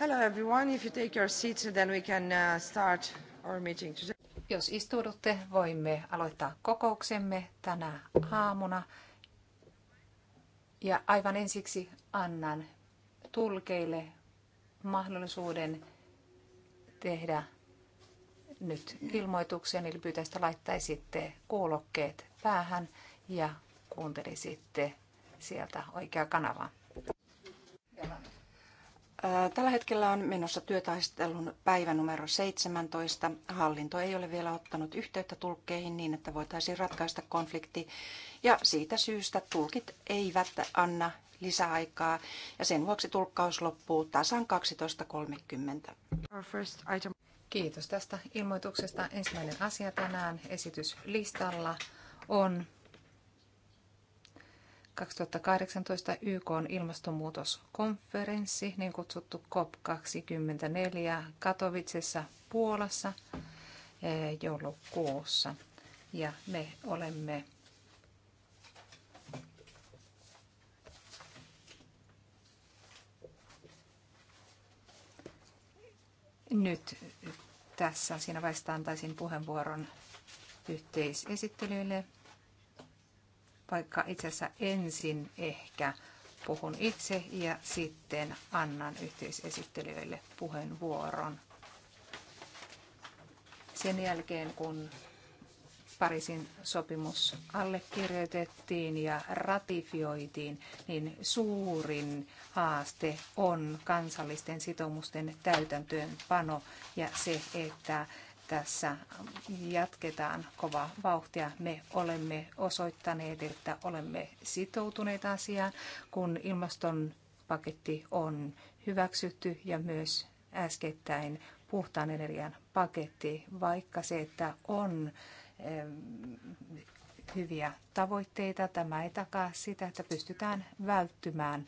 Hello everyone, if you take your seats, then we can uh, start our meeting today. Jos istuudutte, voimme aloittaa kokouksemme tänä aamuna. Ja aivan ensiksi annan tulkeille mahdollisuuden tehdä nyt ilmoituksen, eli pyytäisitte laittaisitte kuulokkeet päähän ja kuuntelisitte sieltä oikea kanava. Tällä hetkellä on menossa työtaistelun päivä numero 17. Hallinto ei ole vielä ottanut yhteyttä tulkkeihin niin, että voitaisiin ratkaista konflikti. Ja siitä syystä tulkit eivät anna lisäaikaa ja sen vuoksi tulkkaus loppuu tasan 12.30. Kiitos tästä ilmoituksesta. Ensimmäinen asia tänään esityslistalla on 2018 YK on ilmastonmuutoskonferenssi, niin kutsuttu COP24 Katowicessa Puolassa eh, joulukuussa. Ja me olemme nyt tässä. Siinä vaiheessa antaisin puheenvuoron yhteisesittelyille vaikka itse asiassa ensin ehkä puhun itse ja sitten annan yhteisesittelijöille puheenvuoron. Sen jälkeen, kun Pariisin sopimus allekirjoitettiin ja ratifioitiin, niin suurin haaste on kansallisten sitoumusten täytäntöönpano ja se, että tässä jatketaan kovaa vauhtia. Me olemme osoittaneet, että olemme sitoutuneet asiaan, kun ilmastonpaketti on hyväksytty ja myös äskettäin puhtaan energian paketti, vaikka se, että on hyviä tavoitteita. Tämä ei takaa sitä, että pystytään välttymään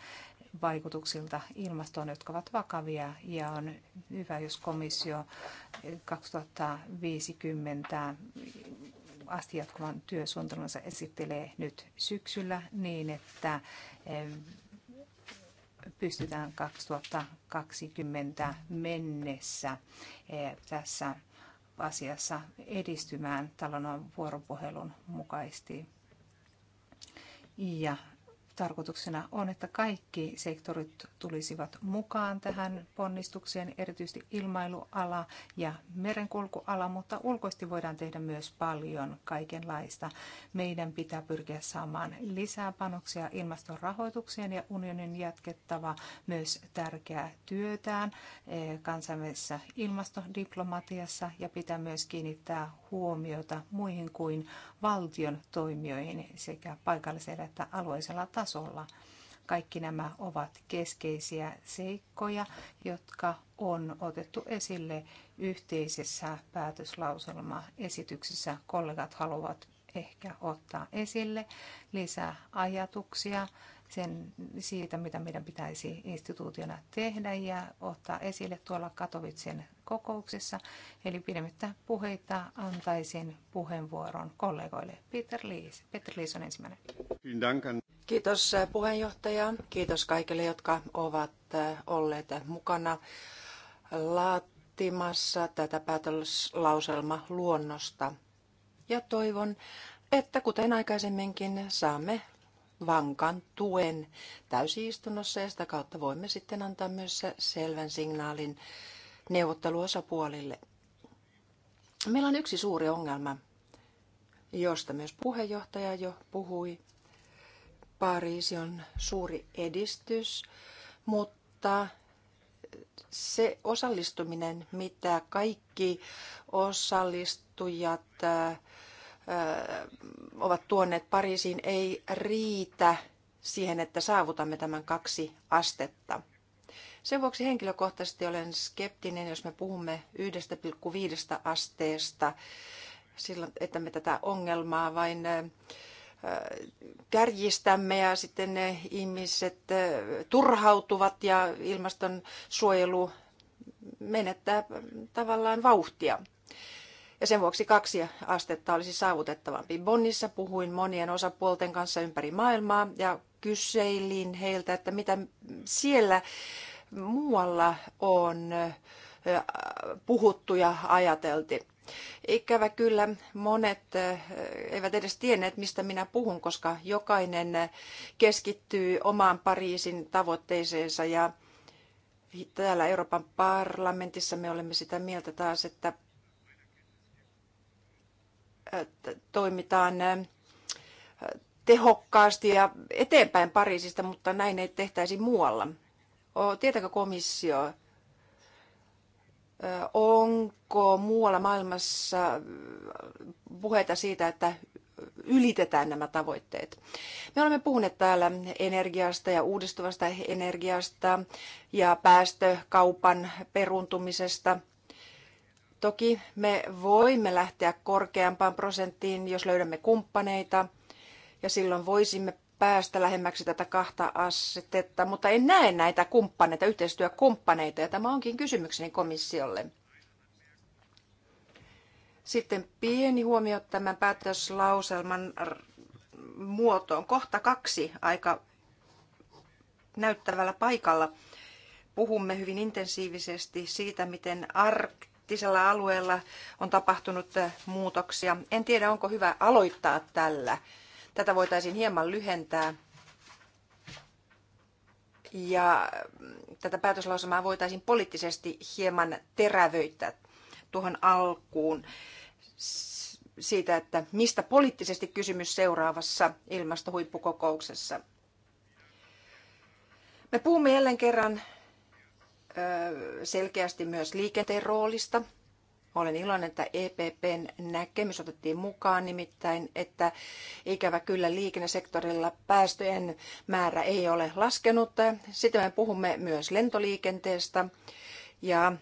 vaikutuksilta ilmastoon, jotka ovat vakavia ja on hyvä, jos komissio 2050 asti jatkuvan työsuunnitelmansa esittelee nyt syksyllä niin, että eh, pystytään 2020 mennessä eh, tässä asiassa edistymään talon vuoropuhelun mukaisesti. Ja tarkoituksena on, että kaikki sektorit tulisivat mukaan tähän ponnistukseen, erityisesti ilmailuala ja merenkulkuala, mutta ulkoisesti voidaan tehdä myös paljon kaikenlaista. Meidän pitää pyrkiä saamaan lisää panoksia ilmastorahoitukseen ja unionin jatkettava myös tärkeää työtään eh, kansainvälisessä ilmastodiplomatiassa ja pitää myös kiinnittää huomiota muihin kuin valtion toimijoihin sekä paikallisella että alueisella tasolla. Kaikki nämä ovat keskeisiä seikkoja, jotka on otettu esille yhteisessä päätöslauselmaesityksessä. Kollegat haluavat ehkä ottaa esille lisää ajatuksia sen, siitä, mitä meidän pitäisi instituutiona tehdä ja ottaa esille tuolla Katovitsen kokouksessa. Eli pidemmittä puheita antaisin puheenvuoron kollegoille. Peter Liis. Peter Liis on ensimmäinen. Kiitos äh, puheenjohtaja. Kiitos kaikille, jotka ovat äh, olleet mukana laatimassa tätä päätöslauselma luonnosta. Ja toivon, että kuten aikaisemminkin saamme vankan tuen täysistunnossa ja sitä kautta voimme sitten antaa myös selvän signaalin neuvotteluosapuolille. Meillä on yksi suuri ongelma, josta myös puheenjohtaja jo puhui. Pariisi on suuri edistys, mutta se osallistuminen, mitä kaikki osallistujat ovat tuoneet Pariisiin, ei riitä siihen, että saavutamme tämän kaksi astetta. Sen vuoksi henkilökohtaisesti olen skeptinen, jos me puhumme 1,5 asteesta, silloin, että me tätä ongelmaa vain kärjistämme ja sitten ne ihmiset turhautuvat ja ilmastonsuojelu menettää tavallaan vauhtia ja sen vuoksi kaksi astetta olisi saavutettavampi. Bonnissa puhuin monien osapuolten kanssa ympäri maailmaa ja kyseilin heiltä, että mitä siellä muualla on puhuttu ja ajateltiin. Ikävä kyllä monet eivät edes tienneet, mistä minä puhun, koska jokainen keskittyy omaan Pariisin tavoitteeseensa ja täällä Euroopan parlamentissa me olemme sitä mieltä taas, että toimitaan tehokkaasti ja eteenpäin Pariisista, mutta näin ei tehtäisi muualla. Tietääkö komissio, onko muualla maailmassa puheita siitä, että ylitetään nämä tavoitteet. Me olemme puhuneet täällä energiasta ja uudistuvasta energiasta ja päästökaupan peruuntumisesta – Toki me voimme lähteä korkeampaan prosenttiin, jos löydämme kumppaneita, ja silloin voisimme päästä lähemmäksi tätä kahta asetetta, mutta en näe näitä kumppaneita, yhteistyökumppaneita, ja tämä onkin kysymykseni komissiolle. Sitten pieni huomio tämän päätöslauselman muotoon. Kohta kaksi aika näyttävällä paikalla. Puhumme hyvin intensiivisesti siitä, miten arkt arktisella alueella on tapahtunut äh, muutoksia. En tiedä, onko hyvä aloittaa tällä. Tätä voitaisiin hieman lyhentää. Ja mm, tätä päätöslausumaa voitaisiin poliittisesti hieman terävöittää tuohon alkuun siitä, että mistä poliittisesti kysymys seuraavassa ilmastohuippukokouksessa. Me puhumme jälleen kerran selkeästi myös liikenteen roolista. Olen iloinen, että EPPn näkemys otettiin mukaan, nimittäin, että ikävä kyllä liikennesektorilla päästöjen määrä ei ole laskenut. Sitten me puhumme myös lentoliikenteestä ja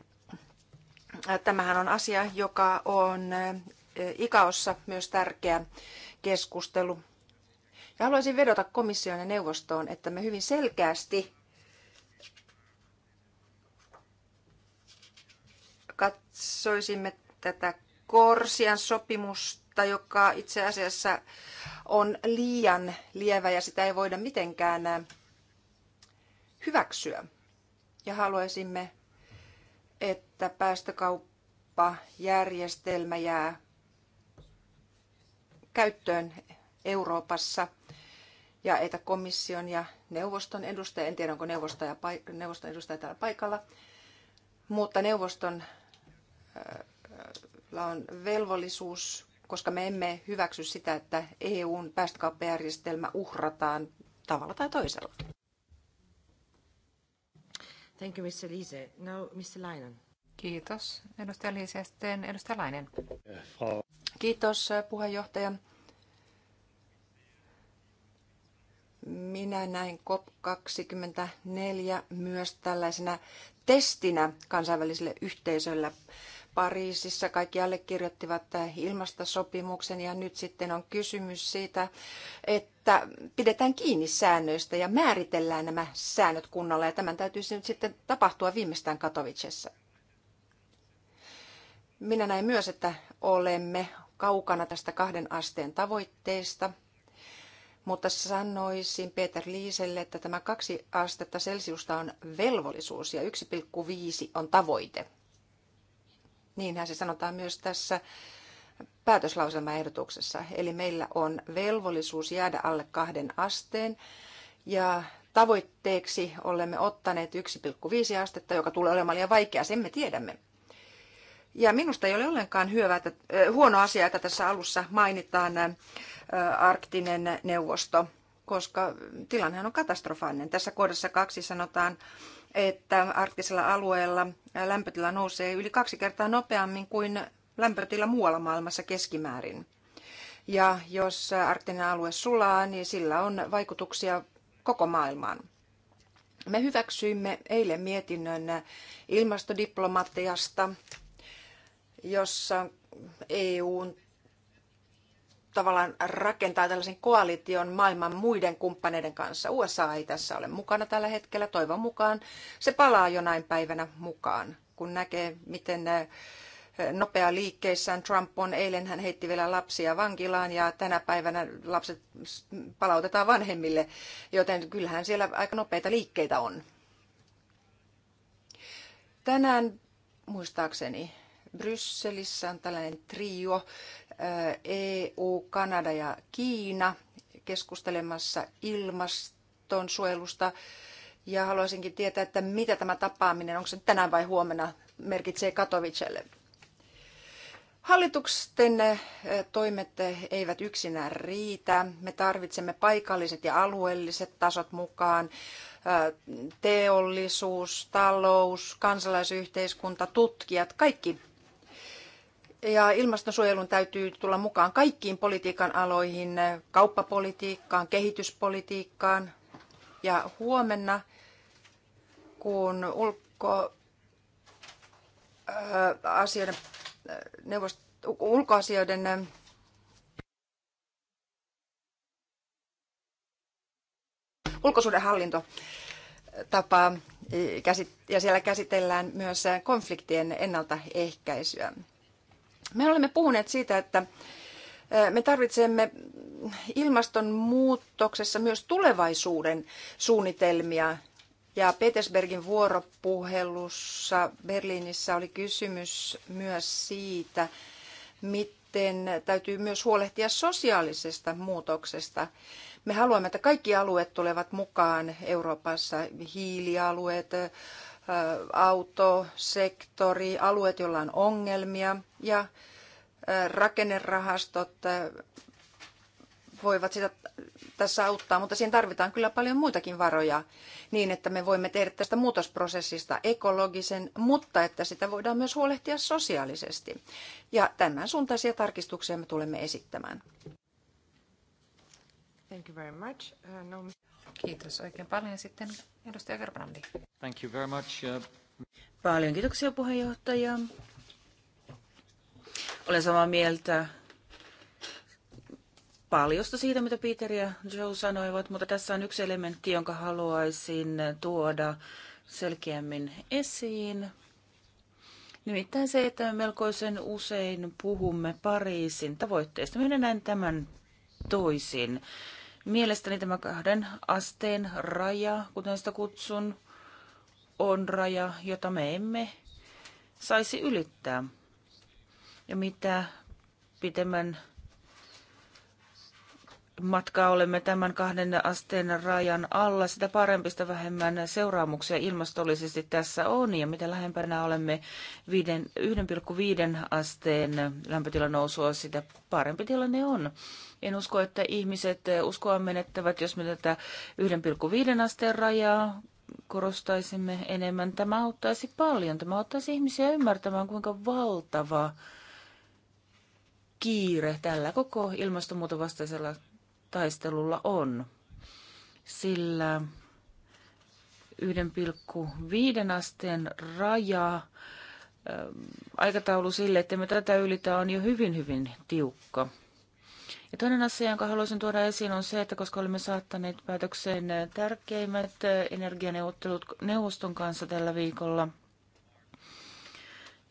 tämähän on asia, joka on ikaossa myös tärkeä keskustelu. Ja haluaisin vedota komission ja neuvostoon, että me hyvin selkeästi katsoisimme tätä Korsian sopimusta, joka itse asiassa on liian lievä ja sitä ei voida mitenkään äh, hyväksyä. Ja haluaisimme, että päästökauppajärjestelmä jää käyttöön Euroopassa ja että komission ja neuvoston edustaja, en tiedä onko neuvoston edustaja täällä paikalla, mutta neuvoston on velvollisuus, koska me emme hyväksy sitä, että EUn päästökauppajärjestelmä uhrataan tavalla tai toisella. Thank you, Mr. Liese. Now, Mr. Lainen. Kiitos, edustaja Liise. Ja sitten edustaja Lainen. Kiitos, puheenjohtaja. Minä näin COP24 myös tällaisena testinä kansainväliselle yhteisölle Pariisissa kaikki allekirjoittivat ilmastosopimuksen ja nyt sitten on kysymys siitä, että pidetään kiinni säännöistä ja määritellään nämä säännöt kunnolla ja tämän täytyisi nyt sitten tapahtua viimeistään Katowicessa. Minä näen myös, että olemme kaukana tästä kahden asteen tavoitteesta, mutta sanoisin Peter Liiselle, että tämä kaksi astetta Celsiusta on velvollisuus ja 1,5 on tavoite. Niinhän se sanotaan myös tässä päätöslauselmaehdotuksessa. Eli meillä on velvollisuus jäädä alle kahden asteen ja tavoitteeksi olemme ottaneet 1,5 astetta, joka tulee olemaan liian vaikea, sen me tiedämme. Ja minusta ei ole ollenkaan hyvä, että, äh, huono asia, että tässä alussa mainitaan äh, arktinen neuvosto, koska tilannehan on katastrofaalinen. Tässä kohdassa kaksi sanotaan, että arktisella alueella lämpötila nousee yli kaksi kertaa nopeammin kuin lämpötila muualla maailmassa keskimäärin. Ja jos arktinen alue sulaa, niin sillä on vaikutuksia koko maailmaan. Me hyväksyimme eilen mietinnön ilmastodiplomatiasta, jossa EUn tavallaan rakentaa tällaisen koalition maailman muiden kumppaneiden kanssa. USA ei tässä ole mukana tällä hetkellä, toivon mukaan. Se palaa jonain päivänä mukaan, kun näkee, miten eh, nopea liikkeissään Trump on. Eilen hän heitti vielä lapsia vankilaan ja tänä päivänä lapset palautetaan vanhemmille, joten kyllähän siellä aika nopeita liikkeitä on. Tänään muistaakseni Brysselissä on tällainen trio EU, Kanada ja Kiina keskustelemassa ilmastonsuojelusta. Ja haluaisinkin tietää, että mitä tämä tapaaminen, onko se tänään vai huomenna, merkitsee Katowicelle. Hallituksen toimet eivät yksinään riitä. Me tarvitsemme paikalliset ja alueelliset tasot mukaan. Teollisuus, talous, kansalaisyhteiskunta, tutkijat, kaikki ja ilmastonsuojelun täytyy tulla mukaan kaikkiin politiikan aloihin, kauppapolitiikkaan, kehityspolitiikkaan. Ja huomenna, kun ulkoasioiden neuvost, ulkoasioiden ulkosuhdehallinto tapaa ja siellä käsitellään myös äh, konfliktien ennaltaehkäisyä. Me olemme puhuneet siitä, että me tarvitsemme ilmastonmuutoksessa myös tulevaisuuden suunnitelmia. Ja Petersbergin vuoropuhelussa Berliinissä oli kysymys myös siitä, miten täytyy myös huolehtia sosiaalisesta muutoksesta. Me haluamme, että kaikki alueet tulevat mukaan Euroopassa, hiilialueet, autosektori, alueet, joilla on ongelmia ja rakennerahastot voivat sitä tässä auttaa, mutta siihen tarvitaan kyllä paljon muitakin varoja niin, että me voimme tehdä tästä muutosprosessista ekologisen, mutta että sitä voidaan myös huolehtia sosiaalisesti. Ja tämän suuntaisia tarkistuksia me tulemme esittämään. Thank you very much. Uh, no... Kiitos oikein paljon. Sitten edustaja Gerbrandi. Thank you very much. Uh, paljon kiitoksia puheenjohtaja. Olen samaa mieltä paljosta siitä, mitä Peter ja Joe sanoivat, mutta tässä on yksi elementti, jonka haluaisin tuoda selkeämmin esiin. Nimittäin se, että melkoisen usein puhumme Pariisin tavoitteista. Minä näen tämän toisin. Mielestäni tämä kahden asteen raja, kuten sitä kutsun, on raja, jota me emme saisi ylittää. Ja mitä pitemmän matkaa olemme tämän kahden asteen rajan alla, sitä parempista vähemmän seuraamuksia ilmastollisesti tässä on. Ja mitä lähempänä olemme 1,5 asteen lämpötilan nousua, sitä parempi tilanne on. En usko, että ihmiset eh, uskoa menettävät, jos me tätä 1,5 asteen rajaa korostaisimme enemmän. Tämä auttaisi paljon. Tämä auttaisi ihmisiä ymmärtämään, kuinka valtava kiire tällä koko ilmastonmuuton vastaisella taistelulla on. Sillä 1,5 asteen raja, eh, aikataulu sille, että me tätä ylitä, on jo hyvin, hyvin tiukka. Ja toinen asia, jonka haluaisin tuoda esiin, on se, että koska olemme saattaneet päätökseen tärkeimmät energianeuvottelut neuvoston kanssa tällä viikolla,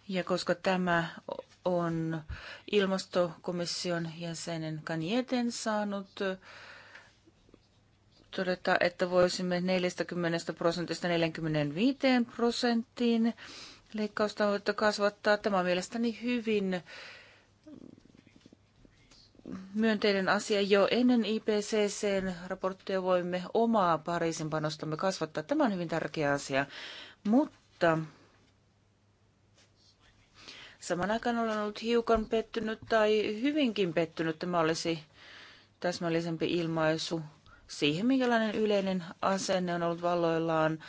ja koska tämä on ilmastokomission jäsenen Kanieten saanut todeta, että voisimme 40 prosentista 45 prosenttiin leikkaustavoitetta kasvattaa. Tämä on mielestäni hyvin myönteinen asia jo ennen IPCCn raporttia voimme omaa Pariisin panostamme kasvattaa. Tämä on hyvin tärkeä asia, mutta saman aikaan olen ollut hiukan pettynyt tai hyvinkin pettynyt. Tämä olisi täsmällisempi ilmaisu siihen, minkälainen yleinen asenne on ollut valloillaan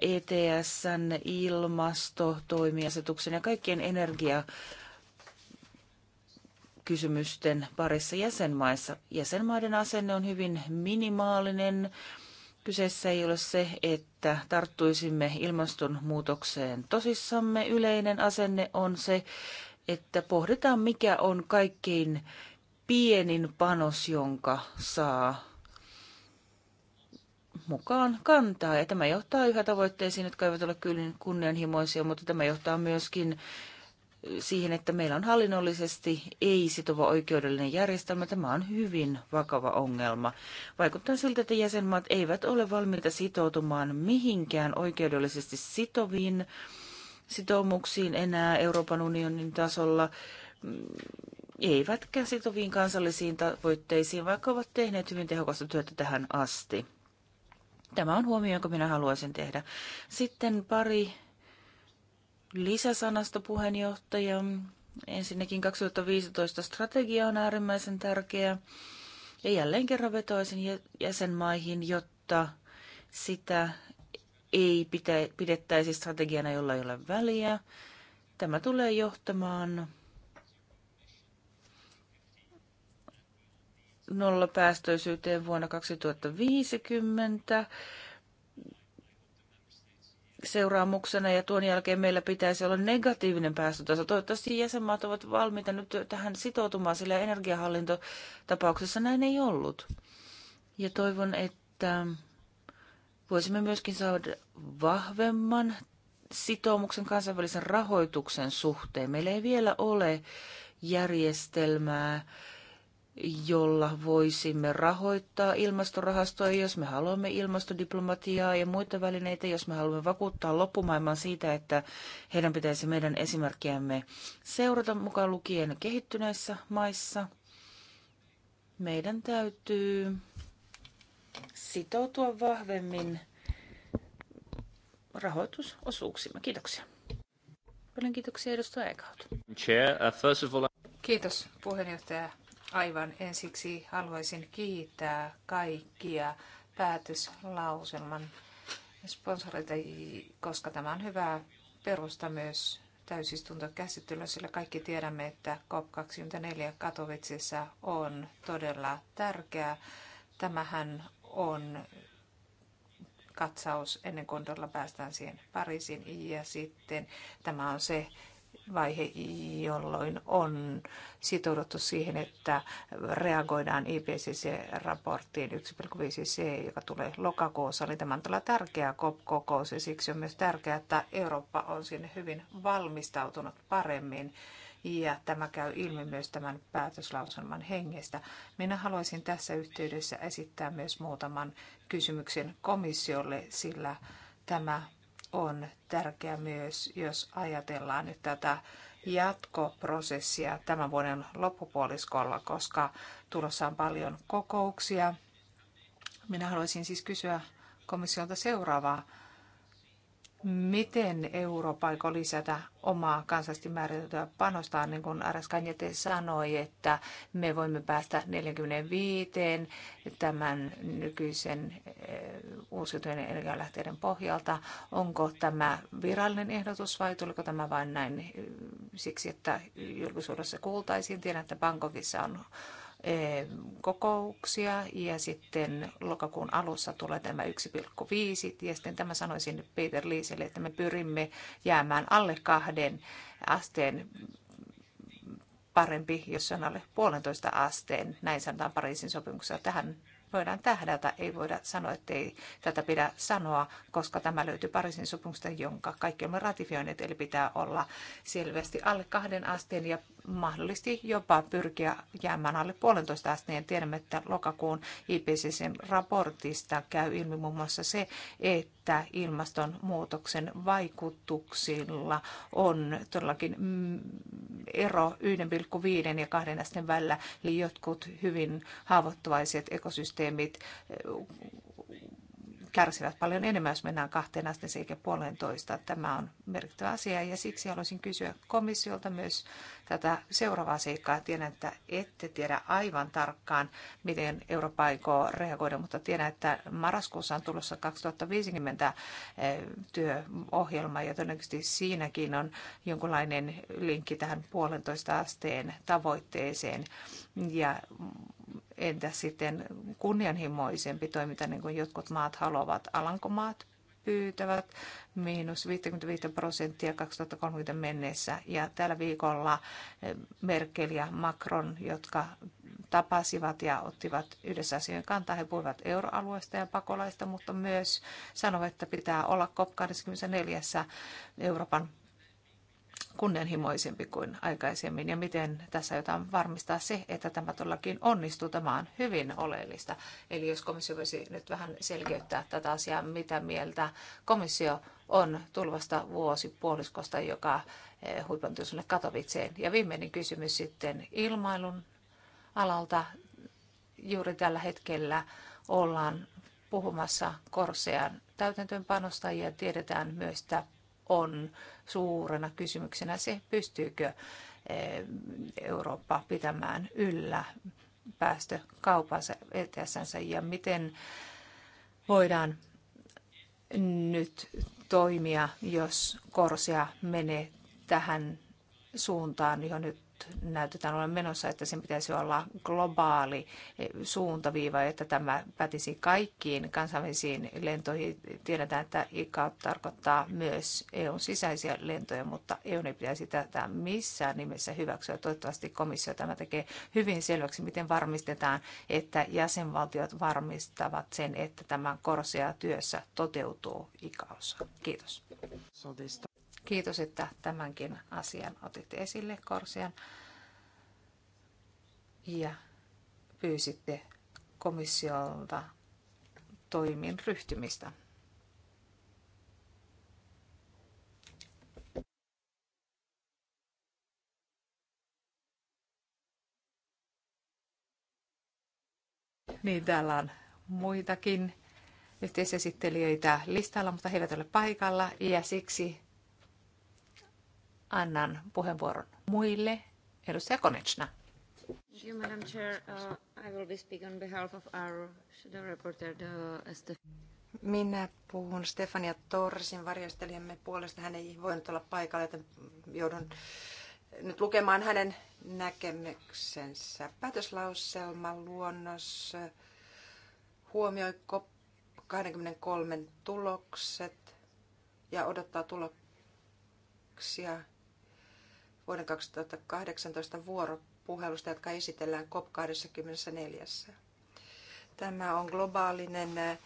ETSn ilmastotoimiasetuksen ja kaikkien energiaa kysymysten parissa jäsenmaissa. Jäsenmaiden asenne on hyvin minimaalinen. Kyseessä ei ole se, että tarttuisimme ilmastonmuutokseen tosissamme. Yleinen asenne on se, että pohditaan, mikä on kaikkein pienin panos, jonka saa mukaan kantaa. Ja tämä johtaa yhä tavoitteisiin, jotka eivät ole kyllä kunnianhimoisia, mutta tämä johtaa myöskin siihen, että meillä on hallinnollisesti ei-sitova oikeudellinen järjestelmä. Tämä on hyvin vakava ongelma. Vaikuttaa siltä, että jäsenmaat eivät ole valmiita sitoutumaan mihinkään oikeudellisesti sitoviin sitoumuksiin enää Euroopan unionin tasolla, eivätkä sitoviin kansallisiin tavoitteisiin, vaikka ovat tehneet hyvin tehokasta työtä tähän asti. Tämä on huomio, jonka minä haluaisin tehdä. Sitten pari lisäsanasta puheenjohtaja. Ensinnäkin 2015 strategia on äärimmäisen tärkeä. Ja jälleen kerran vetoisin jäsenmaihin, jotta sitä ei pitä, pidettäisi strategiana, jolla ei ole väliä. Tämä tulee johtamaan nollapäästöisyyteen vuonna 2050 seuraamuksena ja tuon jälkeen meillä pitäisi olla negatiivinen päästötaso. Toivottavasti jäsenmaat ovat valmiita nyt tähän sitoutumaan, sillä energiahallintotapauksessa näin ei ollut. Ja toivon, että voisimme myöskin saada vahvemman sitoumuksen kansainvälisen rahoituksen suhteen. Meillä ei vielä ole järjestelmää jolla voisimme rahoittaa ilmastorahastoja, jos me haluamme ilmastodiplomatiaa ja muita välineitä, jos me haluamme vakuuttaa loppumaailman siitä, että heidän pitäisi meidän esimerkkiämme seurata mukaan lukien kehittyneissä maissa. Meidän täytyy sitoutua vahvemmin rahoitusosuuksimme. Kiitoksia. Paljon kiitoksia edustaja Ekaut. Uh, Kiitos puheenjohtaja Aivan ensiksi haluaisin kiittää kaikkia päätöslauselman sponsoreita, koska tämä on hyvä perusta myös täysistuntokäsittelyä, sillä kaikki tiedämme, että COP24 Katowicessa on todella tärkeä. Tämähän on katsaus ennen kuin päästään siihen Pariisiin ja sitten tämä on se vaihe, jolloin on sitouduttu siihen, että reagoidaan IPCC-raporttiin 1,5c, joka tulee lokakuussa. Eli tämä on todella tärkeä kokous ja siksi on myös tärkeää, että Eurooppa on sinne hyvin valmistautunut paremmin. Ja tämä käy ilmi myös tämän päätöslauselman hengestä. Minä haluaisin tässä yhteydessä esittää myös muutaman kysymyksen komissiolle, sillä tämä on tärkeä myös, jos ajatellaan nyt tätä jatkoprosessia tämän vuoden loppupuoliskolla, koska tulossa on paljon kokouksia. Minä haluaisin siis kysyä komissiolta seuraavaa miten Eurooppa aikoo lisätä omaa kansallisesti määriteltyä panostaan, niin kuin Aras Kanjete sanoi, että me voimme päästä 45 tämän nykyisen eh, uusiutuvien energialähteiden pohjalta. Onko tämä virallinen ehdotus vai tuliko tämä vain näin eh, siksi, että julkisuudessa kuultaisiin? Tiedän, että Bangkokissa on Eh, kokouksia ja sitten lokakuun alussa tulee tämä 1,5 ja sitten tämä sanoisin Peter Liiselle, että me pyrimme jäämään alle kahden asteen parempi, jos se on alle puolentoista asteen, näin sanotaan Pariisin sopimuksessa. Tähän voidaan tähdätä, ei voida sanoa, että ei tätä pidä sanoa, koska tämä löytyy Pariisin sopimuksesta, jonka kaikki olemme ratifioineet, eli pitää olla selvästi alle kahden asteen ja mahdollisesti jopa pyrkiä jäämään alle puolentoista asteen. Tiedämme, että lokakuun IPCCn raportista käy ilmi muun muassa se, että ilmastonmuutoksen vaikutuksilla on todellakin mm, ero 1,5 ja 2 asteen välillä, eli jotkut hyvin haavoittuvaiset ekosysteemit kärsivät paljon enemmän, jos mennään kahteen asteen eikä puolentoista. Tämä on merkittävä asia ja siksi haluaisin kysyä komissiolta myös tätä seuraavaa seikkaa. Tiedän, että ette tiedä aivan tarkkaan, miten Eurooppa aikoo reagoida, mutta tiedän, että marraskuussa on tulossa 2050 eh, työohjelma ja todennäköisesti siinäkin on jonkunlainen linkki tähän puolentoista asteen tavoitteeseen ja entä sitten kunnianhimoisempi toiminta, niin kuin jotkut maat haluavat, Alankomaat pyytävät miinus 55 prosenttia 2030 mennessä. Ja tällä viikolla eh, Merkel ja Macron, jotka tapasivat ja ottivat yhdessä asioiden kantaa, he puhuivat euroalueesta ja pakolaista, mutta myös sanoivat, että pitää olla COP24 Euroopan kunnianhimoisempi kuin aikaisemmin ja miten tässä jotain varmistaa se, että tämä todellakin onnistuu. Tämä on hyvin oleellista. Eli jos komissio voisi nyt vähän selkeyttää tätä asiaa, mitä mieltä komissio on tulvasta vuosipuoliskosta, joka eh, huipantuu sinne Katovitseen. Ja viimeinen kysymys sitten ilmailun alalta. Juuri tällä hetkellä ollaan puhumassa Korsean täytäntöönpanosta ja tiedetään myös, että on suurena kysymyksenä se, pystyykö eh, Eurooppa pitämään yllä päästökaupansa ETSnsä ja miten voidaan nyt toimia, jos Korsia menee tähän suuntaan, johon nyt näytetään olevan menossa, että sen pitäisi olla globaali eh, suuntaviiva, että tämä pätisi kaikkiin kansainvälisiin lentoihin. Tiedetään, että ICAO tarkoittaa myös EUn sisäisiä lentoja, mutta EU ei pitäisi tätä missään nimessä hyväksyä. Toivottavasti komissio tämä tekee hyvin selväksi, miten varmistetaan, että jäsenvaltiot varmistavat sen, että tämä korsia työssä toteutuu ICAOssa. Kiitos. Kiitos, että tämänkin asian otitte esille Korsian ja pyysitte komissiolta toimin ryhtymistä. Niin, täällä on muitakin yhteisesittelijöitä listalla, mutta he eivät ole paikalla ja siksi annan puheenvuoron muille. Edustaja Konechna. Uh, uh, Minä puhun Stefania Torsin varjostelijamme puolesta. Hän ei voinut olla paikalla, joten joudun nyt lukemaan hänen näkemyksensä. Päätöslauselma luonnos huomioi 23 tulokset ja odottaa tuloksia vuoden 2018 vuoropuhelusta, jotka esitellään COP24. Tämä on globaalinen ää,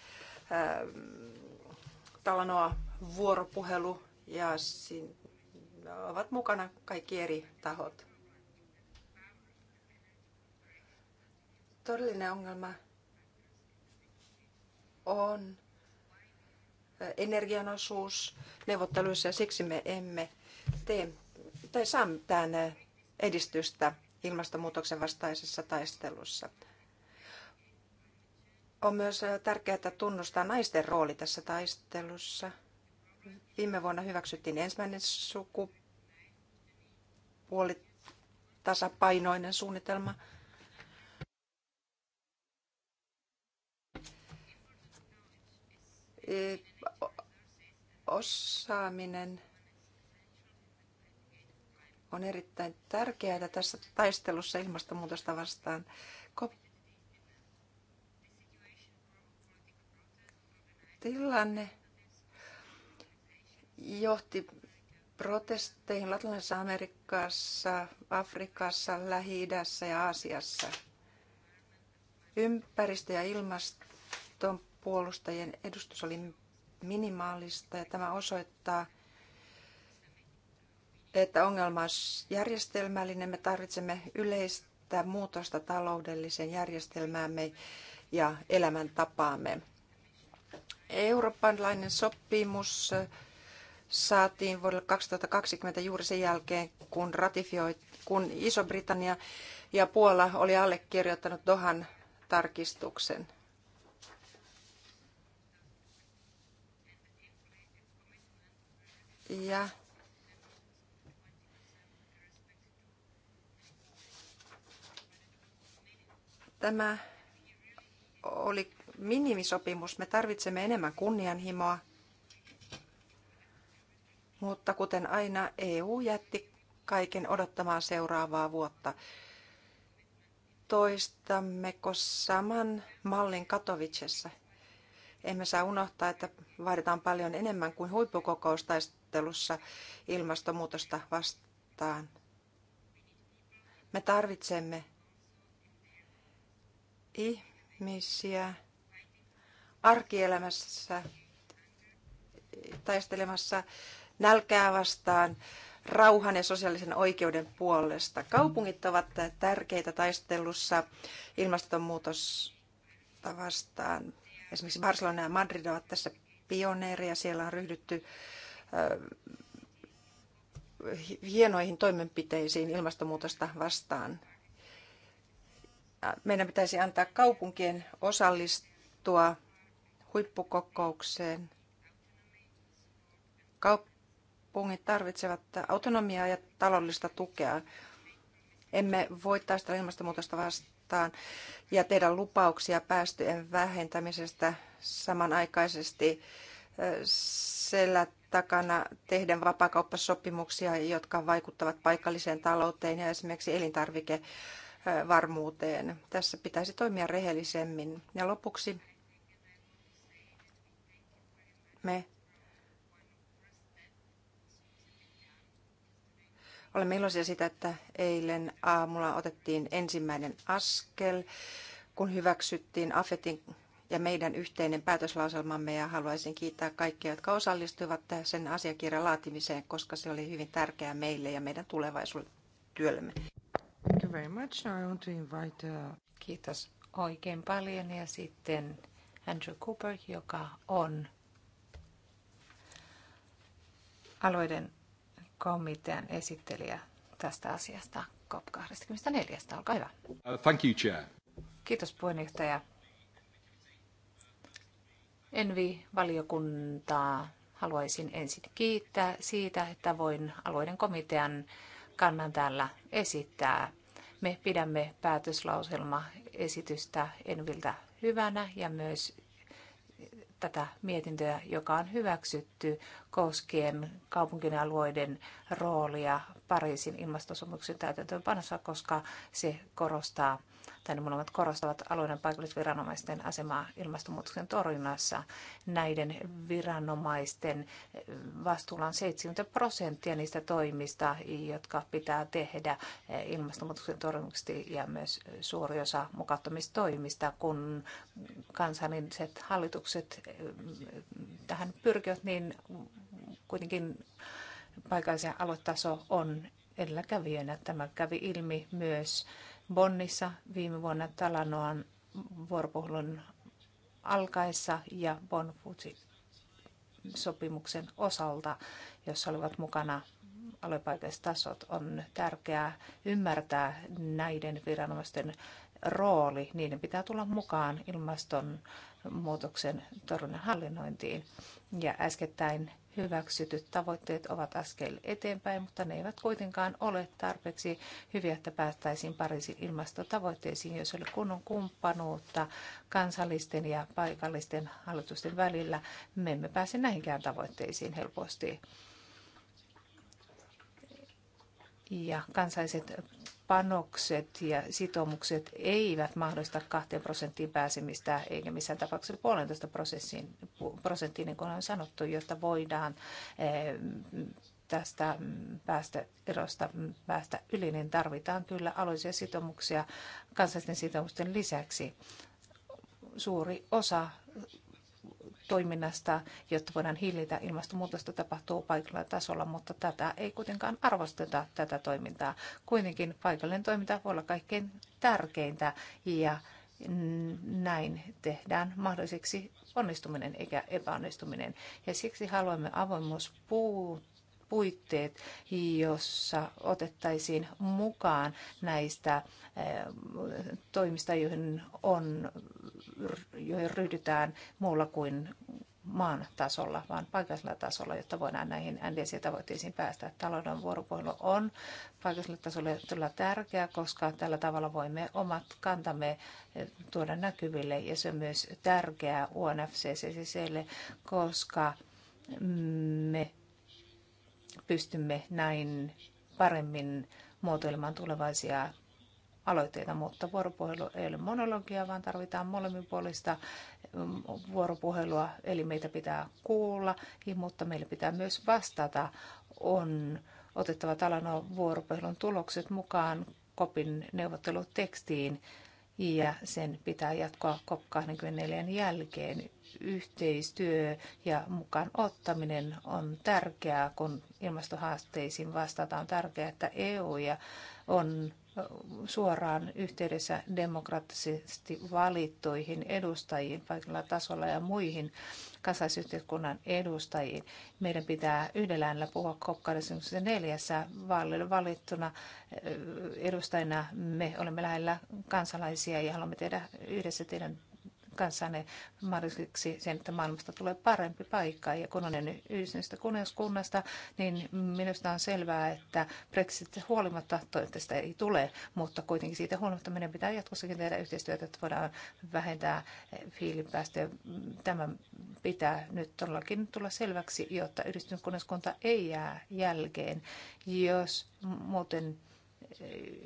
talanoa vuoropuhelu ja siinä ovat mukana kaikki eri tahot. Todellinen ongelma on energian osuus neuvotteluissa ja siksi me emme tee tai saa mitään eh, edistystä ilmastonmuutoksen vastaisessa taistelussa. On myös eh, tärkeää tunnustaa naisten rooli tässä taistelussa. Viime vuonna hyväksyttiin ensimmäinen sukupuolitasapainoinen suunnitelma. Eh, osaaminen on erittäin tärkeää tässä taistelussa ilmastonmuutosta vastaan. Tilanne johti protesteihin Latinalaisessa Amerikassa, Afrikassa, Lähi-idässä ja Aasiassa. Ympäristö- ja ilmastonpuolustajien edustus oli minimaalista ja tämä osoittaa, että ongelma on järjestelmällinen. Me tarvitsemme yleistä muutosta taloudellisen järjestelmäämme ja elämäntapaamme. Eurooppalainen sopimus saatiin vuodelle 2020 juuri sen jälkeen, kun, ratifioi, kun Iso-Britannia ja Puola oli allekirjoittanut Dohan tarkistuksen. Ja Tämä oli minimisopimus. Me tarvitsemme enemmän kunnianhimoa, mutta kuten aina EU jätti kaiken odottamaan seuraavaa vuotta. Toistammeko saman mallin Katowicessa? Emme saa unohtaa, että vaaditaan paljon enemmän kuin huippukokoustaistelussa ilmastonmuutosta vastaan. Me tarvitsemme ihmisiä arkielämässä taistelemassa nälkää vastaan rauhan ja sosiaalisen oikeuden puolesta. Kaupungit ovat tärkeitä taistelussa ilmastonmuutosta vastaan. Esimerkiksi Barcelona ja Madrid ovat tässä pioneereja. Siellä on ryhdytty hienoihin toimenpiteisiin ilmastonmuutosta vastaan meidän pitäisi antaa kaupunkien osallistua huippukokoukseen. Kaupungit tarvitsevat autonomiaa ja taloudellista tukea. Emme voi taistella ilmastonmuutosta vastaan ja tehdä lupauksia päästöjen vähentämisestä samanaikaisesti sillä takana tehden vapaakauppasopimuksia, jotka vaikuttavat paikalliseen talouteen ja esimerkiksi elintarvike varmuuteen. Tässä pitäisi toimia rehellisemmin. Ja lopuksi me olemme iloisia sitä, että eilen aamulla otettiin ensimmäinen askel, kun hyväksyttiin AFETin ja meidän yhteinen päätöslauselmamme ja haluaisin kiittää kaikkia, jotka osallistuivat sen asiakirjan laatimiseen, koska se oli hyvin tärkeää meille ja meidän tulevaisuudelle työllemme you very much. Now I want to invite, uh... Kiitos oikein paljon. Ja sitten Andrew Cooper, joka on alueiden komitean esittelijä tästä asiasta COP24. Olkaa hyvä. Uh, thank you, Chair. Kiitos puheenjohtaja. Envi-valiokuntaa haluaisin ensin kiittää siitä, että voin alueiden komitean kannan täällä esittää. Me pidämme päätöslauselmaesitystä Enviltä hyvänä ja myös tätä mietintöä, joka on hyväksytty koskien kaupunkialueiden roolia Pariisin ilmastosopimuksen täytäntöönpanossa, koska se korostaa, tai ne molemmat korostavat alueiden paikallisviranomaisten asemaa ilmastonmuutoksen torjunnassa. Näiden viranomaisten vastuulla on 70 prosenttia niistä toimista, jotka pitää tehdä ilmastonmuutoksen torjumiseksi ja myös suuri osa toimista, kun kansalliset hallitukset mm, tähän pyrkivät, niin kuitenkin paikallisen aluetaso on edelläkävijänä. Tämä kävi ilmi myös Bonnissa viime vuonna Talanoan vuoropuhelun alkaessa ja Bonn sopimuksen osalta, jossa olivat mukana aluepaikalliset tasot, on tärkeää ymmärtää näiden viranomaisten rooli. Niiden pitää tulla mukaan ilmastonmuutoksen torjunnan hallinnointiin. Ja äskettäin hyväksytyt tavoitteet ovat askel eteenpäin, mutta ne eivät kuitenkaan ole tarpeeksi hyviä, että päästäisiin Pariisin ilmastotavoitteisiin, jos ei ole kunnon kumppanuutta kansallisten ja paikallisten hallitusten välillä. Me emme pääse näihinkään tavoitteisiin helposti. Ja kansalliset panokset ja sitoumukset eivät mahdollista kahteen prosenttiin pääsemistä, eikä missään tapauksessa puolentoista prosenttiin, niin kuin on sanottu, jotta voidaan eh, tästä päästä erosta päästä yli, niin tarvitaan kyllä aloisia sitoumuksia kansallisten sitoumusten lisäksi. Suuri osa toiminnasta, jotta voidaan hillitä ilmastonmuutosta tapahtuu paikalla tasolla, mutta tätä ei kuitenkaan arvosteta tätä toimintaa. Kuitenkin paikallinen toiminta voi olla kaikkein tärkeintä ja näin tehdään mahdolliseksi onnistuminen eikä epäonnistuminen. Ja siksi haluamme avoimuuspuitteet, jossa otettaisiin mukaan näistä eh, toimista, joihin on joihin ryhdytään muulla kuin maan tasolla, vaan paikallisella tasolla, jotta voidaan näihin NDC-tavoitteisiin päästä. Talouden vuoropuhelu on paikallisella tasolla todella tärkeää, koska tällä tavalla voimme omat kantamme tuoda näkyville, ja se on myös tärkeää UNFCCClle, koska me pystymme näin paremmin muotoilemaan tulevaisia aloitteita, mutta vuoropuhelu ei ole monologia, vaan tarvitaan molemminpuolista mm, vuoropuhelua, eli meitä pitää kuulla, mutta meillä pitää myös vastata. On otettava talano vuoropuhelun tulokset mukaan kopin neuvottelutekstiin ja sen pitää jatkoa COP24 jälkeen. Yhteistyö ja mukaan ottaminen on tärkeää, kun ilmastohaasteisiin vastataan. On tärkeää, että EU ja on suoraan yhteydessä demokraattisesti valittuihin edustajiin paikalla tasolla ja muihin kansalaisyhteiskunnan edustajiin. Meidän pitää yhdellä äänellä puhua COP24 vaaleilla valittuna eh, edustajina. Me olemme lähellä kansalaisia ja haluamme tehdä yhdessä teidän kanssanne mahdolliseksi sen, että maailmasta tulee parempi paikka. Ja kun olen yhdistynyt kuningaskunnasta, niin minusta on selvää, että Brexit huolimatta toivottavasti ei tule, mutta kuitenkin siitä huolimatta meidän pitää jatkossakin tehdä yhteistyötä, että voidaan vähentää fiilipäästöjä. Tämä pitää nyt todellakin tulla selväksi, jotta yhdistynyt kuningaskunta ei jää jälkeen, jos muuten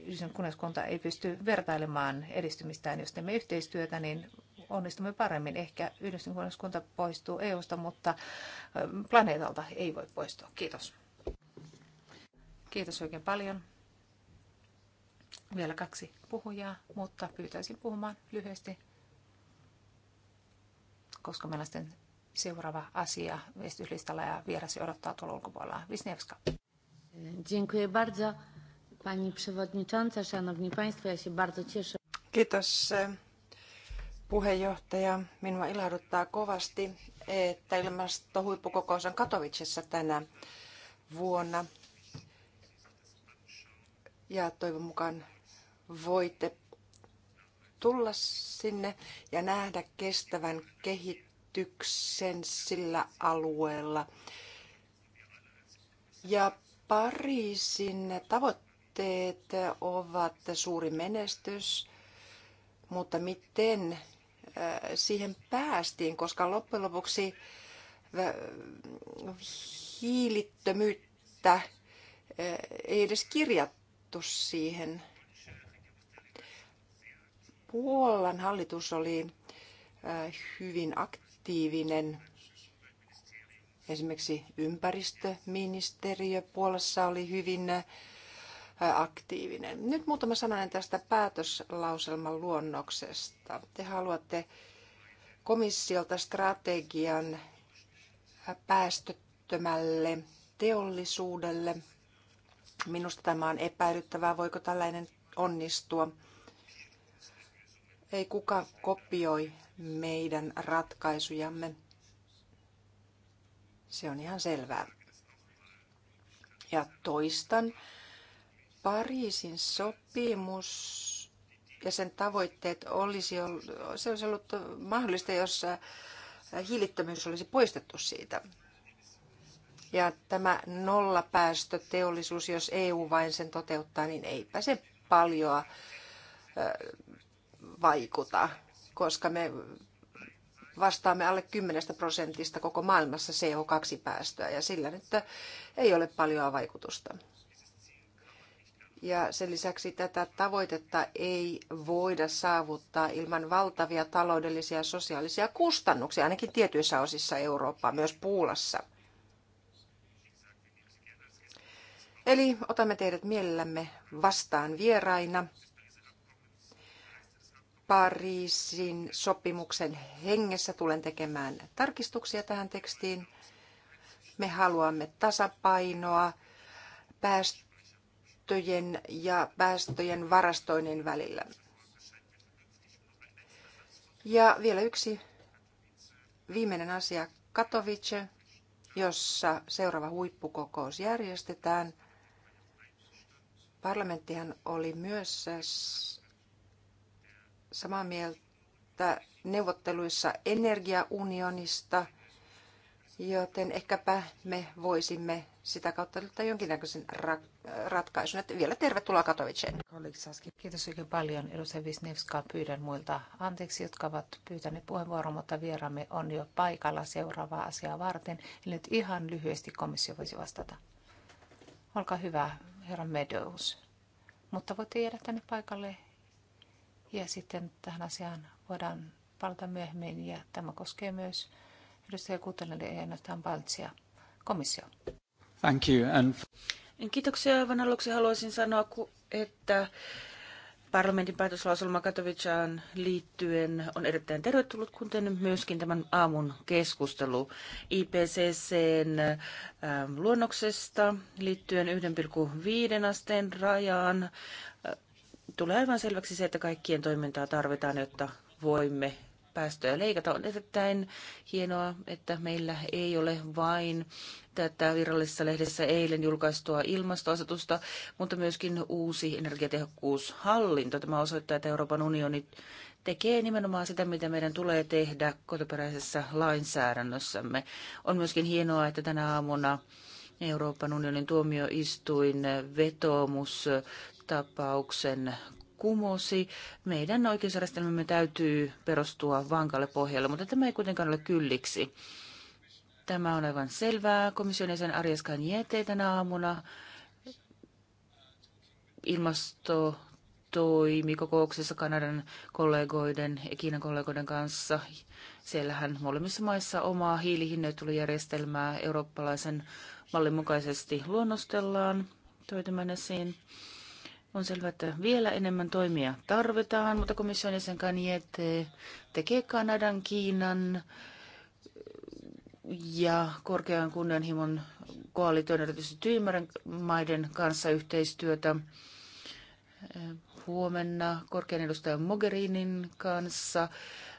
yhdistyn kuningaskunta ei pysty vertailemaan edistymistään. Jos teemme yhteistyötä, niin onnistumme paremmin. Ehkä yhdistyskunnallisuuskunta poistuu EU-sta, mutta planeetalta ei voi poistua. Kiitos. Kiitos oikein paljon. Vielä kaksi puhujaa, mutta pyytäisin puhumaan lyhyesti, koska meillä sitten seuraava asia esityslistalla ja vierasi odottaa tuolla ulkopuolella. Wisniewska. Dziękuję bardzo. Pani przewodnicząca, szanowni państwo, ja się bardzo cieszę. Kiitos puheenjohtaja. Minua ilahduttaa kovasti, että ilmastohuippukokous on Katowicessa tänä vuonna. Ja toivon mukaan voitte tulla sinne ja nähdä kestävän kehityksen sillä alueella. Ja Pariisin tavoitteet ovat suuri menestys, mutta miten siihen päästiin, koska loppujen lopuksi hiilittömyyttä ei edes kirjattu siihen. Puolan hallitus oli hyvin aktiivinen. Esimerkiksi ympäristöministeriö Puolassa oli hyvin aktiivinen. Nyt muutama sananen tästä päätöslauselman luonnoksesta. Te haluatte komissiolta strategian päästöttömälle teollisuudelle. Minusta tämä on epäilyttävää. Voiko tällainen onnistua? Ei kuka kopioi meidän ratkaisujamme. Se on ihan selvää. Ja toistan, Pariisin sopimus ja sen tavoitteet olisi ollut, se olisi ollut mahdollista, jos äh, hiilittömyys olisi poistettu siitä. Ja tämä nollapäästöteollisuus, jos EU vain sen toteuttaa, niin eipä se paljoa äh, vaikuta, koska me vastaamme alle 10 prosentista koko maailmassa CO2-päästöä ja sillä nyt äh, ei ole paljoa vaikutusta. Ja sen lisäksi tätä tavoitetta ei voida saavuttaa ilman valtavia taloudellisia ja sosiaalisia kustannuksia, ainakin tietyissä osissa Eurooppaa, myös Puulassa. Eli otamme teidät mielellämme vastaan vieraina. Pariisin sopimuksen hengessä tulen tekemään tarkistuksia tähän tekstiin. Me haluamme tasapainoa päästä päästöjen ja päästöjen varastoinnin välillä. Ja vielä yksi viimeinen asia, Katowice, jossa seuraava huippukokous järjestetään. Parlamenttihan oli myös samaa mieltä neuvotteluissa energiaunionista, joten ehkäpä me voisimme sitä kautta löytää jonkinnäköisen ra- ratkaisun. Että vielä tervetuloa Katowiceen. Kiitos oikein paljon. Edustaja Visnevska pyydän muilta anteeksi, jotka ovat pyytäneet puheenvuoron, mutta vieramme on jo paikalla seuraavaa asiaa varten. Eli nyt ihan lyhyesti komissio voisi vastata. Olkaa hyvä, herra Meadows. Mutta voitte jäädä tänne paikalle ja sitten tähän asiaan voidaan palata myöhemmin ja tämä koskee myös edustaja Kutelelle ja Baltsia. Komissio. Thank you. And... Niin, kiitoksia. Aivan aluksi haluaisin sanoa, että parlamentin päätöslauselma Katowicaan liittyen on erittäin tervetullut, kuten myöskin tämän aamun keskustelu IPCCn ähm, luonnoksesta liittyen 1,5 asteen rajaan. Äh, tulee aivan selväksi se, että kaikkien toimintaa tarvitaan, jotta voimme päästöjä leikata. On erittäin hienoa, että meillä ei ole vain tätä virallisessa lehdessä eilen julkaistua ilmastoasetusta, mutta myöskin uusi energiatehokkuushallinto. Tämä osoittaa, että Euroopan unioni tekee nimenomaan sitä, mitä meidän tulee tehdä kotoperäisessä lainsäädännössämme. On myöskin hienoa, että tänä aamuna Euroopan unionin tuomioistuin vetoomus tapauksen kumosi. Meidän oikeusjärjestelmämme täytyy perustua vankalle pohjalle, mutta tämä ei kuitenkaan ole kylliksi. Tämä on aivan selvää. Komission jäsen Arias tänä aamuna ilmasto toimi kokouksessa Kanadan kollegoiden ja Kiinan kollegoiden kanssa. Siellähän molemmissa maissa omaa hiilihinnoittelujärjestelmää eurooppalaisen mallin mukaisesti luonnostellaan esiin. On selvä, että vielä enemmän toimia tarvitaan, mutta komission jäsen Kaniete tekee Kanadan, Kiinan äh, ja korkean kunnianhimon koalitoiden erityisesti tyymärän maiden kanssa yhteistyötä. Äh, huomenna korkean edustajan Mogherinin kanssa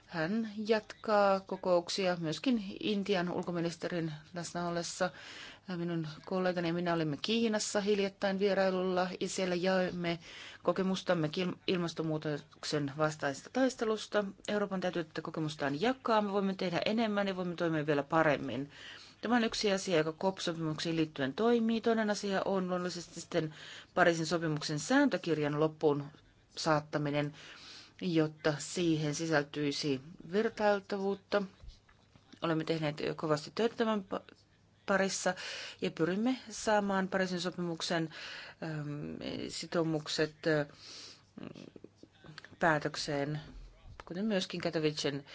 hän jatkaa kokouksia myöskin Intian ulkoministerin läsnä ollessa. Äh, minun kollegani ja minä olimme Kiinassa hiljattain vierailulla ja siellä jaoimme kokemustamme ilmastonmuutoksen vastaisesta taistelusta. Euroopan täytyy tätä kokemustaan jakaa. Me voimme tehdä enemmän ja voimme toimia vielä paremmin. Tämä on yksi asia, joka COP-sopimuksiin liittyen toimii. Toinen asia on luonnollisesti sitten Pariisin sopimuksen sääntökirjan loppuun saattaminen, jotta siihen sisältyisi vertailtavuutta. Olemme tehneet kovasti töitä tämän parissa ja pyrimme saamaan Pariisin sopimuksen ähm, sitoumukset äh, päätökseen, kuten myöskin Katowicen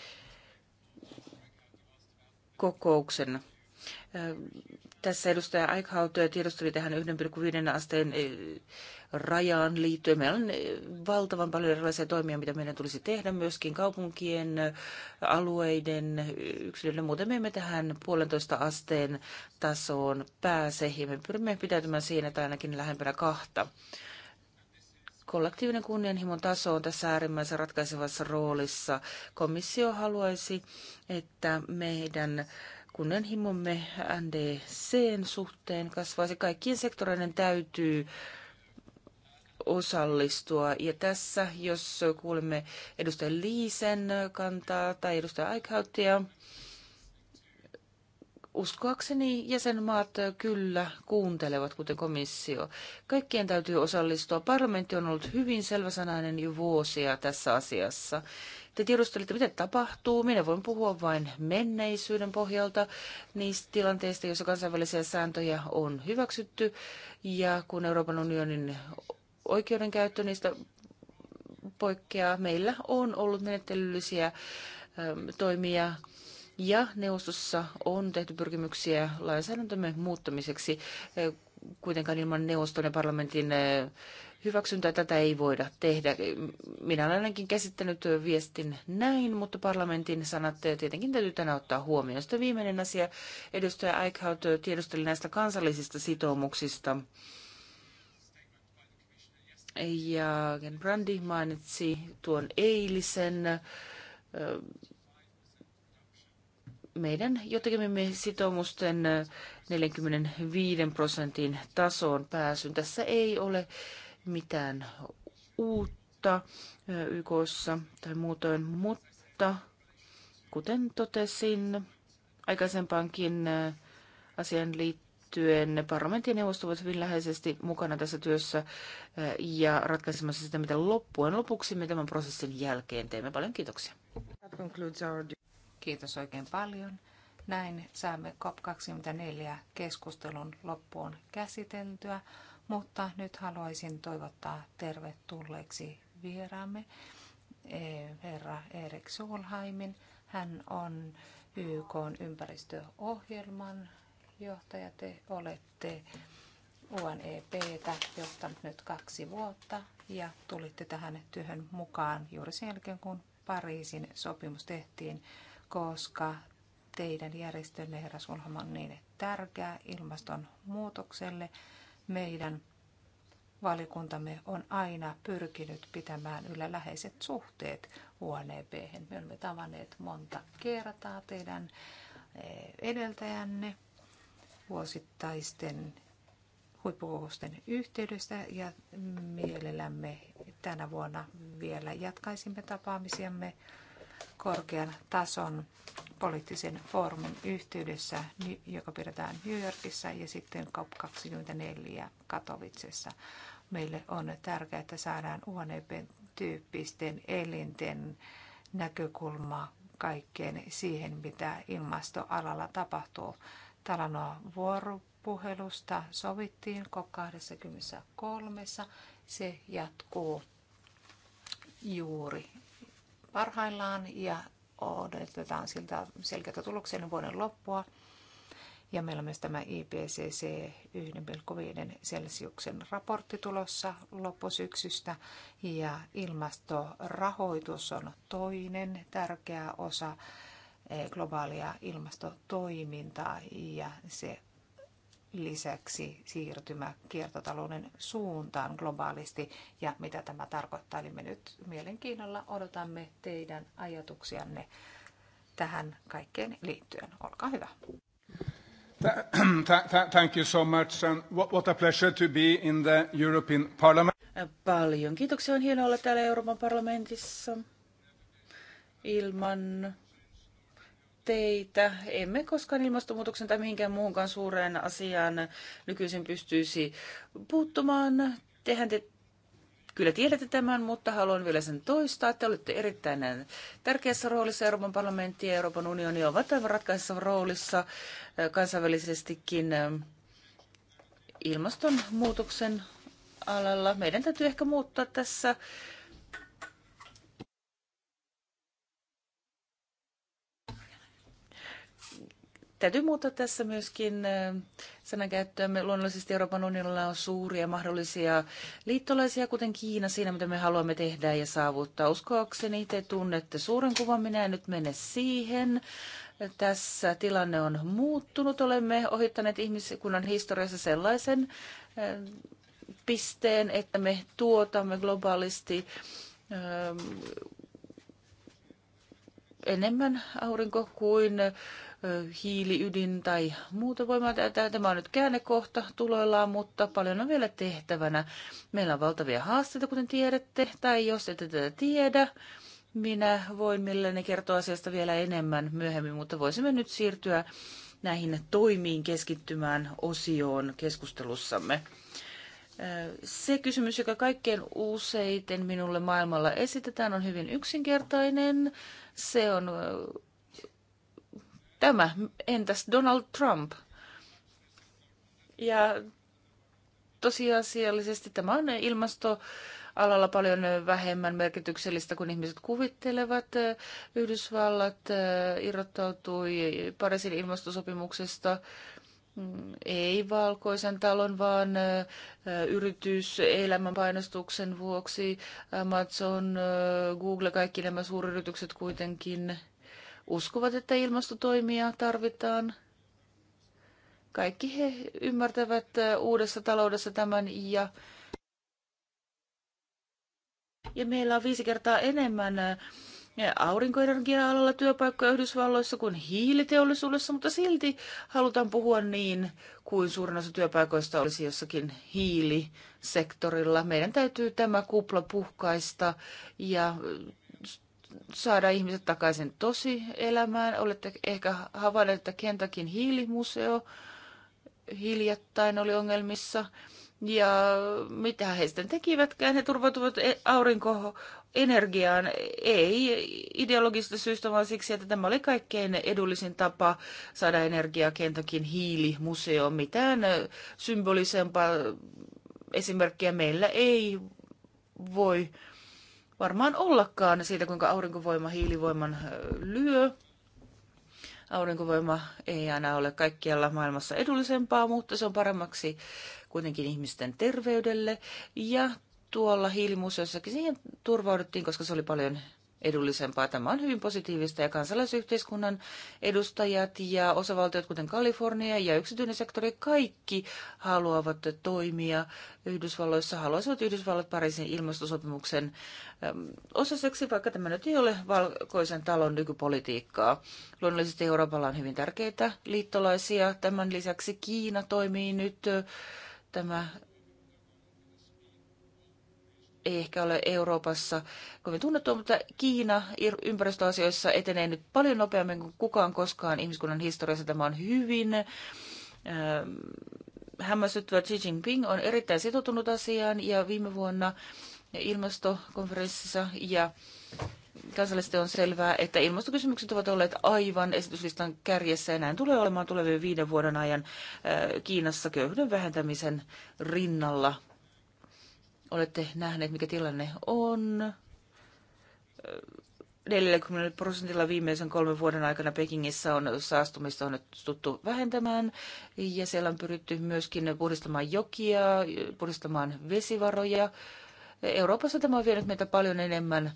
kokouksen. Äh, tässä edustaja Eichhout tiedosteli tähän 1,5 asteen eh, rajaan liittyen. Meillä on eh, valtavan paljon erilaisia toimia, mitä meidän tulisi tehdä myöskin kaupunkien, eh, alueiden, yksilöiden. Muuten me emme tähän puolentoista asteen tasoon pääse ja me pyrimme pitäytymään siinä tai ainakin lähempänä kahta. Kollektiivinen kunnianhimon taso on tässä äärimmäisen ratkaisevassa roolissa. Komissio haluaisi, että meidän kunnianhimomme NDCn suhteen kasvaisi. Kaikkien sektoreiden täytyy osallistua. Ja tässä, jos kuulemme edustaja Liisen kantaa tai edustaja Eichhauttia, uskoakseni jäsenmaat kyllä kuuntelevat, kuten komissio. Kaikkien täytyy osallistua. Parlamentti on ollut hyvin selväsanainen jo vuosia tässä asiassa. Te tiedustelitte, miten tapahtuu. Minä voin puhua vain menneisyyden pohjalta niistä tilanteista, joissa kansainvälisiä sääntöjä on hyväksytty. Ja kun Euroopan unionin oikeudenkäyttö niistä poikkeaa, meillä on ollut menettelyllisiä ähm, toimia ja neuvostossa on tehty pyrkimyksiä lainsäädäntömme muuttamiseksi äh, kuitenkaan ilman neuvoston ja parlamentin äh, hyväksyntää. Tätä ei voida tehdä. Minä olen ainakin käsittänyt viestin näin, mutta parlamentin sanat tietenkin täytyy tänään ottaa huomioon. Sitten viimeinen asia. Edustaja Eichhout tiedusteli näistä kansallisista sitoumuksista. Ja Ken Brandi mainitsi tuon eilisen meidän jotenkin sitoumusten 45 prosentin tasoon pääsyn. Tässä ei ole mitään uutta YKssa tai muutoin, mutta kuten totesin aikaisempaankin asian liittyen, parlamentin neuvosto ovat hyvin läheisesti mukana tässä työssä ja ratkaisemassa sitä, mitä loppujen lopuksi me tämän prosessin jälkeen teemme. Paljon kiitoksia. Kiitos oikein paljon. Näin saamme COP24 keskustelun loppuun käsiteltyä. Mutta nyt haluaisin toivottaa tervetulleeksi vieraamme eh, herra Erik Solheimin. Hän on YK ympäristöohjelman johtaja. Te olette UNEPtä johtanut nyt kaksi vuotta ja tulitte tähän työhön mukaan juuri sen jälkeen, kun Pariisin sopimus tehtiin, koska teidän järjestönne herra Sulham on niin tärkeä ilmastonmuutokselle meidän valikuntamme on aina pyrkinyt pitämään yllä läheiset suhteet unep -hän. Me olemme tavanneet monta kertaa teidän eh, edeltäjänne vuosittaisten huippukokousten yhteydestä ja mielellämme tänä vuonna vielä jatkaisimme tapaamisiamme korkean tason poliittisen foorumin yhteydessä, joka pidetään New Yorkissa ja sitten COP24 Katowicessa. Meille on tärkeää, että saadaan UNEP-tyyppisten elinten näkökulma kaikkeen siihen, mitä ilmastoalalla tapahtuu. Talanoa vuoropuhelusta sovittiin COP23. Se jatkuu juuri parhaillaan ja odotetaan siltä selkeitä tuloksia niin vuoden loppua. Ja meillä on myös tämä IPCC 1,5 selsiuksen raportti tulossa loppusyksystä. Ja ilmastorahoitus on toinen tärkeä osa eh, globaalia ilmastotoimintaa ja se lisäksi siirtymä kiertotalouden suuntaan globaalisti ja mitä tämä tarkoittaa. Eli me nyt mielenkiinnolla odotamme teidän ajatuksianne tähän kaikkeen liittyen. Olkaa hyvä. Thank you so much and what a pleasure to be in the European Parliament. Paljon kiitoksia. On hienoa olla täällä Euroopan parlamentissa ilman teitä. Emme koskaan ilmastonmuutoksen tai mihinkään muuhunkaan suureen asiaan nykyisin pystyisi puuttumaan. Tehän te kyllä tiedätte tämän, mutta haluan vielä sen toistaa. Te olette erittäin tärkeässä roolissa. Euroopan parlamentti ja Euroopan unioni ovat aivan ratkaisessa roolissa eh, kansainvälisestikin eh, ilmastonmuutoksen alalla. Meidän täytyy ehkä muuttaa tässä Täytyy muuttaa tässä myöskin sanankäyttöämme. Luonnollisesti Euroopan unionilla on suuria mahdollisia liittolaisia, kuten Kiina, siinä mitä me haluamme tehdä ja saavuttaa. Uskoakseni te tunnette suuren kuvan, minä en nyt mene siihen. Tässä tilanne on muuttunut. Olemme ohittaneet ihmiskunnan historiassa sellaisen pisteen, että me tuotamme globaalisti enemmän aurinko kuin hiiliydin tai muuta voimaa. Tämä on nyt käännekohta tuloillaan, mutta paljon on vielä tehtävänä. Meillä on valtavia haasteita, kuten tiedätte, tai jos ette tätä tiedä, minä voin mielelläni kertoa asiasta vielä enemmän myöhemmin, mutta voisimme nyt siirtyä näihin toimiin keskittymään osioon keskustelussamme. Se kysymys, joka kaikkein useiten minulle maailmalla esitetään, on hyvin yksinkertainen. Se on Tämä, entäs Donald Trump? Ja tosiasiallisesti tämä on ilmasto alalla paljon vähemmän merkityksellistä kuin ihmiset kuvittelevat. Yhdysvallat äh, irrottautui Pariisin ilmastosopimuksesta mm, ei valkoisen talon, vaan äh, elämän painostuksen vuoksi. Amazon, äh, Google, kaikki nämä suuryritykset kuitenkin uskovat, että ilmastotoimia tarvitaan. Kaikki he ymmärtävät uudessa taloudessa tämän ja ja meillä on viisi kertaa enemmän aurinkoenergia-alalla työpaikkoja Yhdysvalloissa kuin hiiliteollisuudessa, mutta silti halutaan puhua niin kuin suurin osa työpaikoista olisi jossakin hiilisektorilla. Meidän täytyy tämä kupla puhkaista ja saada ihmiset takaisin tosi elämään. Olette ehkä havainneet, että Kentakin hiilimuseo hiljattain oli ongelmissa. Ja mitä he sitten tekivätkään, he turvautuvat e- aurinkoenergiaan, ei ideologisista syystä, vaan siksi, että tämä oli kaikkein edullisin tapa saada energiaa Kentakin hiilimuseoon. Mitään symbolisempaa esimerkkiä meillä ei voi varmaan ollakaan siitä, kuinka aurinkovoima hiilivoiman lyö. Aurinkovoima ei aina ole kaikkialla maailmassa edullisempaa, mutta se on paremmaksi kuitenkin ihmisten terveydelle. Ja tuolla hiilimuseossakin siihen turvauduttiin, koska se oli paljon edullisempaa. Tämä on hyvin positiivista ja kansalaisyhteiskunnan edustajat ja osavaltiot, kuten Kalifornia ja yksityinen sektori, kaikki haluavat toimia Yhdysvalloissa, haluaisivat Yhdysvallat Pariisin ilmastosopimuksen ähm, osaseksi, vaikka tämä nyt ei ole valkoisen talon nykypolitiikkaa. Luonnollisesti Euroopalla on hyvin tärkeitä liittolaisia. Tämän lisäksi Kiina toimii nyt äh, tämä ei ehkä ole Euroopassa kovin tunnettua, mutta Kiina ympäristöasioissa etenee nyt paljon nopeammin kuin kukaan koskaan ihmiskunnan historiassa. Tämä on hyvin ähm, hämmästyttävä Xi Jinping on erittäin sitoutunut asiaan ja viime vuonna ilmastokonferenssissa ja kansallisesti on selvää, että ilmastokysymykset ovat olleet aivan esityslistan kärjessä ja näin tulee olemaan tulevien viiden vuoden ajan äh, Kiinassa köyhyyden vähentämisen rinnalla Olette nähneet, mikä tilanne on. 40 prosentilla viimeisen kolmen vuoden aikana Pekingissä on saastumista on tuttu vähentämään ja siellä on pyritty myöskin puhdistamaan jokia, puhdistamaan vesivaroja. Euroopassa tämä on vienyt meitä paljon enemmän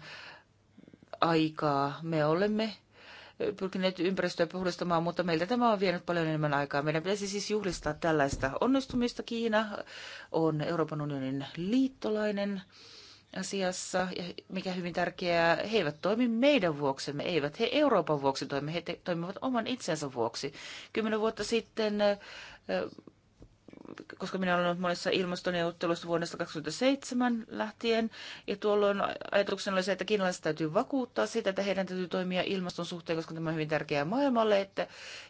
aikaa. Me olemme pyrkineet ympäristöä puhdistamaan, mutta meiltä tämä on vienyt paljon enemmän aikaa. Meidän pitäisi siis juhlistaa tällaista onnistumista. Kiina on Euroopan unionin liittolainen asiassa, mikä hyvin tärkeää, he eivät toimi meidän vuoksemme, eivät he Euroopan vuoksi toimi, he te- toimivat oman itsensä vuoksi. Kymmenen vuotta sitten koska minä olen ollut monessa ilmastoneuvottelussa vuodesta 2007 lähtien, ja tuolloin ajatuksena oli se, että kiinalaiset täytyy vakuuttaa sitä, että heidän täytyy toimia ilmaston suhteen, koska tämä on hyvin tärkeää maailmalle, että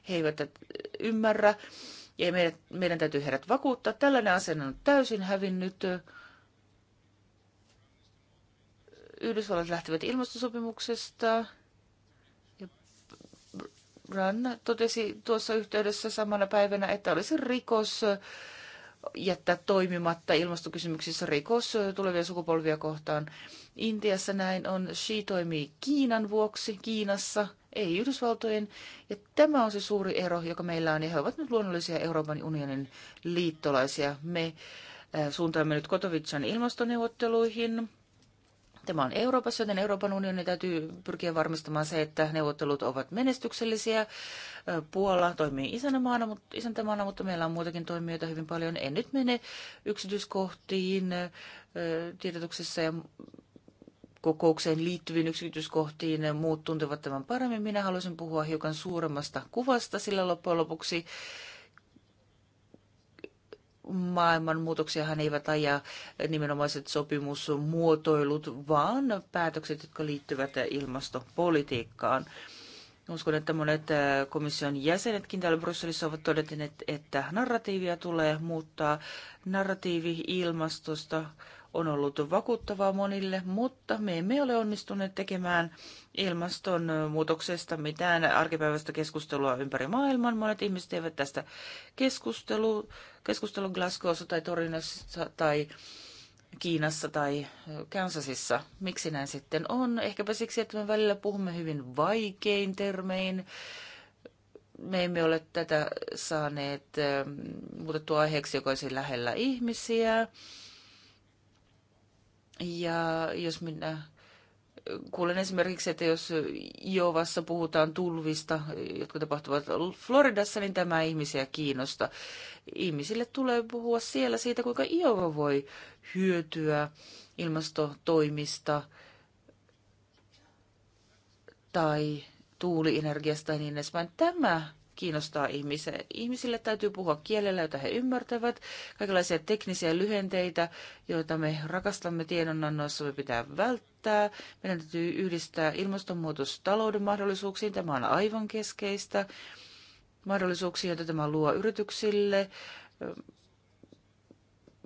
he eivät ymmärrä, ja meidän, meidän täytyy heidät vakuuttaa. Tällainen asenne on täysin hävinnyt. Yhdysvallat lähtevät ilmastosopimuksesta. Run totesi tuossa yhteydessä samana päivänä, että olisi rikos jättää toimimatta ilmastokysymyksissä rikos tulevia sukupolvia kohtaan. Intiassa näin on. Xi toimii Kiinan vuoksi Kiinassa, ei Yhdysvaltojen. Ja tämä on se suuri ero, joka meillä on. Ja he ovat nyt luonnollisia Euroopan unionin liittolaisia. Me äh, suuntaamme nyt Kotovitsan ilmastoneuvotteluihin Tämä on Euroopassa, joten Euroopan unionin täytyy pyrkiä varmistamaan se, että neuvottelut ovat menestyksellisiä. Puola toimii isäntämaana, mutta, isäntämaana, mutta meillä on muitakin toimijoita hyvin paljon. En nyt mene yksityiskohtiin tiedotuksessa ja kokoukseen liittyviin yksityiskohtiin. Muut tuntevat tämän paremmin. Minä haluaisin puhua hiukan suuremmasta kuvasta, sillä loppujen lopuksi maailmanmuutoksiahan eivät aja nimenomaiset sopimusmuotoilut, vaan päätökset, jotka liittyvät ilmastopolitiikkaan. Uskon, että monet komission jäsenetkin täällä Brysselissä ovat todenneet, että narratiivia tulee muuttaa. Narratiivi ilmastosta on ollut vakuuttavaa monille, mutta me emme ole onnistuneet tekemään ilmastonmuutoksesta mitään arkipäiväistä keskustelua ympäri maailman. Monet ihmiset eivät tästä keskustelu, keskustelu Glasgowssa tai Torinassa tai Kiinassa tai Kansasissa. Miksi näin sitten on? Ehkäpä siksi, että me välillä puhumme hyvin vaikein termein. Me emme ole tätä saaneet eh, muutettua aiheeksi, joka olisi lähellä ihmisiä. Ja jos minä kuulen esimerkiksi, että jos Jovassa puhutaan tulvista, jotka tapahtuvat Floridassa, niin tämä ihmisiä kiinnosta. Ihmisille tulee puhua siellä siitä, kuinka Iova voi hyötyä ilmastotoimista tai tuulienergiasta ja niin edespäin. Tämä kiinnostaa ihmisiä. Ihmisille täytyy puhua kielellä, jota he ymmärtävät. Kaikenlaisia teknisiä lyhenteitä, joita me rakastamme tiedonannoissa, me pitää välttää. Meidän täytyy yhdistää ilmastonmuutos talouden mahdollisuuksiin. Tämä on aivan keskeistä. Mahdollisuuksia, joita tämä luo yrityksille,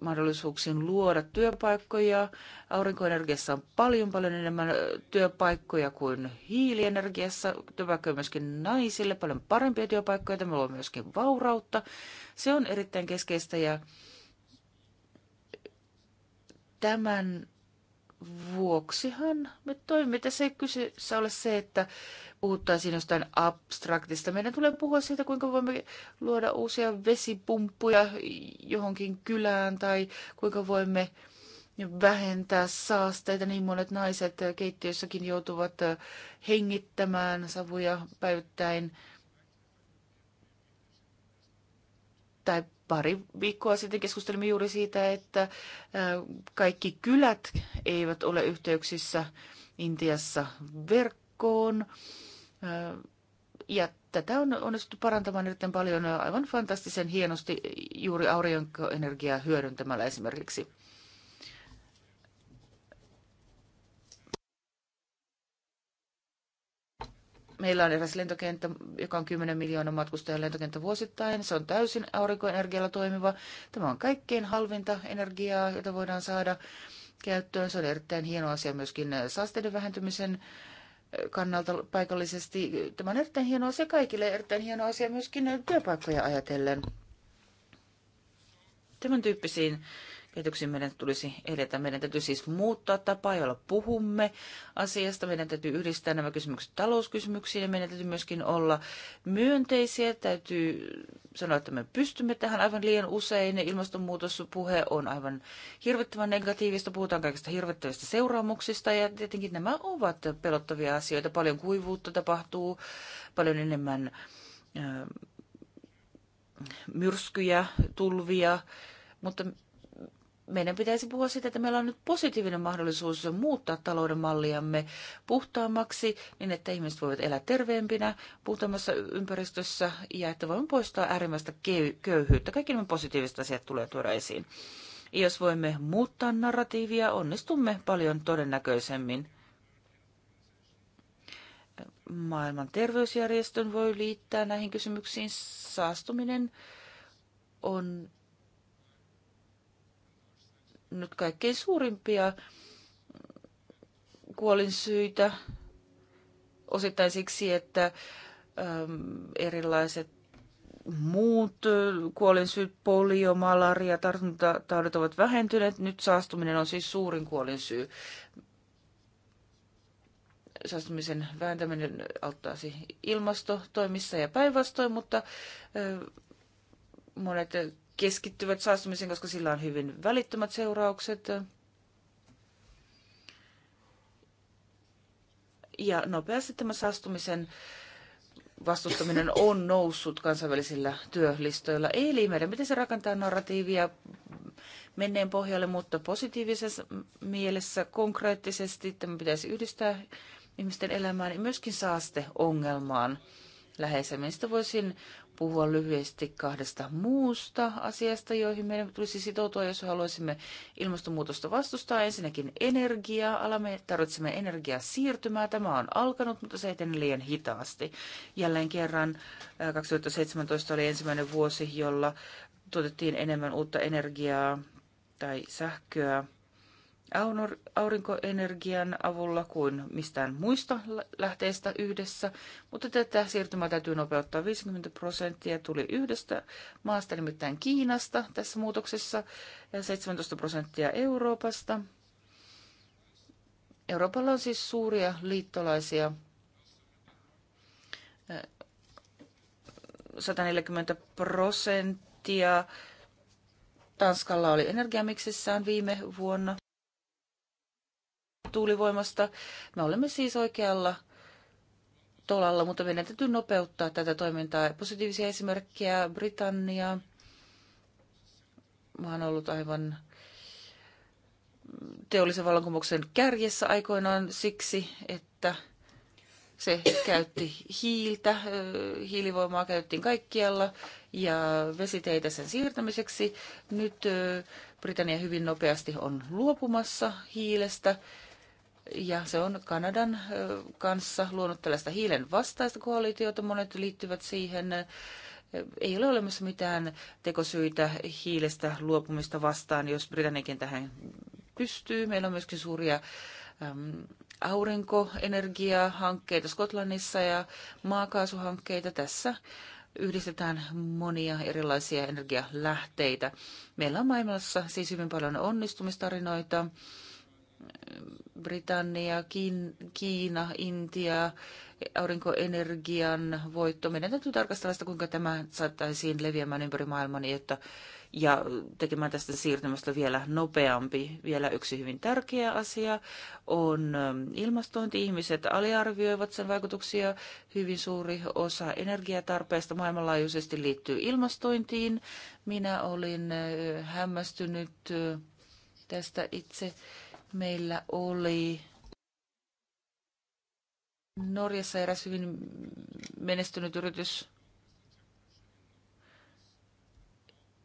mahdollisuuksiin luoda työpaikkoja. Aurinkoenergiassa on paljon paljon enemmän työpaikkoja kuin hiilienergiassa. Työpaikkoja myöskin naisille, paljon parempia työpaikkoja. Tämä luo myöskin vaurautta. Se on erittäin keskeistä ja tämän vuoksihan me toimimme. Tässä ei kyseessä ole se, että puhuttaisiin jostain abstraktista. Meidän tulee puhua siitä, kuinka voimme luoda uusia vesipumppuja johonkin kylään tai kuinka voimme vähentää saasteita. Niin monet naiset keittiössäkin joutuvat hengittämään savuja päivittäin tai Pari viikkoa sitten keskustelimme juuri siitä, että kaikki kylät eivät ole yhteyksissä Intiassa verkkoon. Ja tätä on onnistuttu parantamaan erittäin paljon aivan fantastisen hienosti juuri aurinkoenergiaa hyödyntämällä esimerkiksi. Meillä on eräs lentokenttä, joka on 10 miljoonaa matkustajan lentokenttä vuosittain. Se on täysin aurinkoenergialla toimiva. Tämä on kaikkein halvinta energiaa, jota voidaan saada käyttöön. Se on erittäin hieno asia myöskin saasteiden vähentymisen kannalta paikallisesti. Tämä on erittäin hieno asia kaikille, erittäin hieno asia myöskin työpaikkoja ajatellen. Tämän tyyppisiin kehityksiin meidän tulisi edetä. Meidän täytyy siis muuttaa tapaa, jolla puhumme asiasta. Meidän täytyy yhdistää nämä kysymykset talouskysymyksiin ja meidän täytyy myöskin olla myönteisiä. Täytyy sanoa, että me pystymme tähän aivan liian usein. Ilmastonmuutospuhe on aivan hirvittävän negatiivista. Puhutaan kaikista hirvittävistä seuraamuksista ja tietenkin nämä ovat pelottavia asioita. Paljon kuivuutta tapahtuu, paljon enemmän myrskyjä, tulvia, mutta meidän pitäisi puhua siitä, että meillä on nyt positiivinen mahdollisuus muuttaa talouden malliamme puhtaammaksi, niin että ihmiset voivat elää terveempinä, puhtaammassa ympäristössä ja että voimme poistaa äärimmäistä köyhyyttä. Kaikki nämä positiiviset asiat tulee tuoda esiin. Jos voimme muuttaa narratiivia, onnistumme paljon todennäköisemmin. Maailman terveysjärjestön voi liittää näihin kysymyksiin. Saastuminen on nyt kaikkein suurimpia kuolinsyitä osittain siksi, että ähm, erilaiset muut kuolinsyyt, polio, malaria, tartuntataudit ovat vähentyneet. Nyt saastuminen on siis suurin kuolinsyy. Saastumisen vääntäminen auttaisi ilmastotoimissa ja päinvastoin, mutta äh, monet keskittyvät saastumiseen, koska sillä on hyvin välittömät seuraukset. Ja nopeasti tämä saastumisen vastustaminen on noussut kansainvälisillä työlistoilla. Eli meidän pitäisi rakentaa narratiivia menneen pohjalle, mutta positiivisessa mielessä konkreettisesti tämä pitäisi yhdistää ihmisten elämään ja myöskin saasteongelmaan. ongelmaan läheisemmin. Sitten voisin puhua lyhyesti kahdesta muusta asiasta, joihin meidän tulisi sitoutua, jos haluaisimme ilmastonmuutosta vastustaa. Ensinnäkin energiaa. Alamme tarvitsemme energiaa siirtymää. Tämä on alkanut, mutta se etenee liian hitaasti. Jälleen kerran 2017 oli ensimmäinen vuosi, jolla tuotettiin enemmän uutta energiaa tai sähköä aurinkoenergian avulla kuin mistään muista lähteistä yhdessä, mutta tätä siirtymää täytyy nopeuttaa 50 prosenttia. Tuli yhdestä maasta, nimittäin Kiinasta tässä muutoksessa, ja 17 prosenttia Euroopasta. Euroopalla on siis suuria liittolaisia 140 prosenttia. Tanskalla oli energiamiksissään viime vuonna tuulivoimasta. Me olemme siis oikealla tolalla, mutta meidän täytyy nopeuttaa tätä toimintaa. Positiivisia esimerkkejä Britannia. Mä oon ollut aivan teollisen vallankumouksen kärjessä aikoinaan siksi, että se käytti hiiltä, hiilivoimaa käytettiin kaikkialla ja vesiteitä sen siirtämiseksi. Nyt Britannia hyvin nopeasti on luopumassa hiilestä ja se on Kanadan kanssa luonut tällaista hiilen vastaista koalitiota. Monet liittyvät siihen. Ei ole olemassa mitään tekosyitä hiilestä luopumista vastaan, jos Britannikin tähän pystyy. Meillä on myöskin suuria aurinkoenergiahankkeita Skotlannissa ja maakaasuhankkeita tässä yhdistetään monia erilaisia energialähteitä. Meillä on maailmassa siis hyvin paljon onnistumistarinoita Britannia, Kiina, Intia, aurinkoenergian voitto. Meidän täytyy tarkastella sitä, kuinka tämä saattaisiin leviämään ympäri maailman jotta, niin ja tekemään tästä siirtymästä vielä nopeampi. Vielä yksi hyvin tärkeä asia on ähm, ilmastointi. Ihmiset aliarvioivat sen vaikutuksia. Hyvin suuri osa energiatarpeesta maailmanlaajuisesti liittyy ilmastointiin. Minä olin äh, hämmästynyt äh, tästä itse Meillä oli Norjassa eräs hyvin menestynyt yritys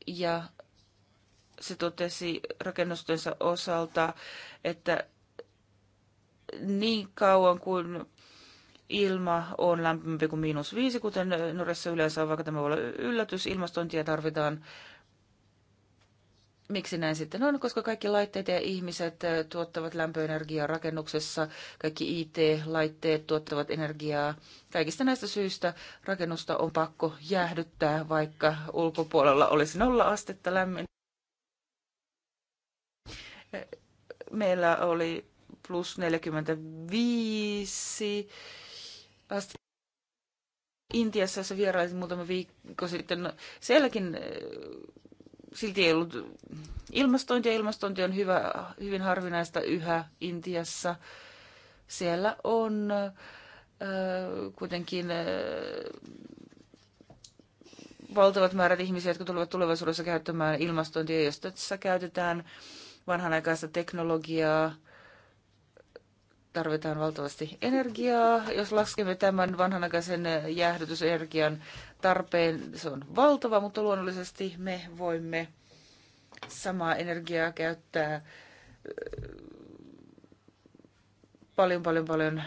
ja se totesi rakennustensa osalta, että niin kauan kuin ilma on lämpimämpi kuin miinus viisi, kuten Norjassa yleensä on, vaikka tämä voi olla yllätys, ilmastointia tarvitaan Miksi näin sitten on? Koska kaikki laitteet ja ihmiset tuottavat lämpöenergiaa rakennuksessa, kaikki IT-laitteet tuottavat energiaa. Kaikista näistä syistä rakennusta on pakko jäähdyttää, vaikka ulkopuolella olisi nolla astetta lämmin. Meillä oli plus 45 astetta. Intiassa, jossa vierailin muutama viikko sitten, no, sielläkin silti ei ollut ja Ilmastointi on hyvä, hyvin harvinaista yhä Intiassa. Siellä on äh, kuitenkin äh, valtavat määrät ihmisiä, jotka tulevat tulevaisuudessa käyttämään ilmastointia, josta tässä käytetään vanhanaikaista teknologiaa – tarvitaan valtavasti energiaa. Jos laskemme tämän vanhanaikaisen jäähdytysenergian tarpeen, se on valtava, mutta luonnollisesti me voimme samaa energiaa käyttää äh, paljon, paljon, paljon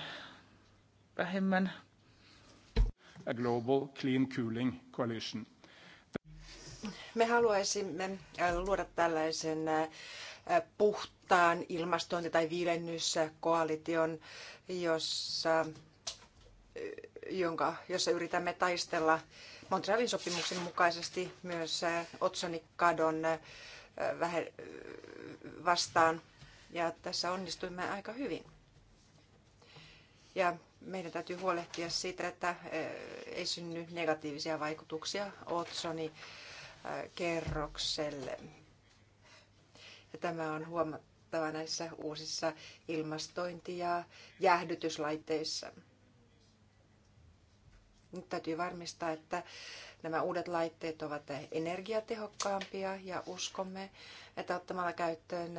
vähemmän. A global clean cooling coalition. Me haluaisimme äh, luoda tällaisen äh, puhtaan ilmastointi- tai viilennyskoalition, jossa, jonka, jossa yritämme taistella Montrealin sopimuksen mukaisesti myös otsonikadon vastaan. Ja tässä onnistuimme aika hyvin. Ja meidän täytyy huolehtia siitä, että ei synny negatiivisia vaikutuksia otsoni kerrokselle. Ja tämä on huomattava näissä uusissa ilmastointi- ja jäähdytyslaitteissa. Nyt täytyy varmistaa, että nämä uudet laitteet ovat energiatehokkaampia ja uskomme, että ottamalla käyttöön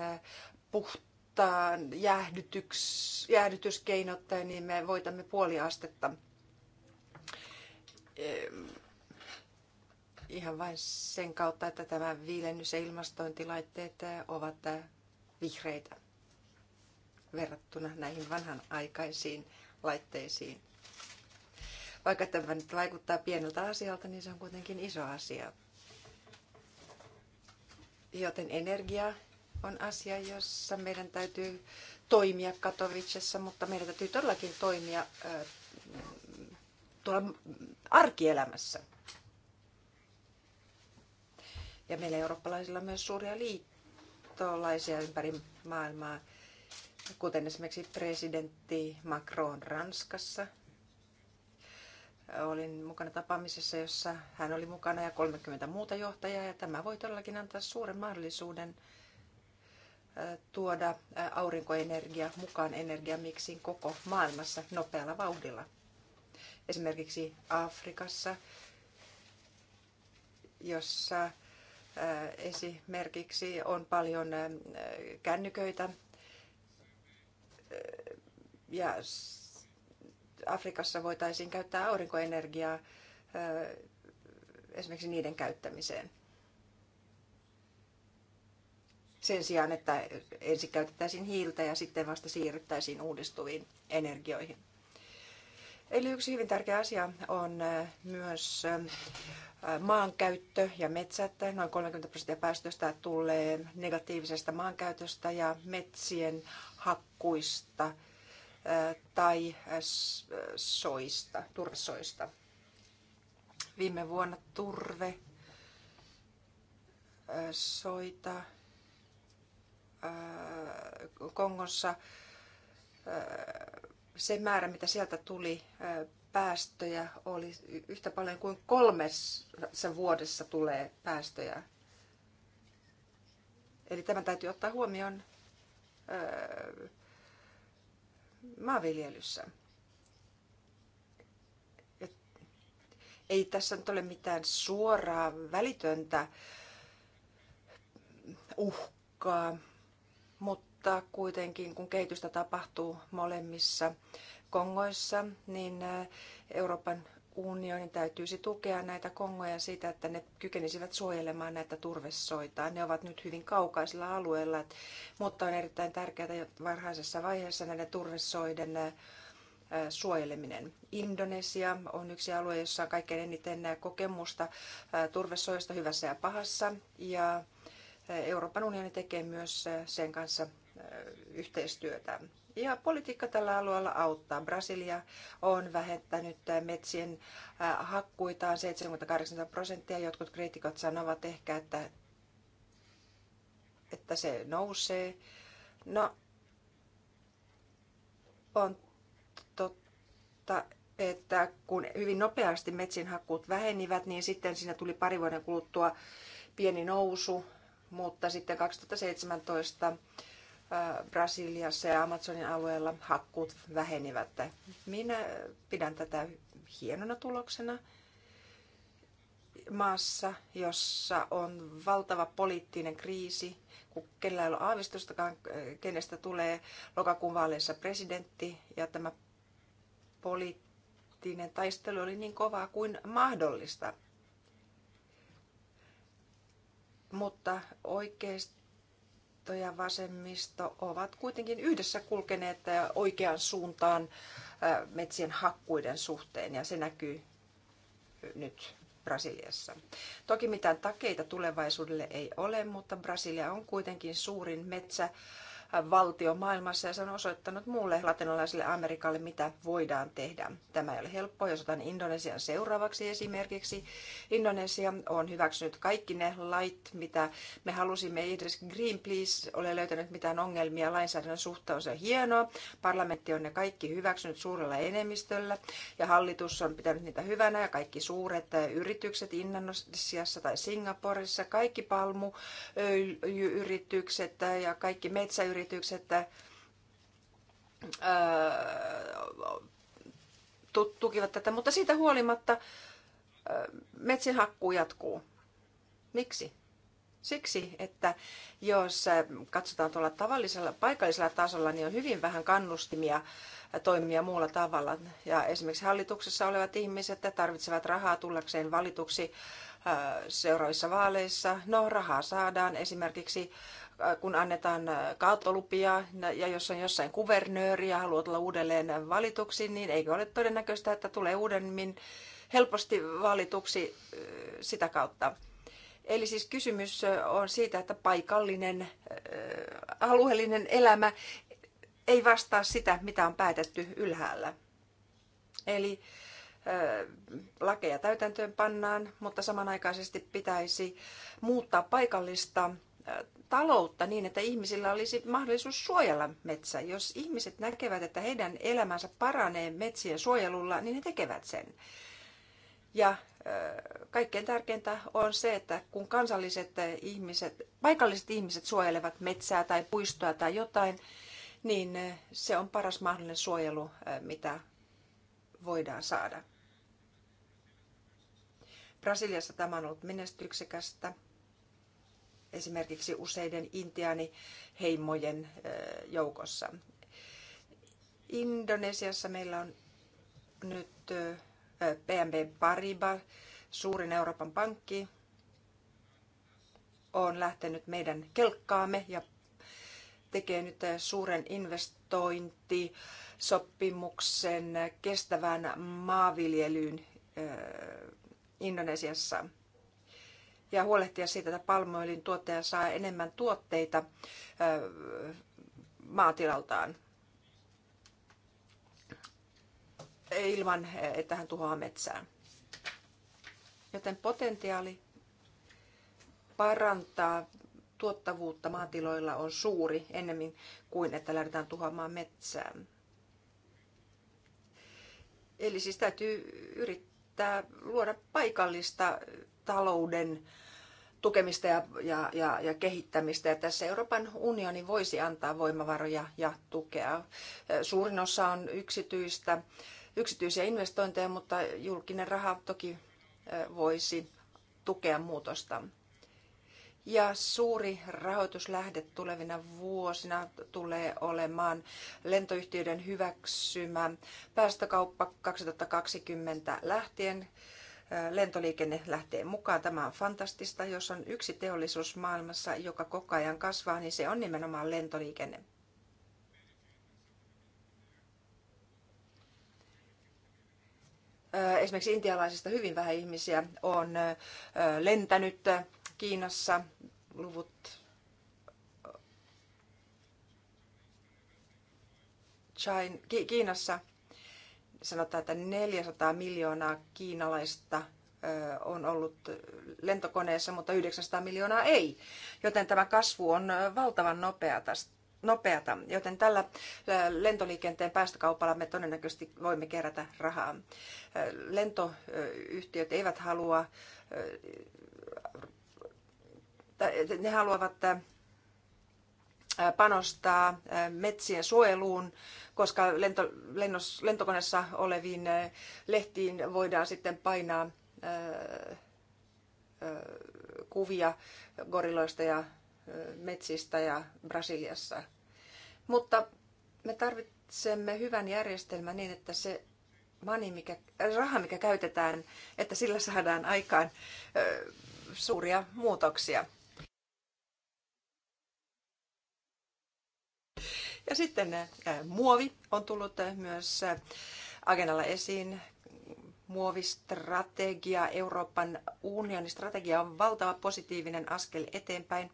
puhtaan jäähdytyks, jäähdytyskeinot, niin me voitamme puoli astetta ihan vain sen kautta, että tämä viilennys- ja ilmastointilaitteet eh, ovat eh, vihreitä verrattuna näihin vanhanaikaisiin laitteisiin. Vaikka tämä nyt vaikuttaa pieneltä asialta, niin se on kuitenkin iso asia. Joten energia on asia, jossa meidän täytyy toimia Katowicessa, mutta meidän täytyy todellakin toimia eh, tuolla arkielämässä. Ja meillä eurooppalaisilla on myös suuria liittolaisia ympäri maailmaa, kuten esimerkiksi presidentti Macron Ranskassa. Olin mukana tapaamisessa, jossa hän oli mukana ja 30 muuta johtajaa, ja tämä voi todellakin antaa suuren mahdollisuuden tuoda aurinkoenergia mukaan energiamiksiin koko maailmassa nopealla vauhdilla. Esimerkiksi Afrikassa, jossa Esimerkiksi on paljon kännyköitä ja Afrikassa voitaisiin käyttää aurinkoenergiaa esimerkiksi niiden käyttämiseen. Sen sijaan, että ensin käytettäisiin hiiltä ja sitten vasta siirryttäisiin uudistuviin energioihin. Eli yksi hyvin tärkeä asia on myös maankäyttö ja metsät, noin 30 prosenttia päästöistä tulee negatiivisesta maankäytöstä ja metsien hakkuista tai soista, turvesoista. Viime vuonna turve soita Kongossa se määrä, mitä sieltä tuli päästöjä oli yhtä paljon kuin kolmessa vuodessa tulee päästöjä. Eli tämä täytyy ottaa huomioon öö, maanviljelyssä. Et, ei tässä nyt ole mitään suoraa välitöntä uhkaa, mutta kuitenkin kun kehitystä tapahtuu molemmissa Kongoissa, niin Euroopan unionin täytyisi tukea näitä Kongoja siitä, että ne kykenisivät suojelemaan näitä turvesoita. Ne ovat nyt hyvin kaukaisilla alueilla, mutta on erittäin tärkeää varhaisessa vaiheessa näiden turvesoiden suojeleminen. Indonesia on yksi alue, jossa on kaikkein eniten kokemusta turvesoista hyvässä ja pahassa. Ja Euroopan unioni tekee myös sen kanssa yhteistyötä. Ja politiikka tällä alueella auttaa. Brasilia on vähentänyt metsien äh, hakkuitaan 78 prosenttia. Jotkut kriitikot sanovat ehkä, että, että se nousee. No, on totta, että kun hyvin nopeasti metsien hakkuut vähenivät, niin sitten siinä tuli pari vuoden kuluttua pieni nousu, mutta sitten 2017 Brasiliassa ja Amazonin alueella hakkuut vähenivät. Minä pidän tätä hienona tuloksena maassa, jossa on valtava poliittinen kriisi, kun kenellä ei ole aavistustakaan, kenestä tulee lokakuun vaaleissa presidentti, ja tämä poliittinen taistelu oli niin kovaa kuin mahdollista. Mutta oikeasti oikeisto ja vasemmisto ovat kuitenkin yhdessä kulkeneet äh, oikeaan suuntaan äh, metsien hakkuiden suhteen ja se näkyy äh, nyt Brasiliassa. Toki mitään takeita tulevaisuudelle ei ole, mutta Brasilia on kuitenkin suurin metsä valtio maailmassa ja se on osoittanut muulle latinalaiselle Amerikalle, mitä voidaan tehdä. Tämä ei ole helppoa, jos otan Indonesian seuraavaksi esimerkiksi. Indonesia on hyväksynyt kaikki ne lait, mitä me halusimme. Ei edes Greenpeace ole löytänyt mitään ongelmia lainsäädännön suhteen. Se on hienoa. Parlamentti on ne kaikki hyväksynyt suurella enemmistöllä ja hallitus on pitänyt niitä hyvänä ja kaikki suuret yritykset Indonesiassa tai Singaporessa, kaikki palmuyritykset ja kaikki metsäyritykset yritykset äh, tukivat tätä, mutta siitä huolimatta äh, metsin hakkuu jatkuu. Miksi? Siksi, että jos äh, katsotaan tuolla tavallisella paikallisella tasolla, niin on hyvin vähän kannustimia toimia muulla tavalla. Ja esimerkiksi hallituksessa olevat ihmiset tarvitsevat rahaa tullakseen valituksi seuraavissa vaaleissa. No, rahaa saadaan esimerkiksi kun annetaan äh, kaatolupia ja jos on jossain kuvernööri ja haluaa tulla uudelleen valituksi, niin eikö ole todennäköistä, että tulee uudemmin helposti valituksi äh, sitä kautta. Eli siis kysymys äh, on siitä, että paikallinen alueellinen elämä ei vastaa sitä, mitä on päätetty ylhäällä. Eli lakeja täytäntöön pannaan, mutta samanaikaisesti pitäisi muuttaa paikallista taloutta niin, että ihmisillä olisi mahdollisuus suojella metsä. Jos ihmiset näkevät, että heidän elämänsä paranee metsien suojelulla, niin he tekevät sen. Ja kaikkein tärkeintä on se, että kun kansalliset ihmiset, paikalliset ihmiset suojelevat metsää tai puistoa tai jotain, niin se on paras mahdollinen suojelu, mitä voidaan saada. Brasiliassa tämä on ollut menestyksekästä esimerkiksi useiden intiaaniheimojen joukossa. Indonesiassa meillä on nyt PMB Pariba, suurin Euroopan pankki, on lähtenyt meidän kelkkaamme ja tekee nyt suuren investointisopimuksen kestävään maaviljelyyn Indonesiassa ja huolehtia siitä, että palmuöljyn tuottaja saa enemmän tuotteita maatilaltaan ilman, että hän tuhoaa metsää. Joten potentiaali parantaa tuottavuutta maatiloilla on suuri ennemmin kuin että lähdetään tuhoamaan metsää. Eli siis täytyy yrittää luoda paikallista talouden tukemista ja, ja, ja, ja kehittämistä. Ja tässä Euroopan unioni voisi antaa voimavaroja ja tukea. Suurin osa on yksityistä, yksityisiä investointeja, mutta julkinen raha toki voisi tukea muutosta. Ja suuri rahoituslähde tulevina vuosina tulee olemaan lentoyhtiöiden hyväksymä päästökauppa 2020 lähtien lentoliikenne lähtee mukaan. Tämä on fantastista. Jos on yksi teollisuus maailmassa, joka koko ajan kasvaa, niin se on nimenomaan lentoliikenne. Esimerkiksi intialaisista hyvin vähän ihmisiä on lentänyt Kiinassa. Luvut Kiinassa sanotaan, että 400 miljoonaa kiinalaista on ollut lentokoneessa, mutta 900 miljoonaa ei. Joten tämä kasvu on valtavan nopeata. nopeata. Joten tällä lentoliikenteen päästökaupalla me todennäköisesti voimme kerätä rahaa. Lentoyhtiöt eivät halua, ne haluavat panostaa metsien suojeluun koska lento, lennos, lentokoneessa oleviin lehtiin voidaan sitten painaa kuvia gorilloista ja metsistä ja Brasiliassa. Mutta me tarvitsemme hyvän järjestelmän niin, että se money, mikä, raha, mikä käytetään, että sillä saadaan aikaan ö, suuria muutoksia. Ja sitten eh, muovi on tullut eh, myös eh, agendalla esiin. Muovistrategia, Euroopan unionin strategia on valtava positiivinen askel eteenpäin.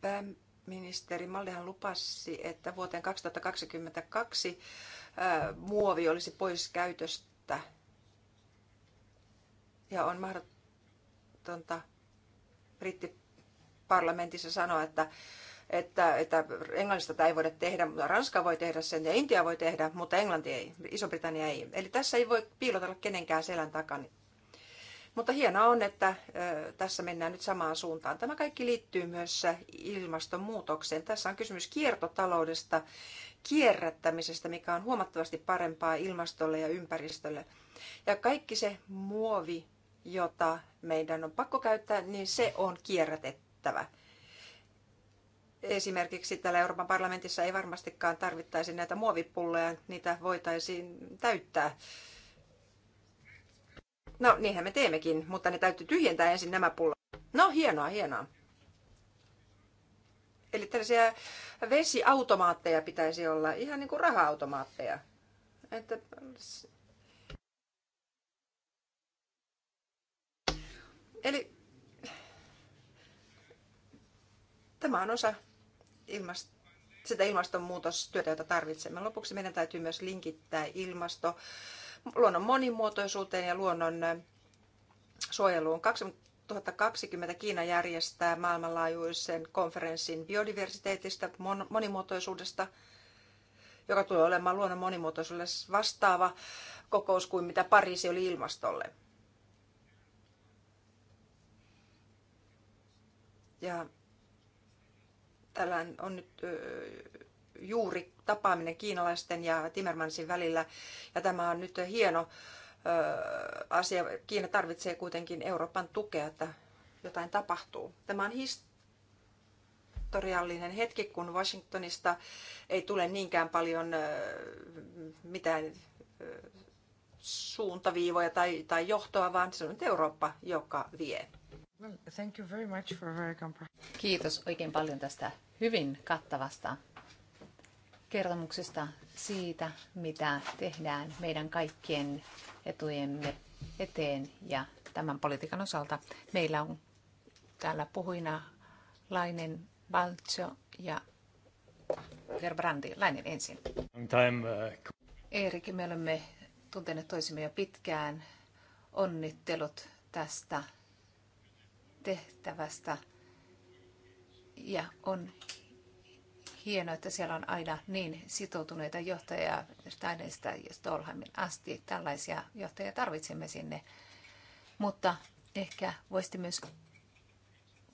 Pääministeri Maldehan lupasi, että vuoteen 2022 muovi olisi pois käytöstä. Ja on mahdotonta britti parlamentissa sanoa, että, että, että Englannista tämä ei voida tehdä, mutta Ranska voi tehdä sen ja Intia voi tehdä, mutta Englanti ei, Iso-Britannia ei. Eli tässä ei voi piilotella kenenkään selän takana. Mutta hienoa on, että tässä mennään nyt samaan suuntaan. Tämä kaikki liittyy myös ilmastonmuutokseen. Tässä on kysymys kiertotaloudesta, kierrättämisestä, mikä on huomattavasti parempaa ilmastolle ja ympäristölle. Ja kaikki se muovi, jota meidän on pakko käyttää, niin se on kierrätetty vältettävä. Esimerkiksi täällä Euroopan parlamentissa ei varmastikaan tarvittaisi näitä muovipulleja, niitä voitaisiin täyttää. No niinhän me teemmekin, mutta ne täytyy tyhjentää ensin nämä pullot. No hienoa, hienoa. Eli tällaisia vesiautomaatteja pitäisi olla, ihan niin kuin raha-automaatteja. Että... Eli Tämä on osa ilmast- sitä ilmastonmuutostyötä, jota tarvitsemme. Lopuksi meidän täytyy myös linkittää ilmasto luonnon monimuotoisuuteen ja luonnon äh, suojeluun. 2020 Kiina järjestää maailmanlaajuisen konferenssin biodiversiteetistä, monimuotoisuudesta, joka tulee olemaan luonnon monimuotoisuudelle vastaava kokous kuin mitä Pariisi oli ilmastolle. Ja Tällä on nyt juuri tapaaminen kiinalaisten ja Timmermansin välillä. Ja tämä on nyt hieno asia. Kiina tarvitsee kuitenkin Euroopan tukea, että jotain tapahtuu. Tämä on historiallinen hetki, kun Washingtonista ei tule niinkään paljon mitään suuntaviivoja tai, tai johtoa, vaan se on Eurooppa, joka vie. Thank you very much for very Kiitos oikein paljon tästä hyvin kattavasta kertomuksesta siitä, mitä tehdään meidän kaikkien etujemme eteen ja tämän politiikan osalta. Meillä on täällä puhuina Lainen Valtso ja Gerbrandi. Lainen ensin. Uh, Erik, me olemme tunteneet toisimme jo pitkään. Onnittelut tästä tehtävästä. Ja on hienoa, että siellä on aina niin sitoutuneita johtajia Steinestä ja Stolheimin asti. Tällaisia johtajia tarvitsemme sinne. Mutta ehkä voisitte myös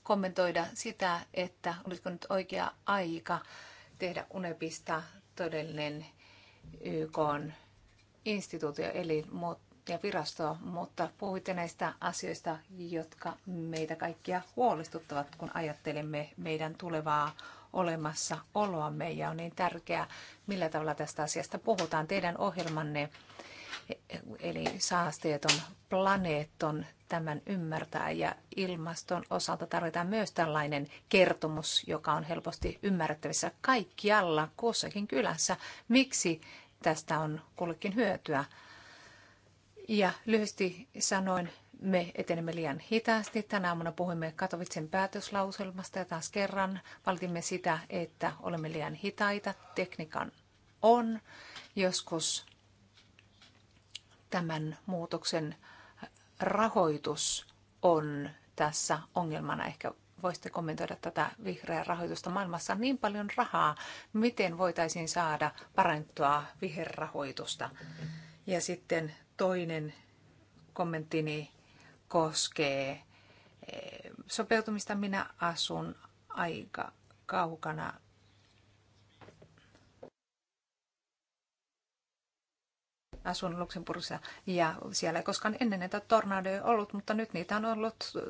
kommentoida sitä, että olisiko nyt oikea aika tehdä UNEPista todellinen YK instituutio, eli mutta ja virastoa mutta puhuitte näistä asioista, jotka meitä kaikkia huolestuttavat, kun ajattelemme meidän tulevaa olemassaoloamme ja on niin tärkeää, millä tavalla tästä asiasta puhutaan. Teidän ohjelmanne, eli saasteeton planeeton, tämän ymmärtää ja ilmaston osalta tarvitaan myös tällainen kertomus, joka on helposti ymmärrettävissä kaikkialla kussakin kylässä. Miksi tästä on kullekin hyötyä? Ja lyhyesti sanoin, me etenemme liian hitaasti. Tänä aamuna puhuimme Katovitsen päätöslauselmasta ja taas kerran valtimme sitä, että olemme liian hitaita. Tekniikan on. Joskus tämän muutoksen rahoitus on tässä ongelmana. Ehkä voisitte kommentoida tätä vihreää rahoitusta. Maailmassa on niin paljon rahaa. Miten voitaisiin saada parantua viherrahoitusta? Ja sitten Toinen kommenttini koskee eh, sopeutumista. Minä asun aika kaukana asun Luxemburgissa ja siellä ei koskaan ennen näitä tornadoja ollut, mutta nyt niitä on ollut eh,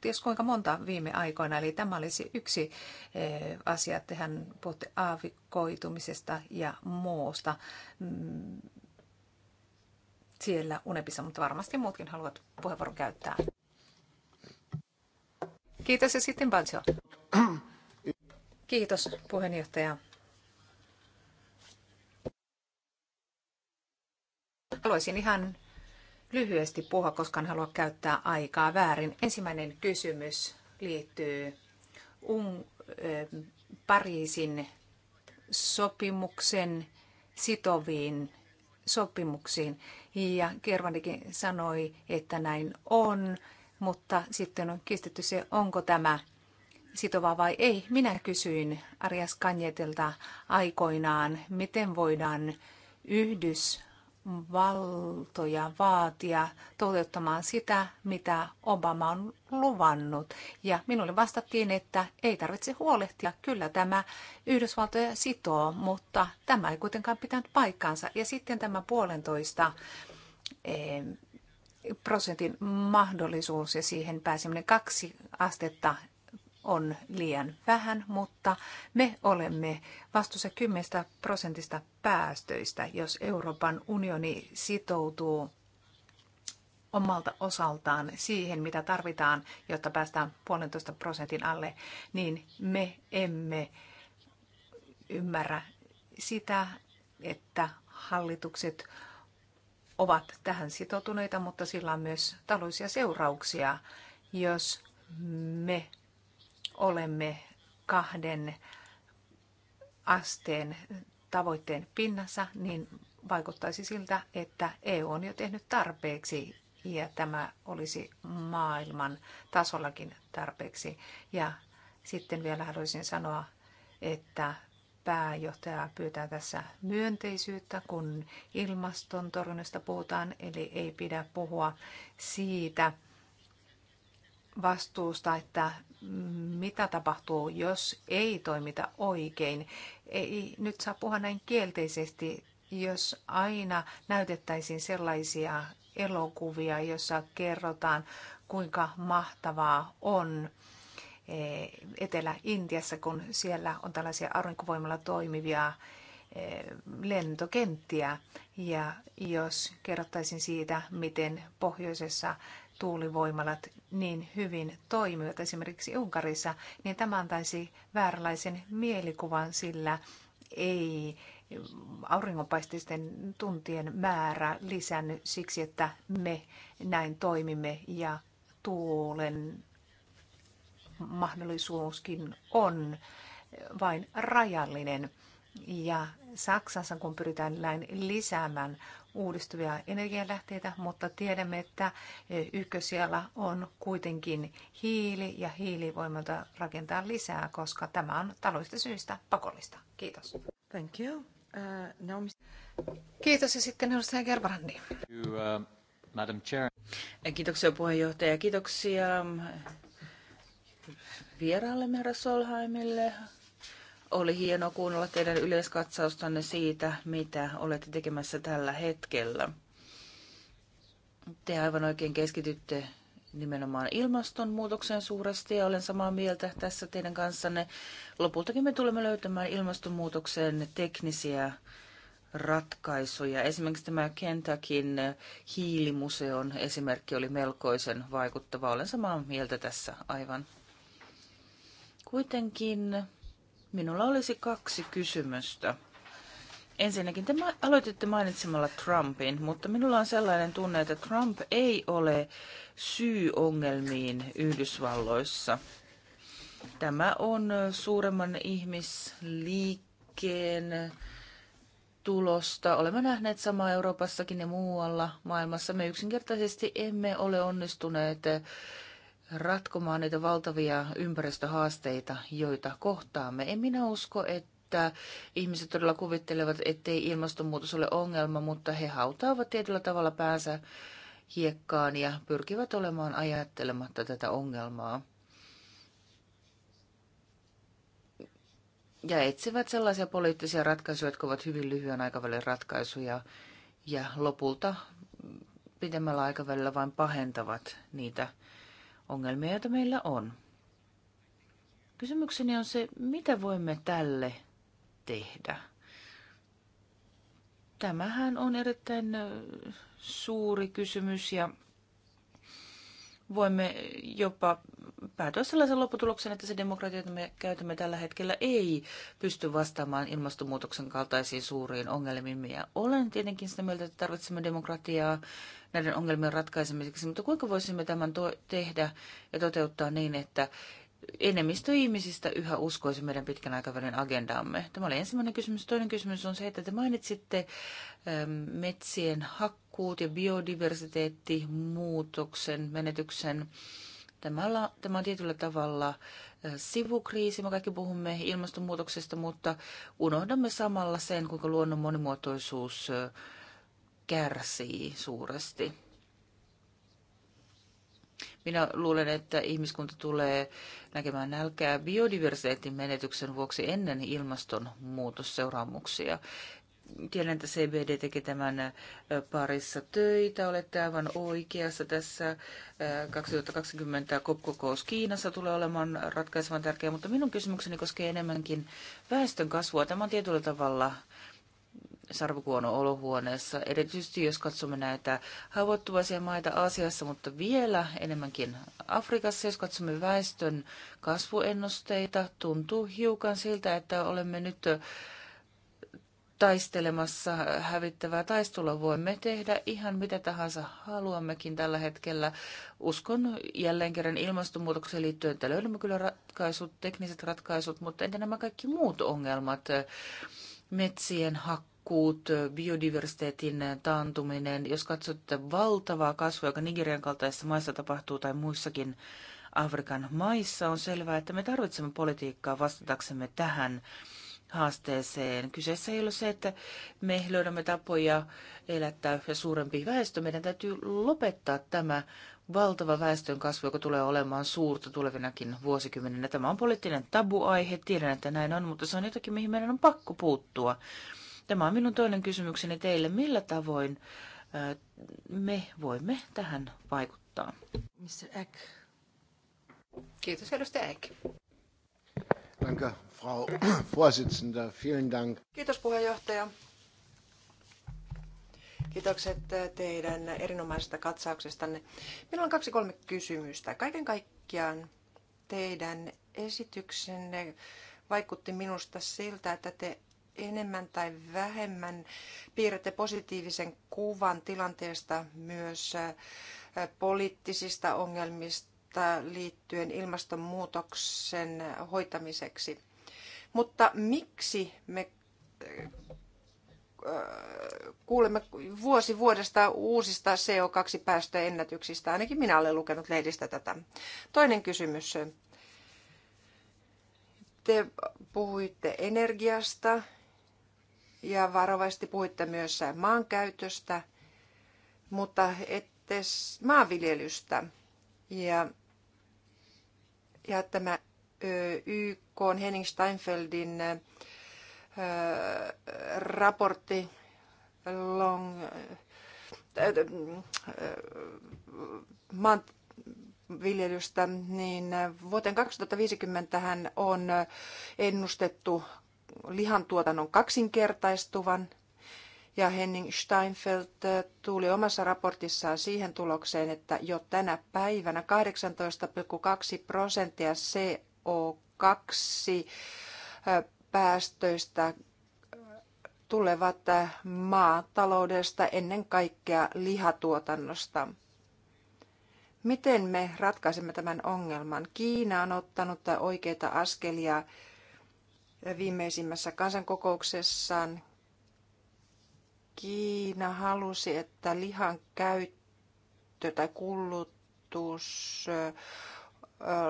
ties kuinka monta viime aikoina. Eli tämä olisi yksi eh, asia, että hän puhutte aavikoitumisesta ja muusta. Mm, siellä Unepissa, mutta varmasti muutkin haluavat puheenvuoron käyttää. Kiitos ja sitten Balcio. Kiitos puheenjohtaja. Haluaisin ihan lyhyesti puhua, koska en halua käyttää aikaa väärin. Ensimmäinen kysymys liittyy Un- Pariisin sopimuksen sitoviin sopimuksiin. Ja Kervanikin sanoi, että näin on, mutta sitten on kistetty se, onko tämä sitova vai ei. Minä kysyin Arias Kanjetilta aikoinaan, miten voidaan Yhdys valtoja vaatia toteuttamaan sitä, mitä Obama on luvannut. Ja minulle vastattiin, että ei tarvitse huolehtia. Kyllä tämä Yhdysvaltoja sitoo, mutta tämä ei kuitenkaan pitänyt paikkaansa. Ja sitten tämä puolentoista eh, prosentin mahdollisuus ja siihen pääseminen kaksi astetta on liian vähän, mutta me olemme vastuussa 10 prosentista päästöistä, jos Euroopan unioni sitoutuu omalta osaltaan siihen, mitä tarvitaan, jotta päästään puolentoista prosentin alle, niin me emme ymmärrä sitä, että hallitukset ovat tähän sitoutuneita, mutta sillä on myös taloudellisia seurauksia, jos me olemme kahden asteen tavoitteen pinnassa, niin vaikuttaisi siltä, että EU on jo tehnyt tarpeeksi ja tämä olisi maailman tasollakin tarpeeksi. Ja sitten vielä haluaisin sanoa, että pääjohtaja pyytää tässä myönteisyyttä, kun ilmaston torjunnasta puhutaan, eli ei pidä puhua siitä vastuusta, että mitä tapahtuu, jos ei toimita oikein. Ei nyt saa puhua näin kielteisesti, jos aina näytettäisiin sellaisia elokuvia, joissa kerrotaan, kuinka mahtavaa on eh, Etelä-Intiassa, kun siellä on tällaisia aurinkovoimalla toimivia eh, lentokenttiä. Ja jos kerrottaisiin siitä, miten pohjoisessa tuulivoimalat niin hyvin toimivat esimerkiksi Unkarissa, niin tämä antaisi vääränlaisen mielikuvan, sillä ei auringonpaisteisten tuntien määrä lisänny siksi, että me näin toimimme ja tuulen mahdollisuuskin on vain rajallinen. Ja Saksassa, kun pyritään näin lisäämään uudistuvia energialähteitä, mutta tiedämme, että e, ykkösiellä on kuitenkin hiili ja hiilivoimalta rakentaa lisää, koska tämä on taloudellisista syistä pakollista. Kiitos. Thank you. Uh, no, Kiitos ja sitten edustaja Gerbrandi. You, uh, Madam Chair. Kiitoksia puheenjohtaja. Kiitoksia mm, vieraallemme Solheimille, oli hienoa kuunnella teidän yleiskatsaustanne siitä, mitä olette tekemässä tällä hetkellä. Te aivan oikein keskitytte nimenomaan ilmastonmuutokseen suuresti ja olen samaa mieltä tässä teidän kanssanne. Lopultakin me tulemme löytämään ilmastonmuutokseen teknisiä ratkaisuja. Esimerkiksi tämä Kentakin hiilimuseon esimerkki oli melkoisen vaikuttava. Olen samaa mieltä tässä aivan. Kuitenkin Minulla olisi kaksi kysymystä. Ensinnäkin te aloititte mainitsemalla Trumpin, mutta minulla on sellainen tunne, että Trump ei ole syy ongelmiin Yhdysvalloissa. Tämä on suuremman ihmisliikkeen tulosta. Olemme nähneet samaa Euroopassakin ja muualla maailmassa. Me yksinkertaisesti emme ole onnistuneet ratkomaan näitä valtavia ympäristöhaasteita, joita kohtaamme. En minä usko, että ihmiset todella kuvittelevat, ettei ilmastonmuutos ole ongelma, mutta he hautaavat tietyllä tavalla päänsä hiekkaan ja pyrkivät olemaan ajattelematta tätä ongelmaa. Ja etsivät sellaisia poliittisia ratkaisuja, jotka ovat hyvin lyhyen aikavälin ratkaisuja ja lopulta pidemmällä aikavälillä vain pahentavat niitä ongelmia, joita meillä on. Kysymykseni on se, mitä voimme tälle tehdä? Tämähän on erittäin suuri kysymys ja voimme jopa päätyä sellaisen lopputuloksen, että se demokratia, jota me käytämme tällä hetkellä, ei pysty vastaamaan ilmastonmuutoksen kaltaisiin suuriin ongelmiin. Ja olen tietenkin sitä mieltä, että tarvitsemme demokratiaa näiden ongelmien ratkaisemiseksi, mutta kuinka voisimme tämän tehdä ja toteuttaa niin, että enemmistö ihmisistä yhä uskoisi meidän pitkän aikavälin agendaamme. Tämä oli ensimmäinen kysymys. Toinen kysymys on se, että te mainitsitte ähm, metsien hakkuut ja biodiversiteetti muutoksen menetyksen. Tämä, tämä on tietyllä tavalla äh, sivukriisi. Me kaikki puhumme ilmastonmuutoksesta, mutta unohdamme samalla sen, kuinka luonnon monimuotoisuus äh, kärsii suuresti. Minä luulen, että ihmiskunta tulee näkemään nälkää biodiversiteetin menetyksen vuoksi ennen ilmastonmuutosseuraamuksia. Tiedän, että CBD teki tämän parissa töitä. Olette aivan oikeassa. Tässä 2020 COP-kokous Kiinassa tulee olemaan ratkaisevan tärkeä, mutta minun kysymykseni koskee enemmänkin väestön kasvua. Tämä on tietyllä tavalla sarvikuono olohuoneessa, erityisesti jos katsomme näitä haavoittuvaisia maita Aasiassa, mutta vielä enemmänkin Afrikassa, jos katsomme väestön kasvuennusteita, tuntuu hiukan siltä, että olemme nyt taistelemassa hävittävää taistelua. Voimme tehdä ihan mitä tahansa haluammekin tällä hetkellä. Uskon jälleen kerran ilmastonmuutokseen liittyen, että löydämme kyllä ratkaisut, tekniset ratkaisut, mutta entä nämä kaikki muut ongelmat, metsien hakku, hakkuut, biodiversiteetin taantuminen, jos katsotte valtavaa kasvua, joka Nigerian kaltaisissa maissa tapahtuu tai muissakin Afrikan maissa, on selvää, että me tarvitsemme politiikkaa vastataksemme tähän haasteeseen. Kyseessä ei ole se, että me löydämme tapoja elättää suurempi väestö. Meidän täytyy lopettaa tämä valtava väestön kasvu, joka tulee olemaan suurta tulevinakin vuosikymmeninä. Tämä on poliittinen tabuaihe, tiedän, että näin on, mutta se on jotakin, mihin meidän on pakko puuttua. Tämä on minun toinen kysymykseni teille. Millä tavoin me voimme tähän vaikuttaa? Mr. Eck. Kiitos, edustaja Eck. Danke, Frau Vorsitzende. Vielen Dank. Kiitos, puheenjohtaja. Kiitokset teidän erinomaisesta katsauksestanne. Minulla on kaksi-kolme kysymystä. Kaiken kaikkiaan teidän esityksenne vaikutti minusta siltä, että te enemmän tai vähemmän piirrätte positiivisen kuvan tilanteesta myös poliittisista ongelmista liittyen ilmastonmuutoksen hoitamiseksi. Mutta miksi me kuulemme vuosi vuodesta uusista CO2-päästöennätyksistä. Ainakin minä olen lukenut lehdistä tätä. Toinen kysymys. Te puhuitte energiasta ja varovasti puhuitte myös maankäytöstä, mutta ette maanviljelystä. Ja, ja tämä YK Henning Steinfeldin raportti long, maanviljelystä, niin vuoteen 2050 hän on ennustettu lihantuotannon kaksinkertaistuvan. Ja Henning Steinfeld tuli omassa raportissaan siihen tulokseen, että jo tänä päivänä 18,2 prosenttia CO2 päästöistä tulevat maataloudesta, ennen kaikkea lihatuotannosta. Miten me ratkaisemme tämän ongelman? Kiina on ottanut oikeita askelia viimeisimmässä kansankokouksessaan Kiina halusi, että lihan käyttö tai kulutus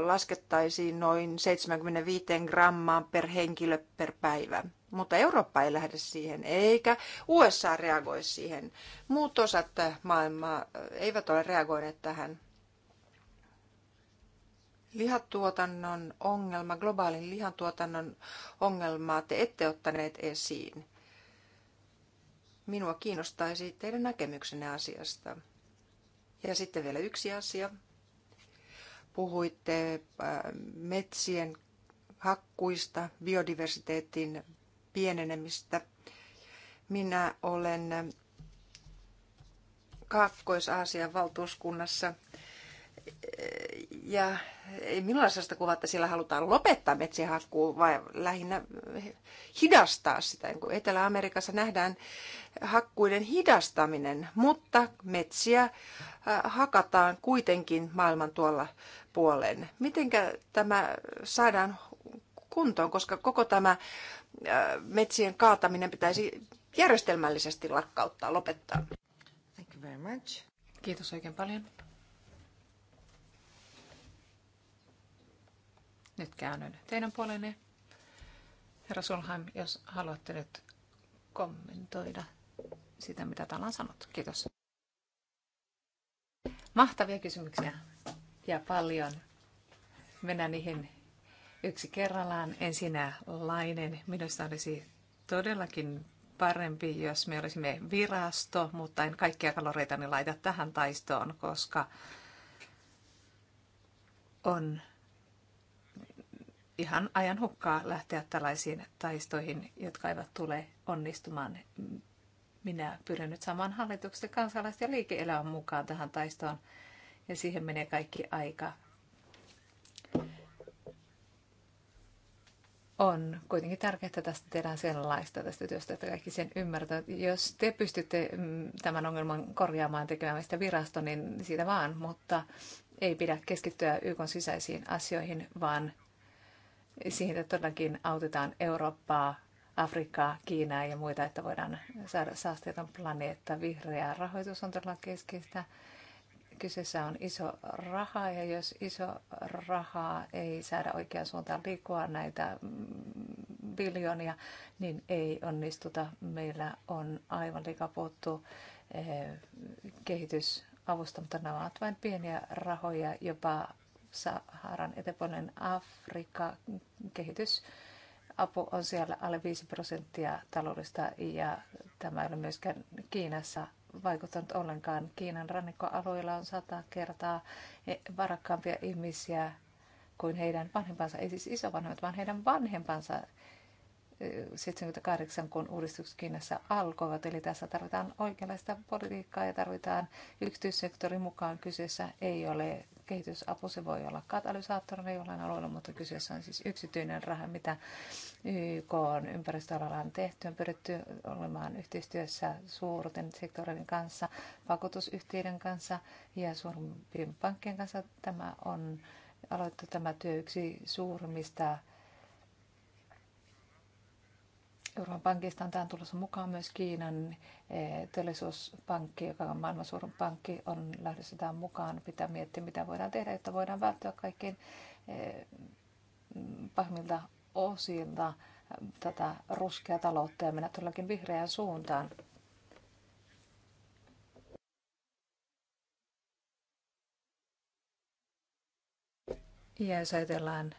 laskettaisiin noin 75 grammaan per henkilö per päivä. Mutta Eurooppa ei lähde siihen, eikä USA reagoi siihen. Muut osat maailmaa eivät ole reagoineet tähän lihatuotannon ongelma, globaalin lihantuotannon ongelmaa te ette ottaneet esiin. Minua kiinnostaisi teidän näkemyksenne asiasta. Ja sitten vielä yksi asia. Puhuitte äh, metsien hakkuista, biodiversiteetin pienenemistä. Minä olen Kaakkois-Aasian valtuuskunnassa – ja ei minulla sellaista kuvaa, että siellä halutaan lopettaa metsähakkuu, vaan lähinnä hidastaa sitä. Etelä-Amerikassa nähdään hakkuiden hidastaminen, mutta metsiä äh, hakataan kuitenkin maailman tuolla puolen. Mitenkä tämä saadaan kuntoon, koska koko tämä äh, metsien kaataminen pitäisi järjestelmällisesti lakkauttaa, lopettaa. Thank you very much. Kiitos oikein paljon. Nyt käännyn teidän puolenne. Herra Solheim, jos haluatte nyt kommentoida sitä, mitä täällä on sanottu. Kiitos. Mahtavia kysymyksiä ja paljon. Mennään niihin yksi kerrallaan. Ensinnä Lainen. Minusta olisi todellakin parempi, jos me olisimme virasto, mutta en kaikkia kaloreita laita tähän taistoon, koska on ihan ajan hukkaa lähteä tällaisiin taistoihin, jotka eivät tule onnistumaan. Minä pyrin nyt saamaan hallituksen kansalaisten ja liike-elämän mukaan tähän taistoon, ja siihen menee kaikki aika. on kuitenkin tärkeää, että tästä tehdään sellaista tästä työstä, että kaikki sen ymmärtää, Jos te pystytte mm, tämän ongelman korjaamaan tekemään sitä virasto, niin siitä vaan, mutta ei pidä keskittyä YK sisäisiin asioihin, vaan siihen, että todellakin autetaan Eurooppaa, Afrikkaa, Kiinaa ja muita, että voidaan saada saasteeton planeetta. Vihreä rahoitus on todella keskeistä. Kyseessä on iso raha ja jos iso rahaa ei saada oikeaan suuntaan liikkua näitä mm, biljoonia, niin ei onnistuta. Meillä on aivan liikaa puhuttu eh, kehitysavusta, mutta nämä ovat vain pieniä rahoja, jopa Saharan eteläpuolinen Afrika kehitys apu on siellä alle 5 prosenttia taloudesta ja tämä ei ole myöskään Kiinassa vaikuttanut ollenkaan. Kiinan rannikkoalueilla on sata kertaa varakkaampia ihmisiä kuin heidän vanhempansa, ei siis isovanhemmat, vaan heidän vanhempansa 78, kun uudistukset Kiinassa alkoivat. Eli tässä tarvitaan oikeanlaista politiikkaa ja tarvitaan yksityissektorin mukaan. Kyseessä ei ole kehitysapu, se voi olla katalysaattorina jollain alueella, mutta kyseessä on siis yksityinen raha, mitä YK on ympäristöalalla on tehty. On pyritty olemaan yhteistyössä suurten sektoreiden kanssa, vakuutusyhtiöiden kanssa ja suurimpien pankkien kanssa. Tämä on aloitettu tämä työ yksi suurimmista Euroopan pankista on tähän tulossa mukaan myös Kiinan eh, teollisuuspankki, joka on maailman suurin pankki, on lähdössä tähän mukaan. Pitää miettiä, mitä voidaan tehdä, jotta voidaan välttyä kaikkein eh, pahimmilta osilta eh, tätä ruskea taloutta ja mennä todellakin vihreään suuntaan. Ja jos ajatellaan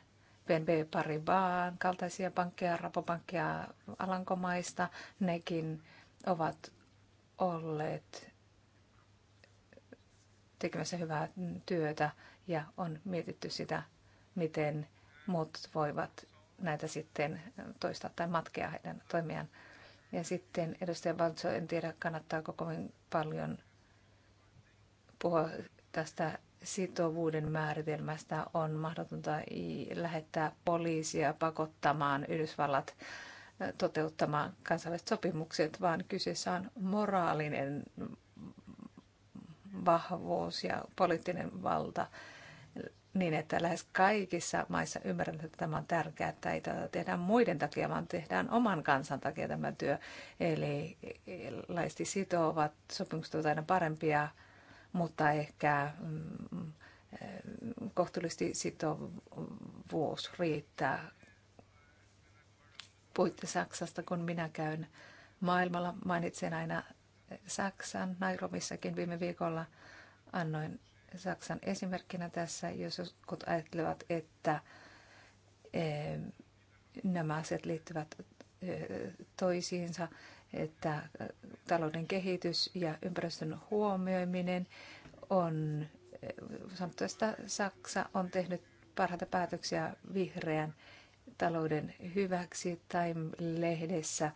BNB Paribas kaltaisia pankkeja, rapopankkeja Alankomaista. Nekin ovat olleet tekemässä hyvää työtä ja on mietitty sitä, miten muut voivat näitä sitten toistaa tai matkea heidän toimiaan. Ja sitten edustaja Valtso, en tiedä kannattaako kovin paljon puhua tästä sitovuuden määritelmästä on mahdotonta lähettää poliisia pakottamaan Yhdysvallat toteuttamaan kansainväliset sopimukset, vaan kyseessä on moraalinen vahvuus ja poliittinen valta niin, että lähes kaikissa maissa ymmärretään, että tämä on tärkeää, että ei tätä tehdä muiden takia, vaan tehdään oman kansan takia tämä työ. Eli laisti sitovat sopimukset ovat aina parempia mutta ehkä mm, mm, kohtuullisesti sitovuus riittää. Puhuitte Saksasta, kun minä käyn maailmalla. Mainitsen aina Saksan. Nairobissakin viime viikolla annoin Saksan esimerkkinä tässä, jos jotkut ajattelevat, että nämä asiat liittyvät toisiinsa, että äh, talouden kehitys ja ympäristön huomioiminen on, äh, sanotaan, että Saksa on tehnyt parhaita päätöksiä vihreän talouden hyväksi. Time-lehdessä äh,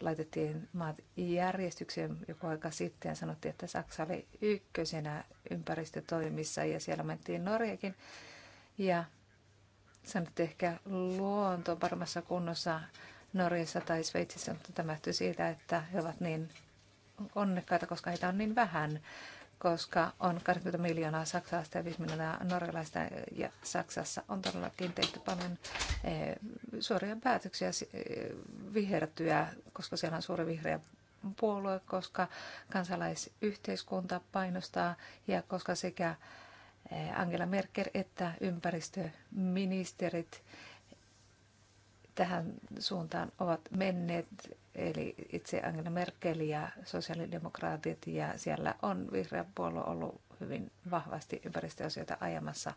laitettiin maat järjestykseen joku aika sitten ja sanottiin, että Saksa oli ykkösenä ympäristötoimissa ja siellä mentiin Norjakin. Ja sanottiin ehkä luonto on paremmassa kunnossa Norjassa tai Sveitsissä, mutta tämä johtuu siitä, että he ovat niin onnekkaita, koska heitä on niin vähän, koska on 20 miljoonaa saksalaista ja 5 miljoonaa norjalaista ja Saksassa on todellakin tehty paljon eh, suoria päätöksiä eh, vihertyä, koska siellä on suuri vihreä puolue, koska kansalaisyhteiskunta painostaa ja koska sekä eh, Angela Merkel että ympäristöministerit tähän suuntaan ovat menneet, eli itse Angela Merkel ja sosiaalidemokraatit, ja siellä on vihreä puolue ollut hyvin vahvasti ympäristöasioita ajamassa.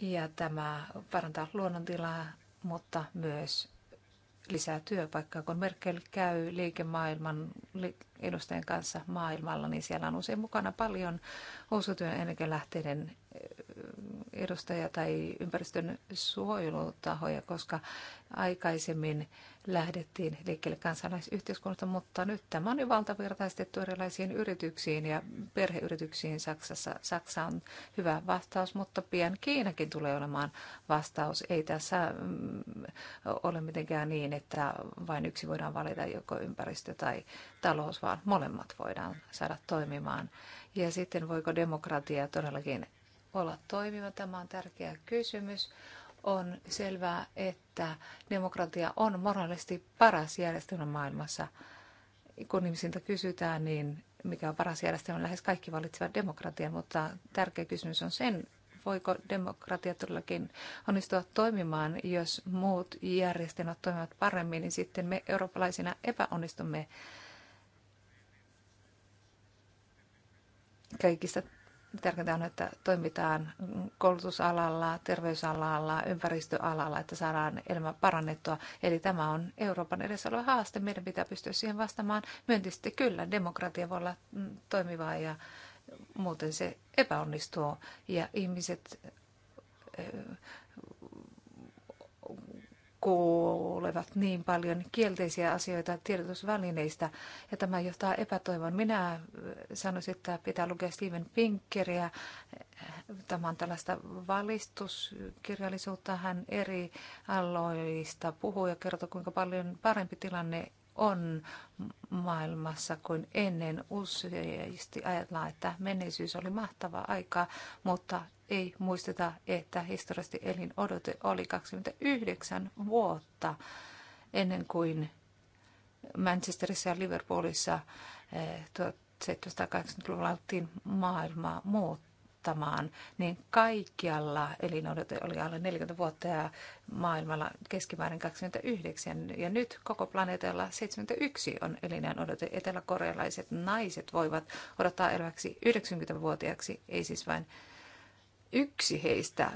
Ja tämä parantaa luonnontilaa, mutta myös lisää työpaikkaa. Kun Merkel käy liikemaailman edustajien kanssa maailmalla, niin siellä on usein mukana paljon uusiutujen energialähteiden edustaja tai ympäristön suojelutahoja, koska aikaisemmin lähdettiin liikkeelle kansalaisyhteiskunnasta, mutta nyt tämä on jo valtavirtaistettu erilaisiin yrityksiin ja perheyrityksiin Saksassa. Saksa on hyvä vastaus, mutta pian Kiinakin tulee olemaan vastaus. Ei tässä mm, ole mitenkään niin, että vain yksi voidaan valita joko ympäristö tai talous, vaan molemmat voidaan saada toimimaan. Ja sitten voiko demokratia todellakin olla toimiva. Tämä on tärkeä kysymys. On selvää, että demokratia on moraalisesti paras järjestelmä maailmassa. Kun ihmisiltä kysytään, niin mikä on paras järjestelmä, lähes kaikki valitsevat demokratian, mutta tärkeä kysymys on sen, voiko demokratia todellakin onnistua toimimaan, jos muut järjestelmät toimivat paremmin, niin sitten me eurooppalaisina epäonnistumme kaikista Tärkeintä on, että toimitaan koulutusalalla, terveysalalla, ympäristöalalla, että saadaan elämä parannettua. Eli tämä on Euroopan edessä oleva haaste. Meidän pitää pystyä siihen vastaamaan myöntisesti. Kyllä, demokratia voi olla mm, toimivaa ja muuten se epäonnistuu. Ja ihmiset kuulevat niin paljon kielteisiä asioita tiedotusvälineistä ja tämä johtaa epätoivon. Minä äh, sanoisin, että pitää lukea Steven Pinkeria. Tämä on tällaista valistuskirjallisuutta. Hän eri aloista puhuu ja kertoo, kuinka paljon parempi tilanne on maailmassa kuin ennen. Useasti ajatellaan, että menneisyys oli mahtava aika, mutta ei muisteta, että historiallisesti elin oli 29 vuotta ennen kuin Manchesterissa ja Liverpoolissa 1780-luvulla eh, alettiin maailmaa muuttamaan, niin kaikkialla elinodote oli alle 40 vuotta ja maailmalla keskimäärin 29. Ja nyt koko planeetalla 71 on elinään Eteläkorealaiset naiset voivat odottaa eläväksi 90-vuotiaaksi, ei siis vain yksi heistä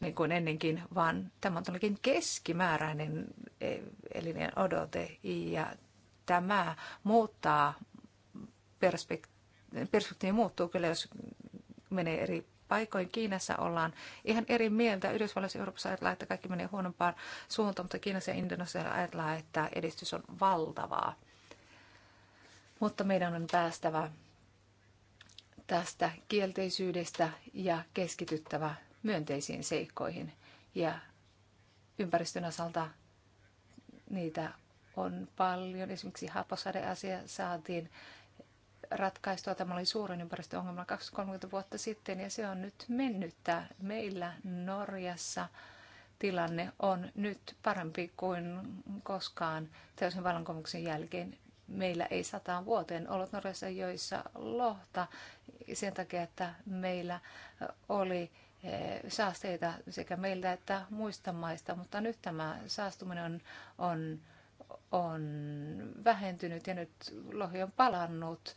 niin kuin ennenkin, vaan tämä on todellakin keskimääräinen e, elinen odote ja tämä muuttaa perspektiivi, perspektiivi muuttuu kyllä, jos menee eri paikoin. Kiinassa ollaan ihan eri mieltä. Yhdysvalloissa ja Euroopassa ajatellaan, että kaikki menee huonompaan suuntaan, mutta Kiinassa ja Indonesia ajatellaan, että edistys on valtavaa. Mutta meidän on päästävä tästä kielteisyydestä ja keskityttävä myönteisiin seikkoihin. Ja ympäristön osalta niitä on paljon. Esimerkiksi haapasaade saatiin ratkaistua. Tämä oli suurin ympäristöongelma 20-30 vuotta sitten ja se on nyt mennyt Meillä Norjassa tilanne on nyt parempi kuin koskaan täysin vallankumouksen jälkeen meillä ei sataan vuoteen ollut Norjassa joissa lohta sen takia, että meillä oli saasteita sekä meiltä että muista maista, mutta nyt tämä saastuminen on, on, on vähentynyt ja nyt lohi on palannut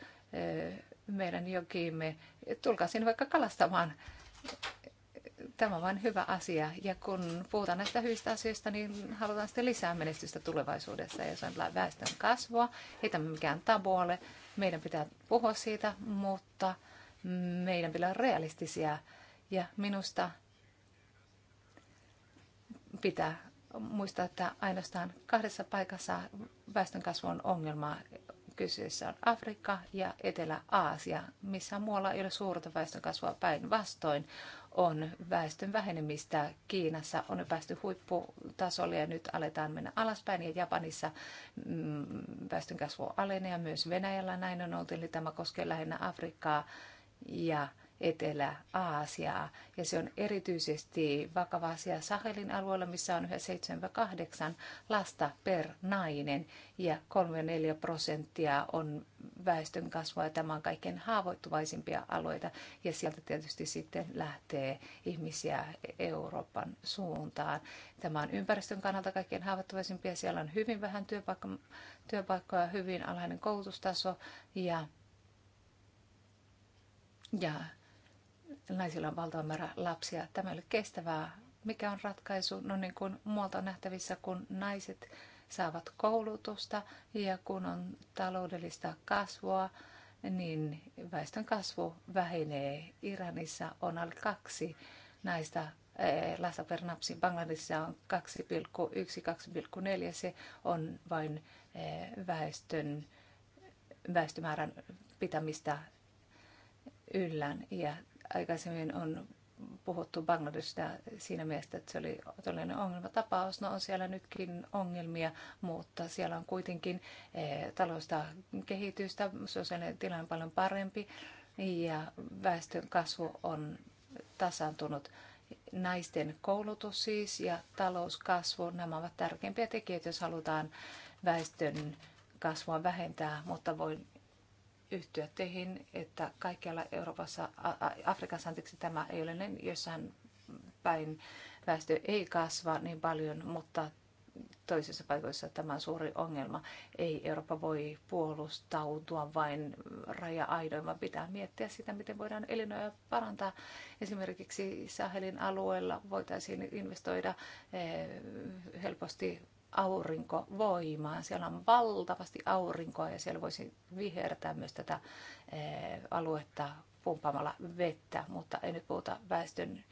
meidän jokiimme. Tulkaa sinne vaikka kalastamaan. Tämä on vain hyvä asia. Ja kun puhutaan näistä hyvistä asioista, niin halutaan sitten lisää menestystä tulevaisuudessa. Ja se on väestön kasvua. Ei tämä mikään tabu ole. Meidän pitää puhua siitä, mutta meidän pitää olla realistisia. Ja minusta pitää muistaa, että ainoastaan kahdessa paikassa väestönkasvu on ongelma. Kyseessä on Afrikka ja Etelä-Aasia, missä muualla ei ole suurta väestönkasvua päinvastoin on väestön vähenemistä. Kiinassa on jo päästy huipputasolle ja nyt aletaan mennä alaspäin ja Japanissa mm, väestön kasvu alenee ja myös Venäjällä näin on oltu. Eli tämä koskee lähinnä Afrikkaa ja Afrikkaa Etelä-Aasiaa. Ja se on erityisesti vakava asia Sahelin alueella, missä on yhä 78 lasta per nainen ja 3-4 prosenttia on väestön kasvua ja tämä on kaikkein haavoittuvaisimpia alueita. Ja sieltä tietysti sitten lähtee ihmisiä Euroopan suuntaan. Tämä on ympäristön kannalta kaikkein haavoittuvaisimpia. Siellä on hyvin vähän työpaikka- työpaikkoja, hyvin alhainen koulutustaso ja ja naisilla on valtava määrä lapsia. Tämä ei ole kestävää. Mikä on ratkaisu? No niin kuin muualta on nähtävissä, kun naiset saavat koulutusta ja kun on taloudellista kasvua, niin väestön kasvu vähenee. Iranissa on alle kaksi naista eh, lasta per napsi. Bangladesissa on 2,1-2,4. Se on vain eh, väestön, väestömäärän pitämistä yllään. Ja Aikaisemmin on puhuttu Bangladesista siinä mielessä, että se oli todellinen ongelmatapaus. No on siellä nytkin ongelmia, mutta siellä on kuitenkin eh, talousta kehitystä, sosiaalinen tilanne paljon parempi ja väestön kasvu on tasantunut. Naisten koulutus siis ja talouskasvu, nämä ovat tärkeimpiä tekijöitä, jos halutaan väestön kasvua vähentää, mutta voi yhtyä teihin, että kaikkialla Euroopassa, Afrikassa anteeksi tämä ei ole niin, jossain päin väestö ei kasva niin paljon, mutta toisissa paikoissa tämä on suuri ongelma. Ei Eurooppa voi puolustautua vain raja-aidoin, vaan pitää miettiä sitä, miten voidaan elinoja parantaa. Esimerkiksi Sahelin alueella voitaisiin investoida eh, helposti aurinkovoimaa. Siellä on valtavasti aurinkoa ja siellä voisi vihertää myös tätä eh, aluetta pumpaamalla vettä, mutta ei nyt puhuta väestön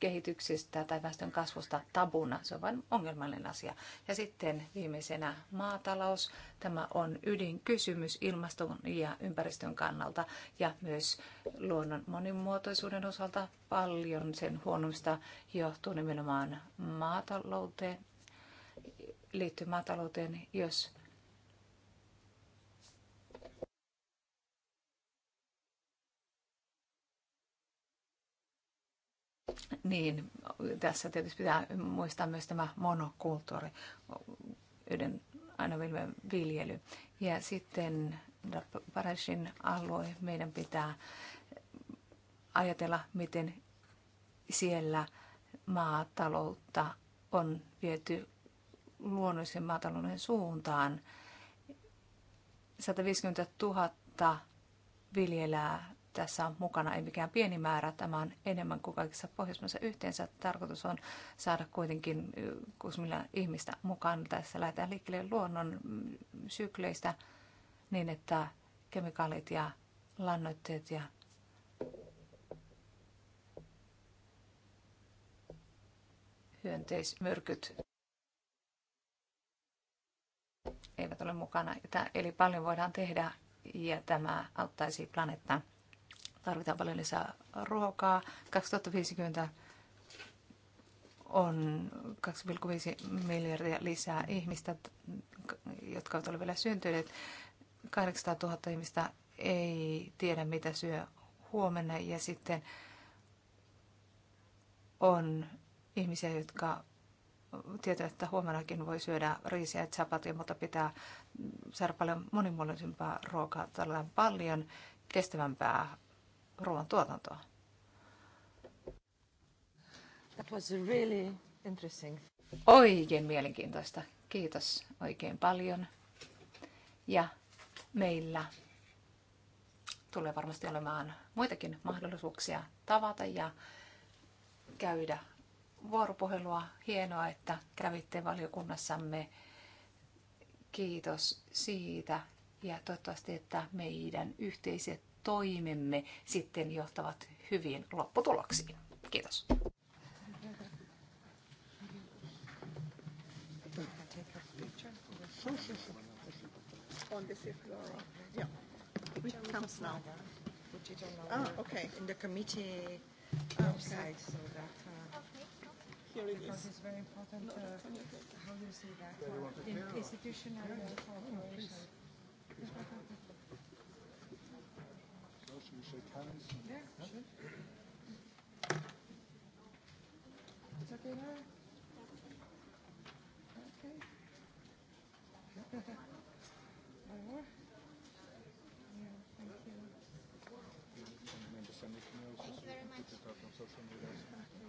kehityksestä tai väestön kasvusta tabuna. Se on vain ongelmallinen asia. Ja sitten viimeisenä maatalous. Tämä on ydinkysymys ilmaston ja ympäristön kannalta ja myös luonnon monimuotoisuuden osalta paljon sen huonoista johtuu nimenomaan maatalouteen liittyy maatalouteen, jos Niin, tässä tietysti pitää muistaa myös tämä monokulttuuri, yhden aina viljely. Ja sitten Parasin alue, meidän pitää ajatella, miten siellä maataloutta on viety luonnollisen maatalouden suuntaan. 150 000 viljelää tässä on mukana, ei mikään pieni määrä, tämä on enemmän kuin kaikissa Pohjoismaissa yhteensä. Tarkoitus on saada kuitenkin miljoonaa ihmistä mukaan. Tässä lähdetään liikkeelle luonnon sykleistä niin, että kemikaalit ja lannoitteet ja hyönteismyrkyt eivät ole mukana. Eli paljon voidaan tehdä ja tämä auttaisi planeettaa. Tarvitaan paljon lisää ruokaa. 2050 on 2,5 miljardia lisää ihmistä, jotka ovat olleet vielä syntyneet. 800 000 ihmistä ei tiedä, mitä syö huomenna. Ja sitten on ihmisiä, jotka tietää, että huomenakin voi syödä riisiä ja chapatia, mutta pitää saada paljon monimuotoisempaa ruokaa, tällä paljon kestävämpää ruoan tuotantoa. That was really interesting. Oikein mielenkiintoista. Kiitos oikein paljon. Ja meillä tulee varmasti olemaan muitakin mahdollisuuksia tavata ja käydä vuoropuhelua. Hienoa, että kävitte valiokunnassamme. Kiitos siitä ja toivottavasti, että meidän yhteiset toimemme sitten johtavat hyvin lopputuloksiin. Kiitos. On the floor. Yeah. It comes now. Ah, okay. In the committee ah, outside, so that. Uh... Here because is. it's very important no, uh, how you see that yeah, in institutional yeah. so should we shake hands? Yeah, yeah. sure. It's okay now? Okay. One more? Yeah, thank you. Thank you very much.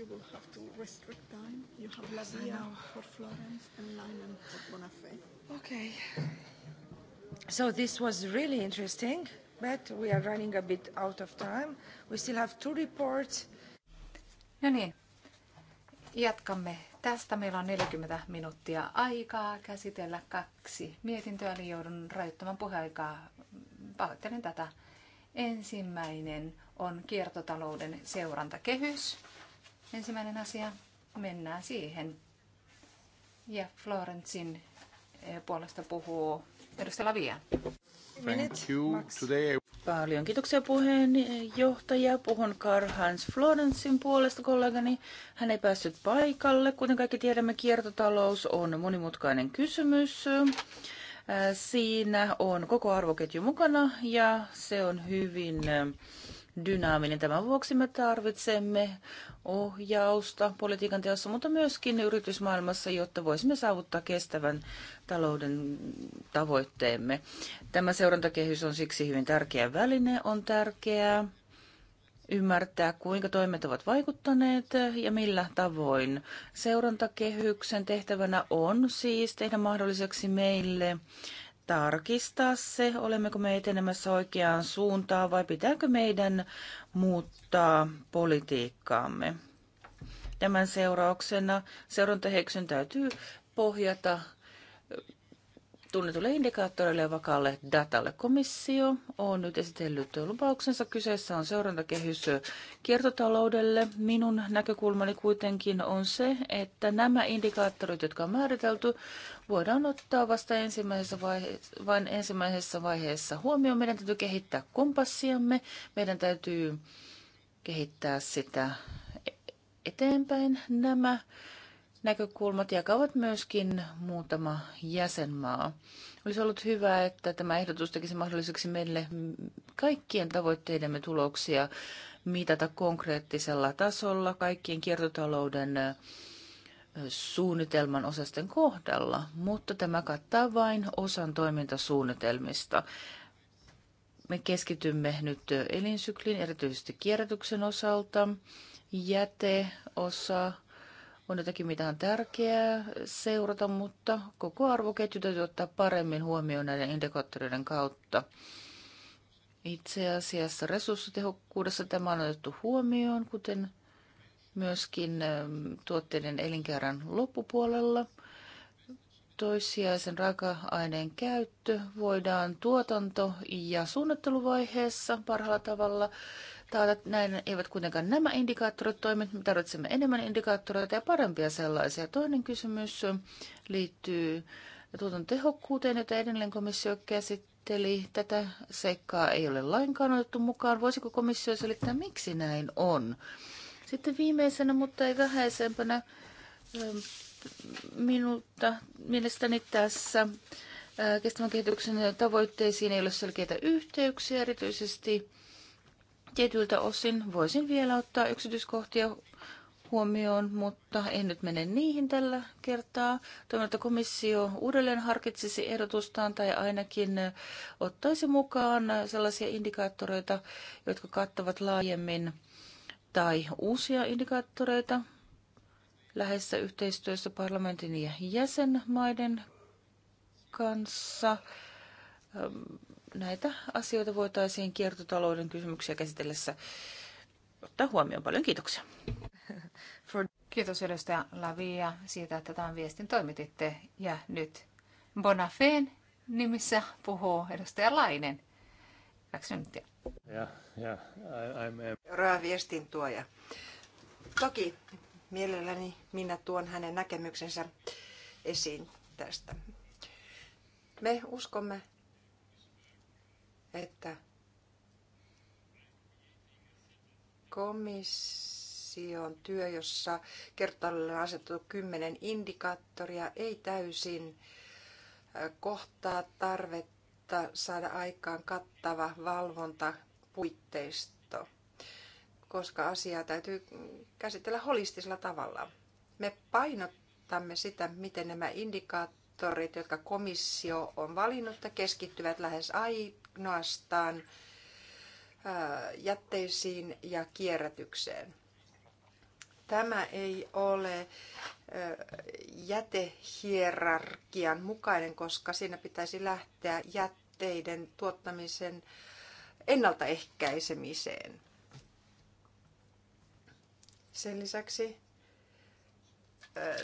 you will have to restrict time. You have Lavia for Florence and Lyman for Bonafé. Okay. So this was really interesting, but we are running a bit out of time. We still have two reports. No niin, jatkamme tästä. Meillä on 40 minuuttia aikaa käsitellä kaksi mietintöä, eli joudun rajoittamaan puheaikaa. Pahoittelen tätä. Ensimmäinen on kiertotalouden seurantakehys ensimmäinen asia. Mennään siihen. Ja Florencin eh, puolesta puhuu edustaja Lavia. Thank you. Today Paljon kiitoksia puheenjohtaja. Puhun karl Hans Florensin puolesta kollegani. Hän ei päässyt paikalle. Kuten kaikki tiedämme, kiertotalous on monimutkainen kysymys. Äh, siinä on koko arvoketju mukana ja se on hyvin äh, dynaaminen. Tämän vuoksi me tarvitsemme ohjausta politiikan teossa, mutta myöskin yritysmaailmassa, jotta voisimme saavuttaa kestävän talouden tavoitteemme. Tämä seurantakehys on siksi hyvin tärkeä väline, on tärkeää ymmärtää, kuinka toimet ovat vaikuttaneet ja millä tavoin. Seurantakehyksen tehtävänä on siis tehdä mahdolliseksi meille tarkistaa se, olemmeko me etenemässä oikeaan suuntaan vai pitääkö meidän muuttaa politiikkaamme. Tämän seurauksena seurantaheksyn täytyy pohjata tunnetulle indikaattoreille ja vakaalle datalle. Komissio on nyt esitellyt lupauksensa. Kyseessä on seurantakehys kiertotaloudelle. Minun näkökulmani kuitenkin on se, että nämä indikaattorit, jotka on määritelty, voidaan ottaa vasta ensimmäisessä vaiheessa, vain ensimmäisessä vaiheessa huomioon. Meidän täytyy kehittää kompassiamme. Meidän täytyy kehittää sitä eteenpäin nämä näkökulmat jakavat myöskin muutama jäsenmaa. Olisi ollut hyvä, että tämä ehdotus tekisi mahdolliseksi meille kaikkien tavoitteidemme tuloksia mitata konkreettisella tasolla kaikkien kiertotalouden suunnitelman osasten kohdalla, mutta tämä kattaa vain osan toimintasuunnitelmista. Me keskitymme nyt elinsykliin, erityisesti kierrätyksen osalta, jäteosa, on jotakin, mitä on tärkeää seurata, mutta koko arvoketju täytyy ottaa paremmin huomioon näiden indikaattoreiden kautta. Itse asiassa resurssitehokkuudessa tämä on otettu huomioon, kuten myöskin ähm, tuotteiden elinkäärän loppupuolella. Toissijaisen raaka-aineen käyttö voidaan tuotanto- ja suunnitteluvaiheessa parhaalla tavalla taata. Näin eivät kuitenkaan nämä indikaattorit toimi. Me tarvitsemme enemmän indikaattoreita ja parempia sellaisia. Toinen kysymys liittyy tuoton tehokkuuteen, jota edelleen komissio käsitteli. Tätä seikkaa ei ole lainkaan otettu mukaan. Voisiko komissio selittää, miksi näin on? Sitten viimeisenä, mutta ei vähäisempänä, ähm, minulta mielestäni tässä äh, kestävän kehityksen tavoitteisiin ei ole selkeitä yhteyksiä, erityisesti tietyiltä osin voisin vielä ottaa yksityiskohtia huomioon, mutta en nyt mene niihin tällä kertaa. Toivon, että komissio uudelleen harkitsisi ehdotustaan tai ainakin ottaisi mukaan sellaisia indikaattoreita, jotka kattavat laajemmin tai uusia indikaattoreita lähessä yhteistyössä parlamentin ja jäsenmaiden kanssa näitä asioita voitaisiin kiertotalouden kysymyksiä käsitellessä ottaa huomioon. Paljon kiitoksia. Kiitos edustaja Lavia siitä, että tämän viestin toimititte. Ja nyt Bonafeen nimissä puhuu edustaja Lainen. Kaksi minuuttia. Seuraava viestin tuoja. Toki mielelläni minä tuon hänen näkemyksensä esiin tästä. Me uskomme että komission työ, jossa kertalle on asetettu kymmenen indikaattoria, ei täysin kohtaa tarvetta saada aikaan kattava valvontapuitteisto, koska asiaa täytyy käsitellä holistisella tavalla. Me painotamme sitä, miten nämä indikaattorit sektorit, jotka komissio on valinnut, keskittyvät lähes ainoastaan jätteisiin ja kierrätykseen. Tämä ei ole jätehierarkian mukainen, koska siinä pitäisi lähteä jätteiden tuottamisen ennaltaehkäisemiseen. Sen lisäksi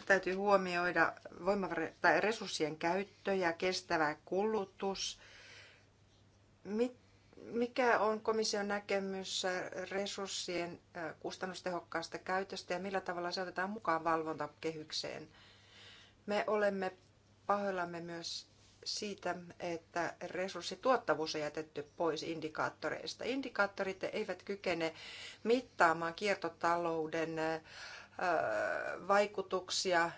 täytyy huomioida voimavara- tai resurssien käyttö ja kestävä kulutus. Mikä on komission näkemys resurssien kustannustehokkaasta käytöstä ja millä tavalla se otetaan mukaan valvontakehykseen? Me olemme pahoillamme myös siitä, että resurssituottavuus on jätetty pois indikaattoreista. Indikaattorit eivät kykene mittaamaan kiertotalouden vaikutuksia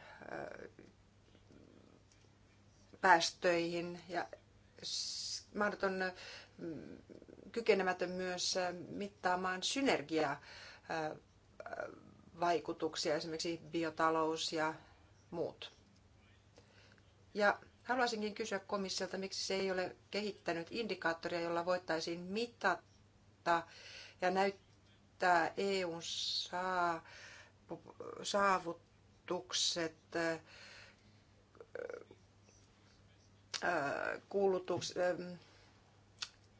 päästöihin ja mahdoton kykenemätön myös mittaamaan synergiaa vaikutuksia, esimerkiksi biotalous ja muut. Ja haluaisinkin kysyä komissiolta, miksi se ei ole kehittänyt indikaattoria, jolla voitaisiin mitata ja näyttää EUn saa saavutukset äh, äh,